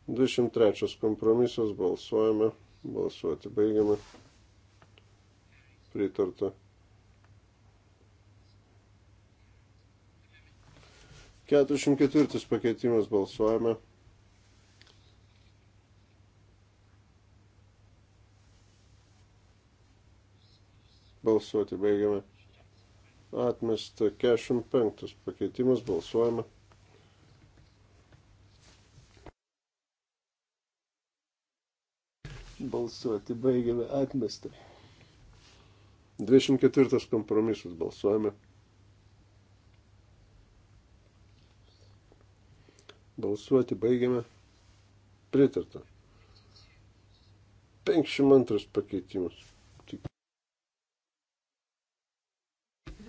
203 kompromisas balsuojame. Balsuoti baigiame. Pritarta. 44 pakeitimas balsuojame. Balsuoti baigiame. Atmesta 45 pakeitimas balsuojame. Balsuoti baigiame atmestą. 24 kompromisas balsuojame. balsuoti, baigiame. Pritarta. 52 pakeitimas. Tik.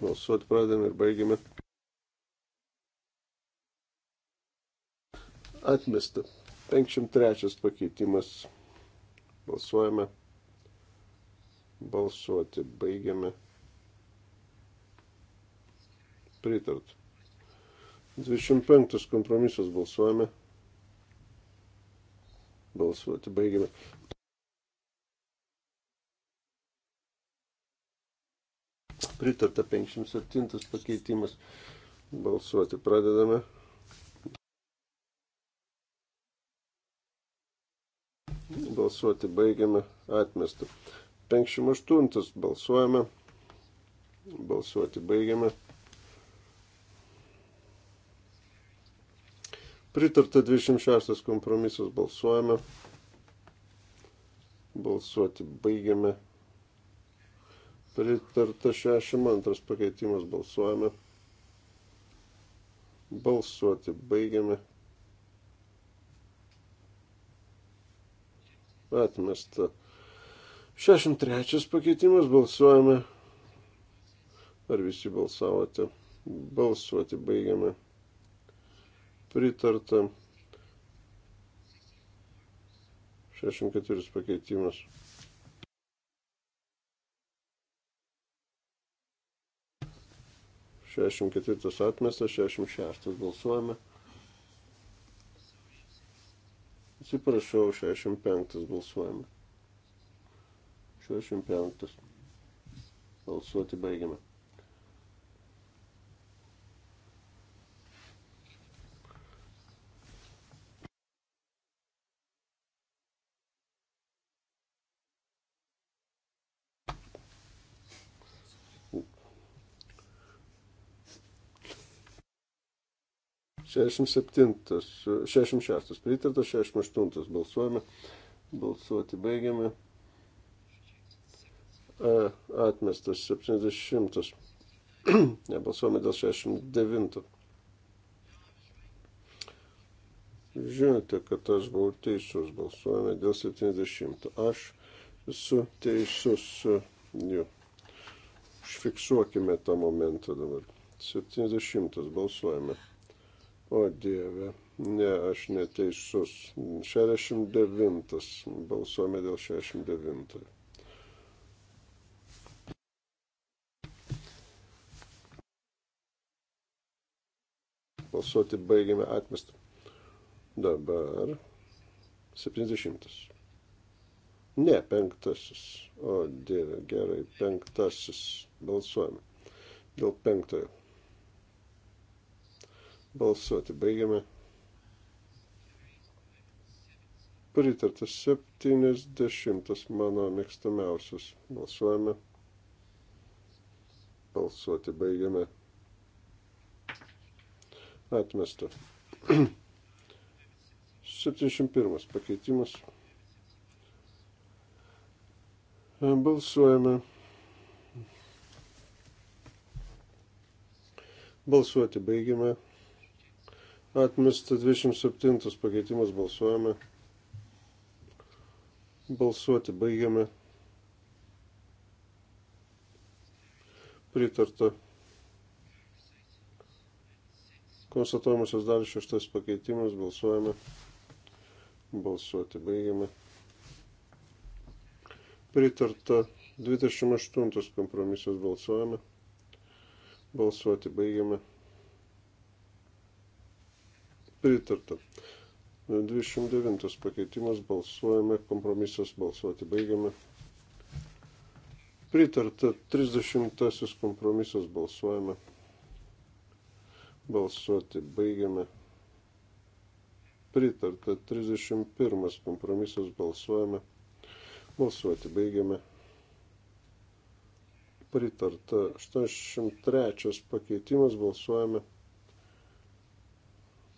Balsuoti pradėme ir baigiame. Atmesta. 53 pakeitimas. Balsuojame. Balsuoti baigiame. Pritarta. 25 kompromisas balsuojame. Balsuoti baigiame. Pritarta 57 pakeitimas. Balsuoti pradedame. Balsuoti baigiame. Atmesta. 58 balsuojame. Balsuoti baigiame. Pritarta 26 kompromisas balsuojame. Balsuoti baigiame. Pritarta 62 pakeitimas balsuojame. Balsuoti baigiame. Atmesta. 63 pakeitimas balsuojame. Ar visi balsavote? Balsuoti baigiame pritarta. 64 pakeitimas. Šešim ketvirtas atmestas, šešim šeštas balsuojame. Atsiprašau, šešim penktas balsuojame. Šešim penktas. Balsuoti baigiame. 67, 66 pritartas, 68 balsuojame, balsuoti baigiame. E, atmestas 70, nebalsuojame dėl 69. Žinote, kad aš buvau teisus, balsuojame dėl 70. Aš esu teisus. Jo. Užfiksuokime tą momentą dabar. 70 balsuojame. O Dieve, ne, aš neteisus. 69. Balsuome dėl 69. Balsuoti baigiame atmestą. Dabar 70. Ne, penktasis. O Dieve, gerai, penktasis. Balsuojame. Dėl penktojo. Balsuoti baigiame. Pritartas 70 mano mėgstamiausias. Balsuojame. Balsuoti baigiame. Atmesta. 71 pakeitimas. Balsuojame. Balsuoti baigiame. Atmesta 27 pakeitimas balsuojame. Balsuoti baigiame. Pritarta. Konstatuojamosios dalis šeštas pakeitimas balsuojame. Balsuoti baigiame. Pritarta 28 kompromisas balsuojame. Balsuoti baigiame pritarta. 29 pakeitimas balsuojame, kompromisas balsuoti baigiame. Pritarta 30 kompromisas balsuojame. Balsuoti baigiame. Pritarta 31 kompromisas balsuojame. Balsuoti baigiame. Pritarta 83 pakeitimas balsuojame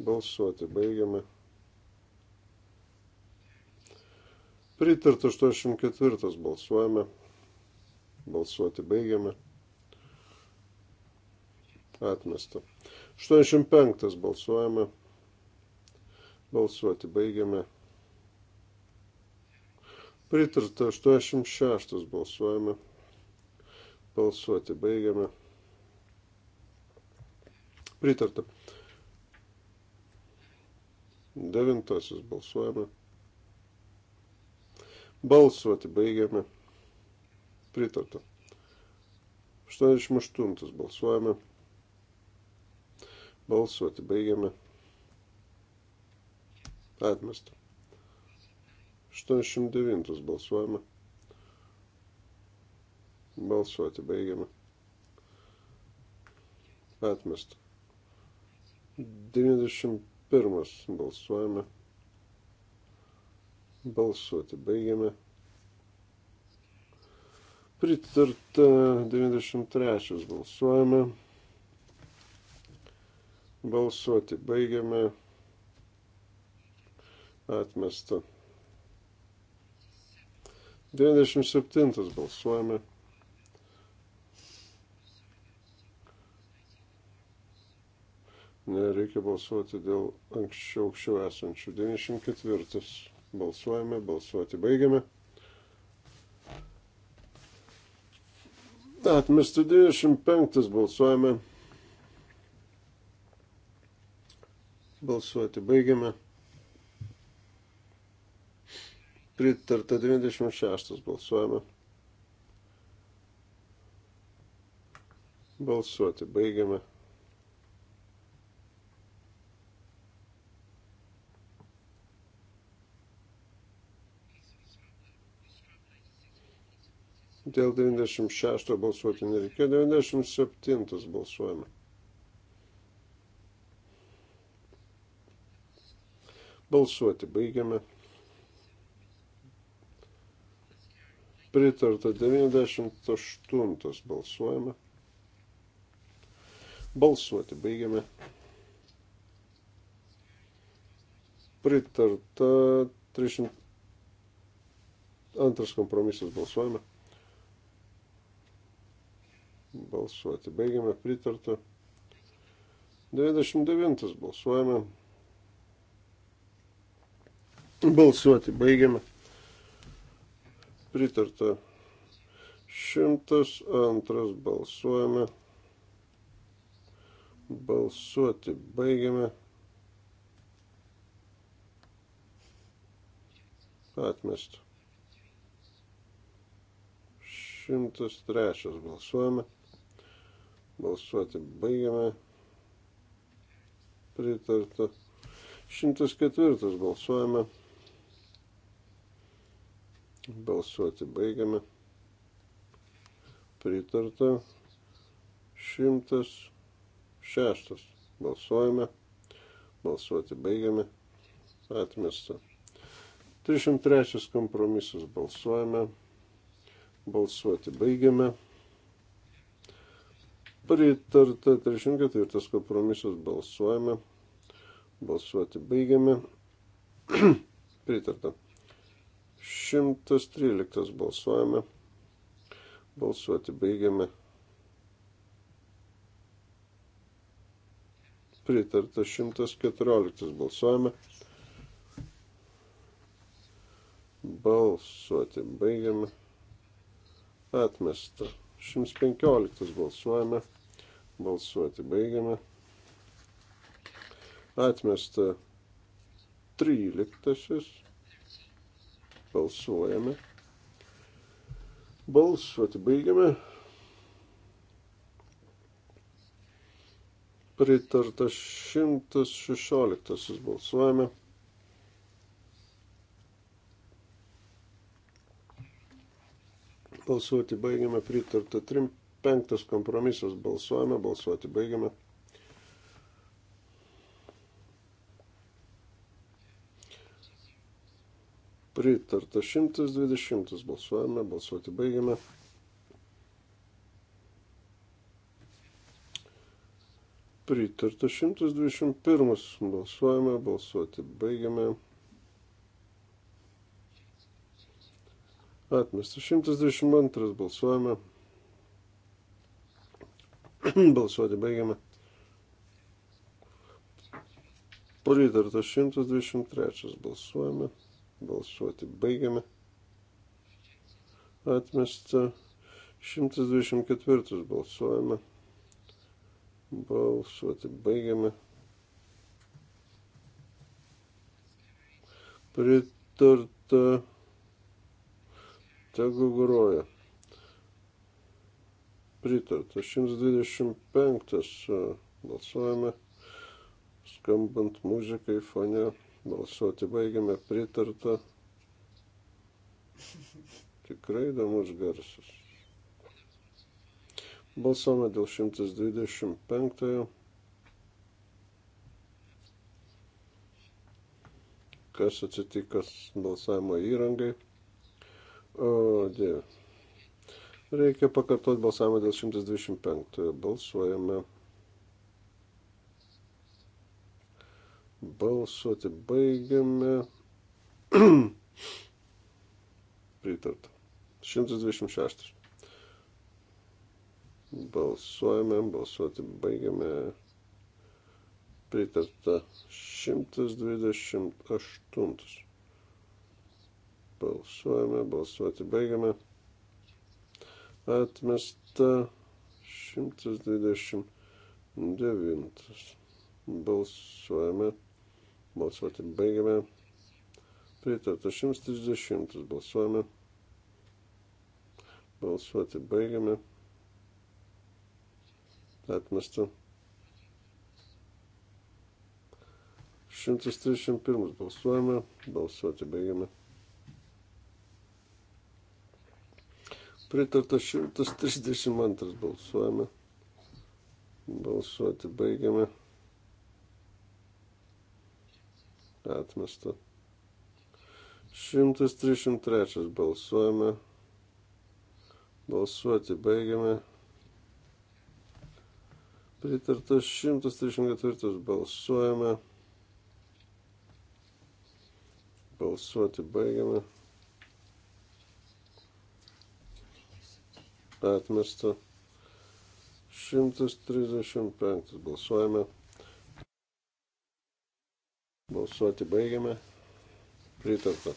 Balsuoti baigiame. Pritarta 84 balsuojame. Balsuoti baigiame. Atmesta. 85 balsuojame. Balsuoti baigiame. Pritarta 86 balsuojame. Balsuoti baigiame. Pritarta. Devintasis balsuojame. Balsuoti baigiame. Pritarta. 88 balsuojame. Balsuoti baigiame. Atmesta. 89 balsuojame. Balsuoti baigiame. Atmesta. 90 Balsuojame. Balsuoti baigiame. Pritarta 93 balsuojame. Balsuoti baigiame. Atmesta. 97 balsuojame. Nereikia balsuoti dėl anksčiau, aukščiau esančių. 94. Balsuojame, balsuoti baigiame. Atmestų 25. Balsuojame. Balsuoti baigiame. Pritarta 96. Balsuojame. Balsuoti baigiame. Dėl 96 balsuoti nereikia, 97 balsuojame. Balsuoti baigiame. Pritarta 98 balsuojame. Balsuoti baigiame. Pritarta 302 kompromisas balsuojame balsuoti. Baigiame pritartą. 99 balsuojame. Balsuoti. Baigiame. Pritarta. 102 balsuojame. Balsuoti. Baigiame. Atmesta. 103 balsuojame. Balsuoti baigiame. Pritarta. 104 balsuojame. Balsuoti baigiame. Pritarta. 106 balsuojame. Balsuoti baigiame. Atmesta. 303 kompromisas balsuojame. Balsuoti baigiame. Pritarta 34 kompromisas balsuojame. Balsuoti baigiame. Pritarta. 113 balsuojame. Balsuoti baigiame. Pritarta 114 balsuojame. Balsuoti baigiame. Atmesta. 115 balsuojame. Balsuoti baigiame. Atmesta 13. Balsuojame. Balsuoti baigiame. Pritarta 116. Balsuojame. Balsuoti baigiame pritarta 3. Penktas kompromisas. Balsuojame, balsuoti baigiame. Pritarta 120. Balsuojame, balsuoti baigiame. Pritarta 121. Balsuojame, balsuoti baigiame. Atmestas 122. Balsuojame. Balsuoti baigiame. Pritartas 123 balsuojame. Balsuoti baigiame. Atmesta 124 balsuojame. Balsuoti baigiame. Pritarta tegu groja pritarta. 125 e, balsuojame, skambant muzikai fone, balsuoti baigiame, pritarta. Tikrai įdomus garsas. Balsuome dėl 125. Kas atsitiko balsavimo įrangai? O, Dieve. Reikia pakartoti balsavimą dėl 125. Balsuojame. Balsuoti baigiame. Pritarta. 126. Balsuojame, balsuoti baigiame. Pritarta 128. Balsuojame, balsuoti baigiame atmesta 129. Balsuojame, balsuoti baigiame. Pritarta 130. Balsuojame, balsuoti baigiame. Atmesta 131. Balsuojame, balsuoti baigiame. Pritarta 132 balsuojame. Balsuoti baigiame. Atmesta. 133 balsuojame. Balsuoti baigiame. Pritarta 134 balsuojame. Balsuoti baigiame. atmesta. 135 balsuojame. Balsuoti baigiame. Pritarta.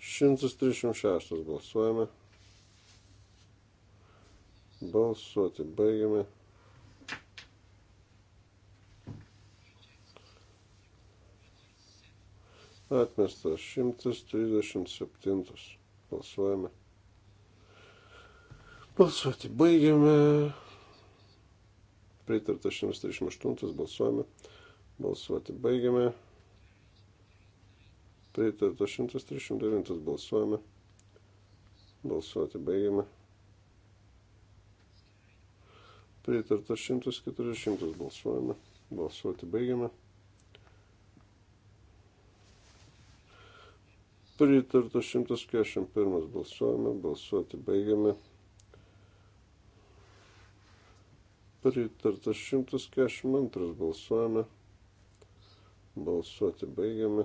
136 balsuojame. Balsuoti baigiame. Atmestas 137. Balsuojame. Balsuoti baigiame. Pritarta 138, balsuojame. Balsuoti baigiame. Pritarta 139, balsuojame. Balsuoti baigiame. Pritarta 140, balsuojame. Balsuoti baigiame. Pritarta 141, balsuojame. Balsuoti baigiame. pritartas 142 balsuojame. Balsuoti baigiame.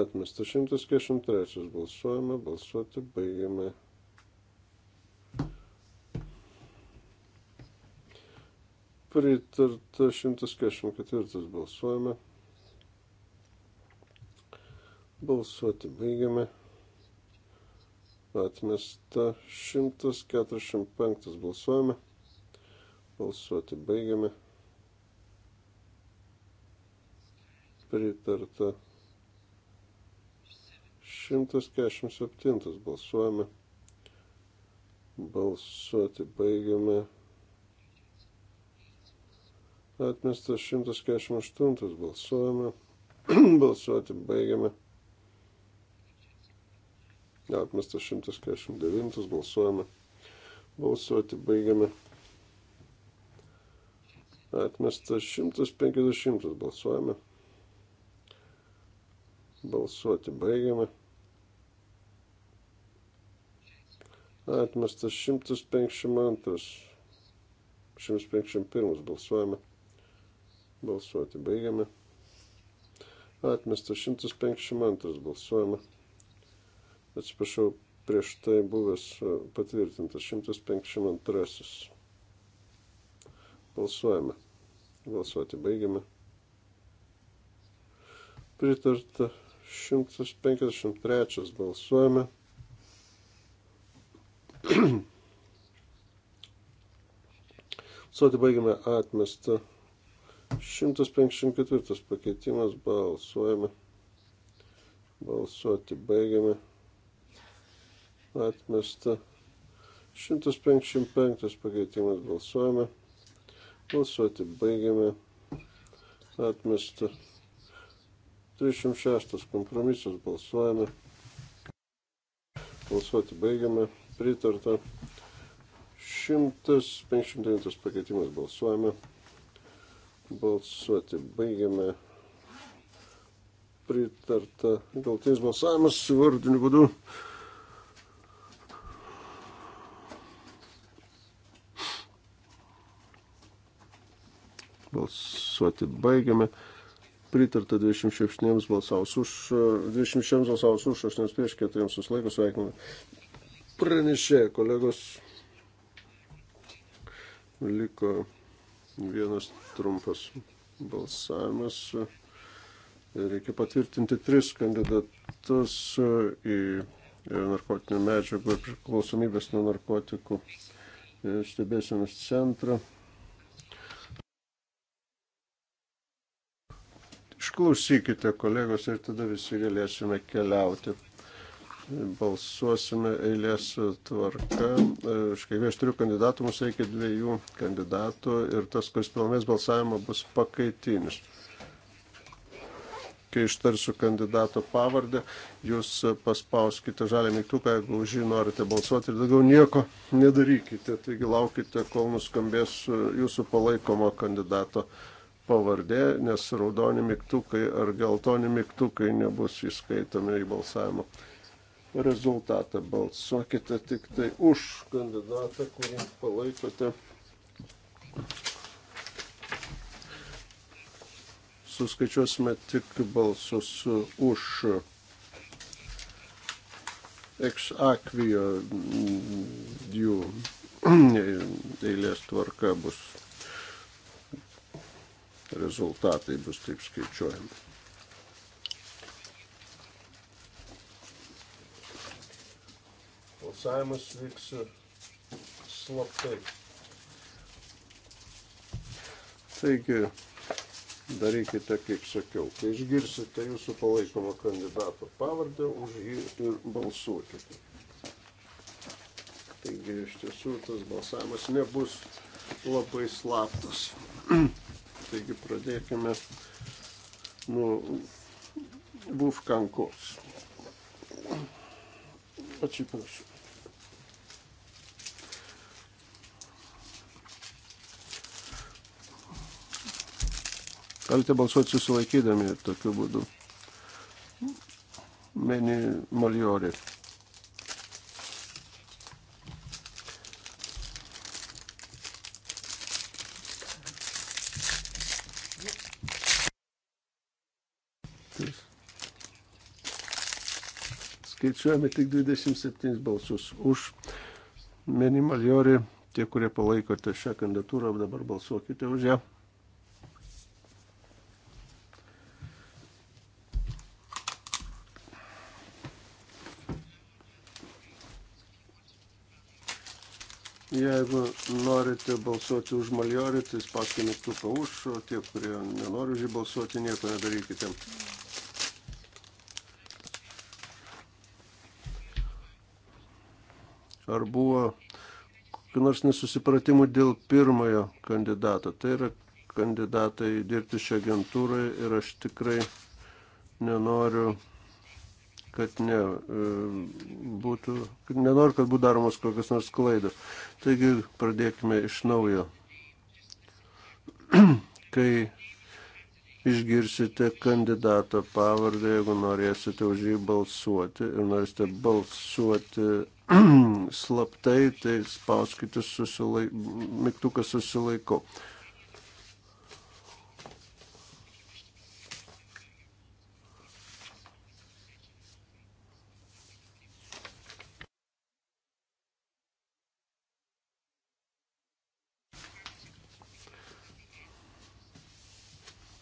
Atmestas 143 balsuojame, balsuoti baigiame. Pritarta 144 balsuojame. Balsuoti baigiame atmesta 145 balsuojame. Balsuoti baigiame. Pritarta 147 balsuojame. Balsuoti baigiame. Atmestas 148 balsuojame. Balsuoti baigiame. Atmestas 149, balsuojame. Balsuoti baigiame. Atmestas 150, balsuojame. Balsuoti baigiame. Atmestas 152, 151, balsuojame. Balsuoti baigiame. Atmestas 152, balsuojame atsiprašau, prieš tai buvęs e, patvirtintas 152. Balsuojame. Balsuoti baigiame. Pritarta 153. Balsuojame. Balsuoti baigiame atmestą. 154 pakeitimas. Balsuojame. Balsuoti baigiame atmesta. 155 pakeitimas balsuojame. Balsuoti baigiame. Atmesta. 306 kompromisas balsuojame. Balsuoti baigiame. Pritarta. 159 pakeitimas balsuojame. Balsuoti baigiame. Pritarta. Galtinis balsavimas vardiniu būdu. Balsuoti baigiame. Pritarta 26 balsaus už, 26 balsaus už, 8 prieš, 4 susilaiko, sveikiname. Pranešė, kolegos, liko vienas trumpas balsavimas. Reikia patvirtinti tris kandidatus į narkotinių medžiagų ir priklausomybės nuo narkotikų stebėsenos centrą. Išklausykite kolegos ir tada visi galėsime keliauti. Balsuosime eilės tvarka. E, Kai aš turiu kandidatų, mums reikia dviejų kandidatų ir tas, kuris pilnės balsavimą, bus pakaitinis. Kai ištarsiu kandidato pavardę, jūs paspauskite žalį mygtuką, jeigu už jį norite balsuoti ir daugiau nieko nedarykite. Taigi laukite, kol nuskambės jūsų palaikomo kandidato pavardę pavardė, nes raudoni mygtukai ar geltoni mygtukai nebus įskaitomi į balsavimo rezultatą. Balsuokite tik tai už kandidatą, kurį palaikote. Suskaičiuosime tik balsus už ex aquio jų eilės tvarka bus rezultatai bus taip skaičiuojami. Balsavimas vyks slaptai. Taigi, darykite, kaip sakiau, kai išgirsite jūsų palaikomą kandidato pavardę, už jį ir balsuokite. Taigi, iš tiesų, tas balsavimas nebus labai slaptas. Taigi pradėkime nuo Vufkankos. Atsiprašau. Galite balsuoti susilaikydami tokiu būdu. Meni Maliorė. skaičiuojame tik 27 balsus už minimaliorį. Tie, kurie palaikote šią kandidatūrą, dabar balsuokite už ją. Jeigu norite balsuoti už Maliorį, tai spauskite mygtuką už, o tie, kurie nenori už jį balsuoti, nieko nedarykite. ar buvo kokių nors nesusipratimų dėl pirmojo kandidato. Tai yra kandidatai dirbti šią agentūrą ir aš tikrai nenoriu, kad ne, e, būtų, kad nenoriu, kad būtų daromos kokios nors klaidos. Taigi pradėkime iš naujo. Kai išgirsite kandidato pavardę, jeigu norėsite už jį balsuoti ir norėsite balsuoti slaptai, tai spauskite susilaik... mygtuką susilaiko.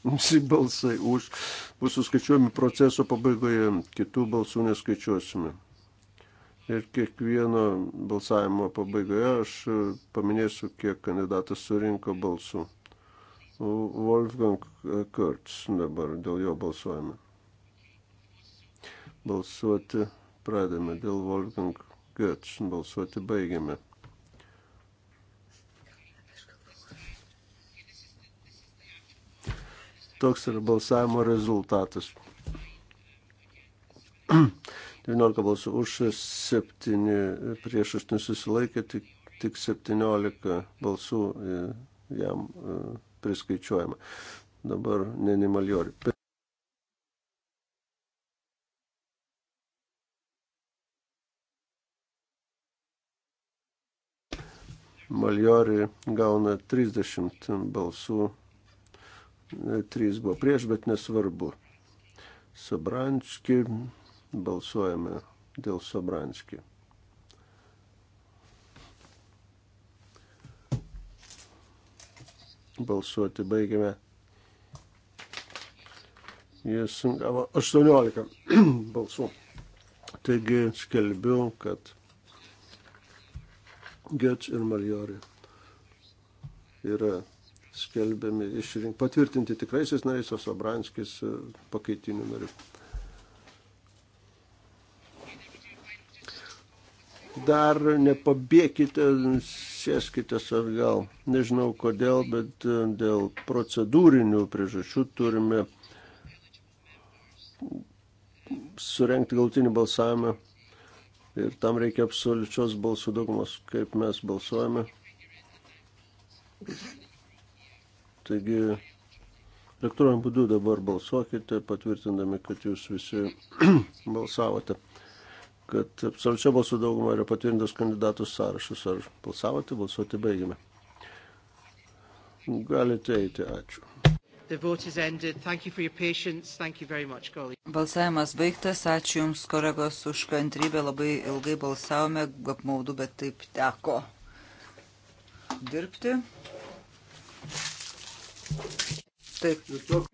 Visi balsai už bus suskaičiuojami proceso pabaigoje, kitų balsų neskaičiuosime. Ir kiekvieno balsavimo pabaigoje aš paminėsiu, kiek kandidatas surinko balsų. Wolfgang Kurtz dabar dėl jo balsuojame. Balsuoti pradėme dėl Wolfgang Kurtz, balsuoti baigiame. Toks yra balsavimo rezultatas. 19 balsų už, 7 prieš 8 susilaikė, tik, tik 17 balsų e, jam e, priskaičiuojama. Dabar nenimaliori. Maliori gauna 30 balsų 3 buvo prieš, bet nesvarbu. Sobranski, balsuojame dėl Sobranski. Balsuoti baigiame. Jis gavo 18 balsų. Taigi skelbiu, kad Götz ir Marjori yra skelbiami išrink, patvirtinti tikraisiais nariais, o Sobranskis e, pakeitiniu nariu. Dar nepabėkite, sėskite atgal. Nežinau kodėl, bet e, dėl procedūrinių priežasčių turime surenkti galtinį balsavimą ir tam reikia absoliučios balsų daugumos, kaip mes balsuojame. Taigi elektroniniu būdu dabar balsuokite, patvirtindami, kad jūs visi balsavote, kad absoliučia balsų dauguma yra patvirtintas kandidatų sąrašas. Ar balsavote, balsuoti baigime. Galite eiti, ačiū. Balsavimas baigtas, ačiū Jums, kolegos, už kantrybę, labai ilgai balsavome, apmaudu, bet taip teko dirbti. Taip nu,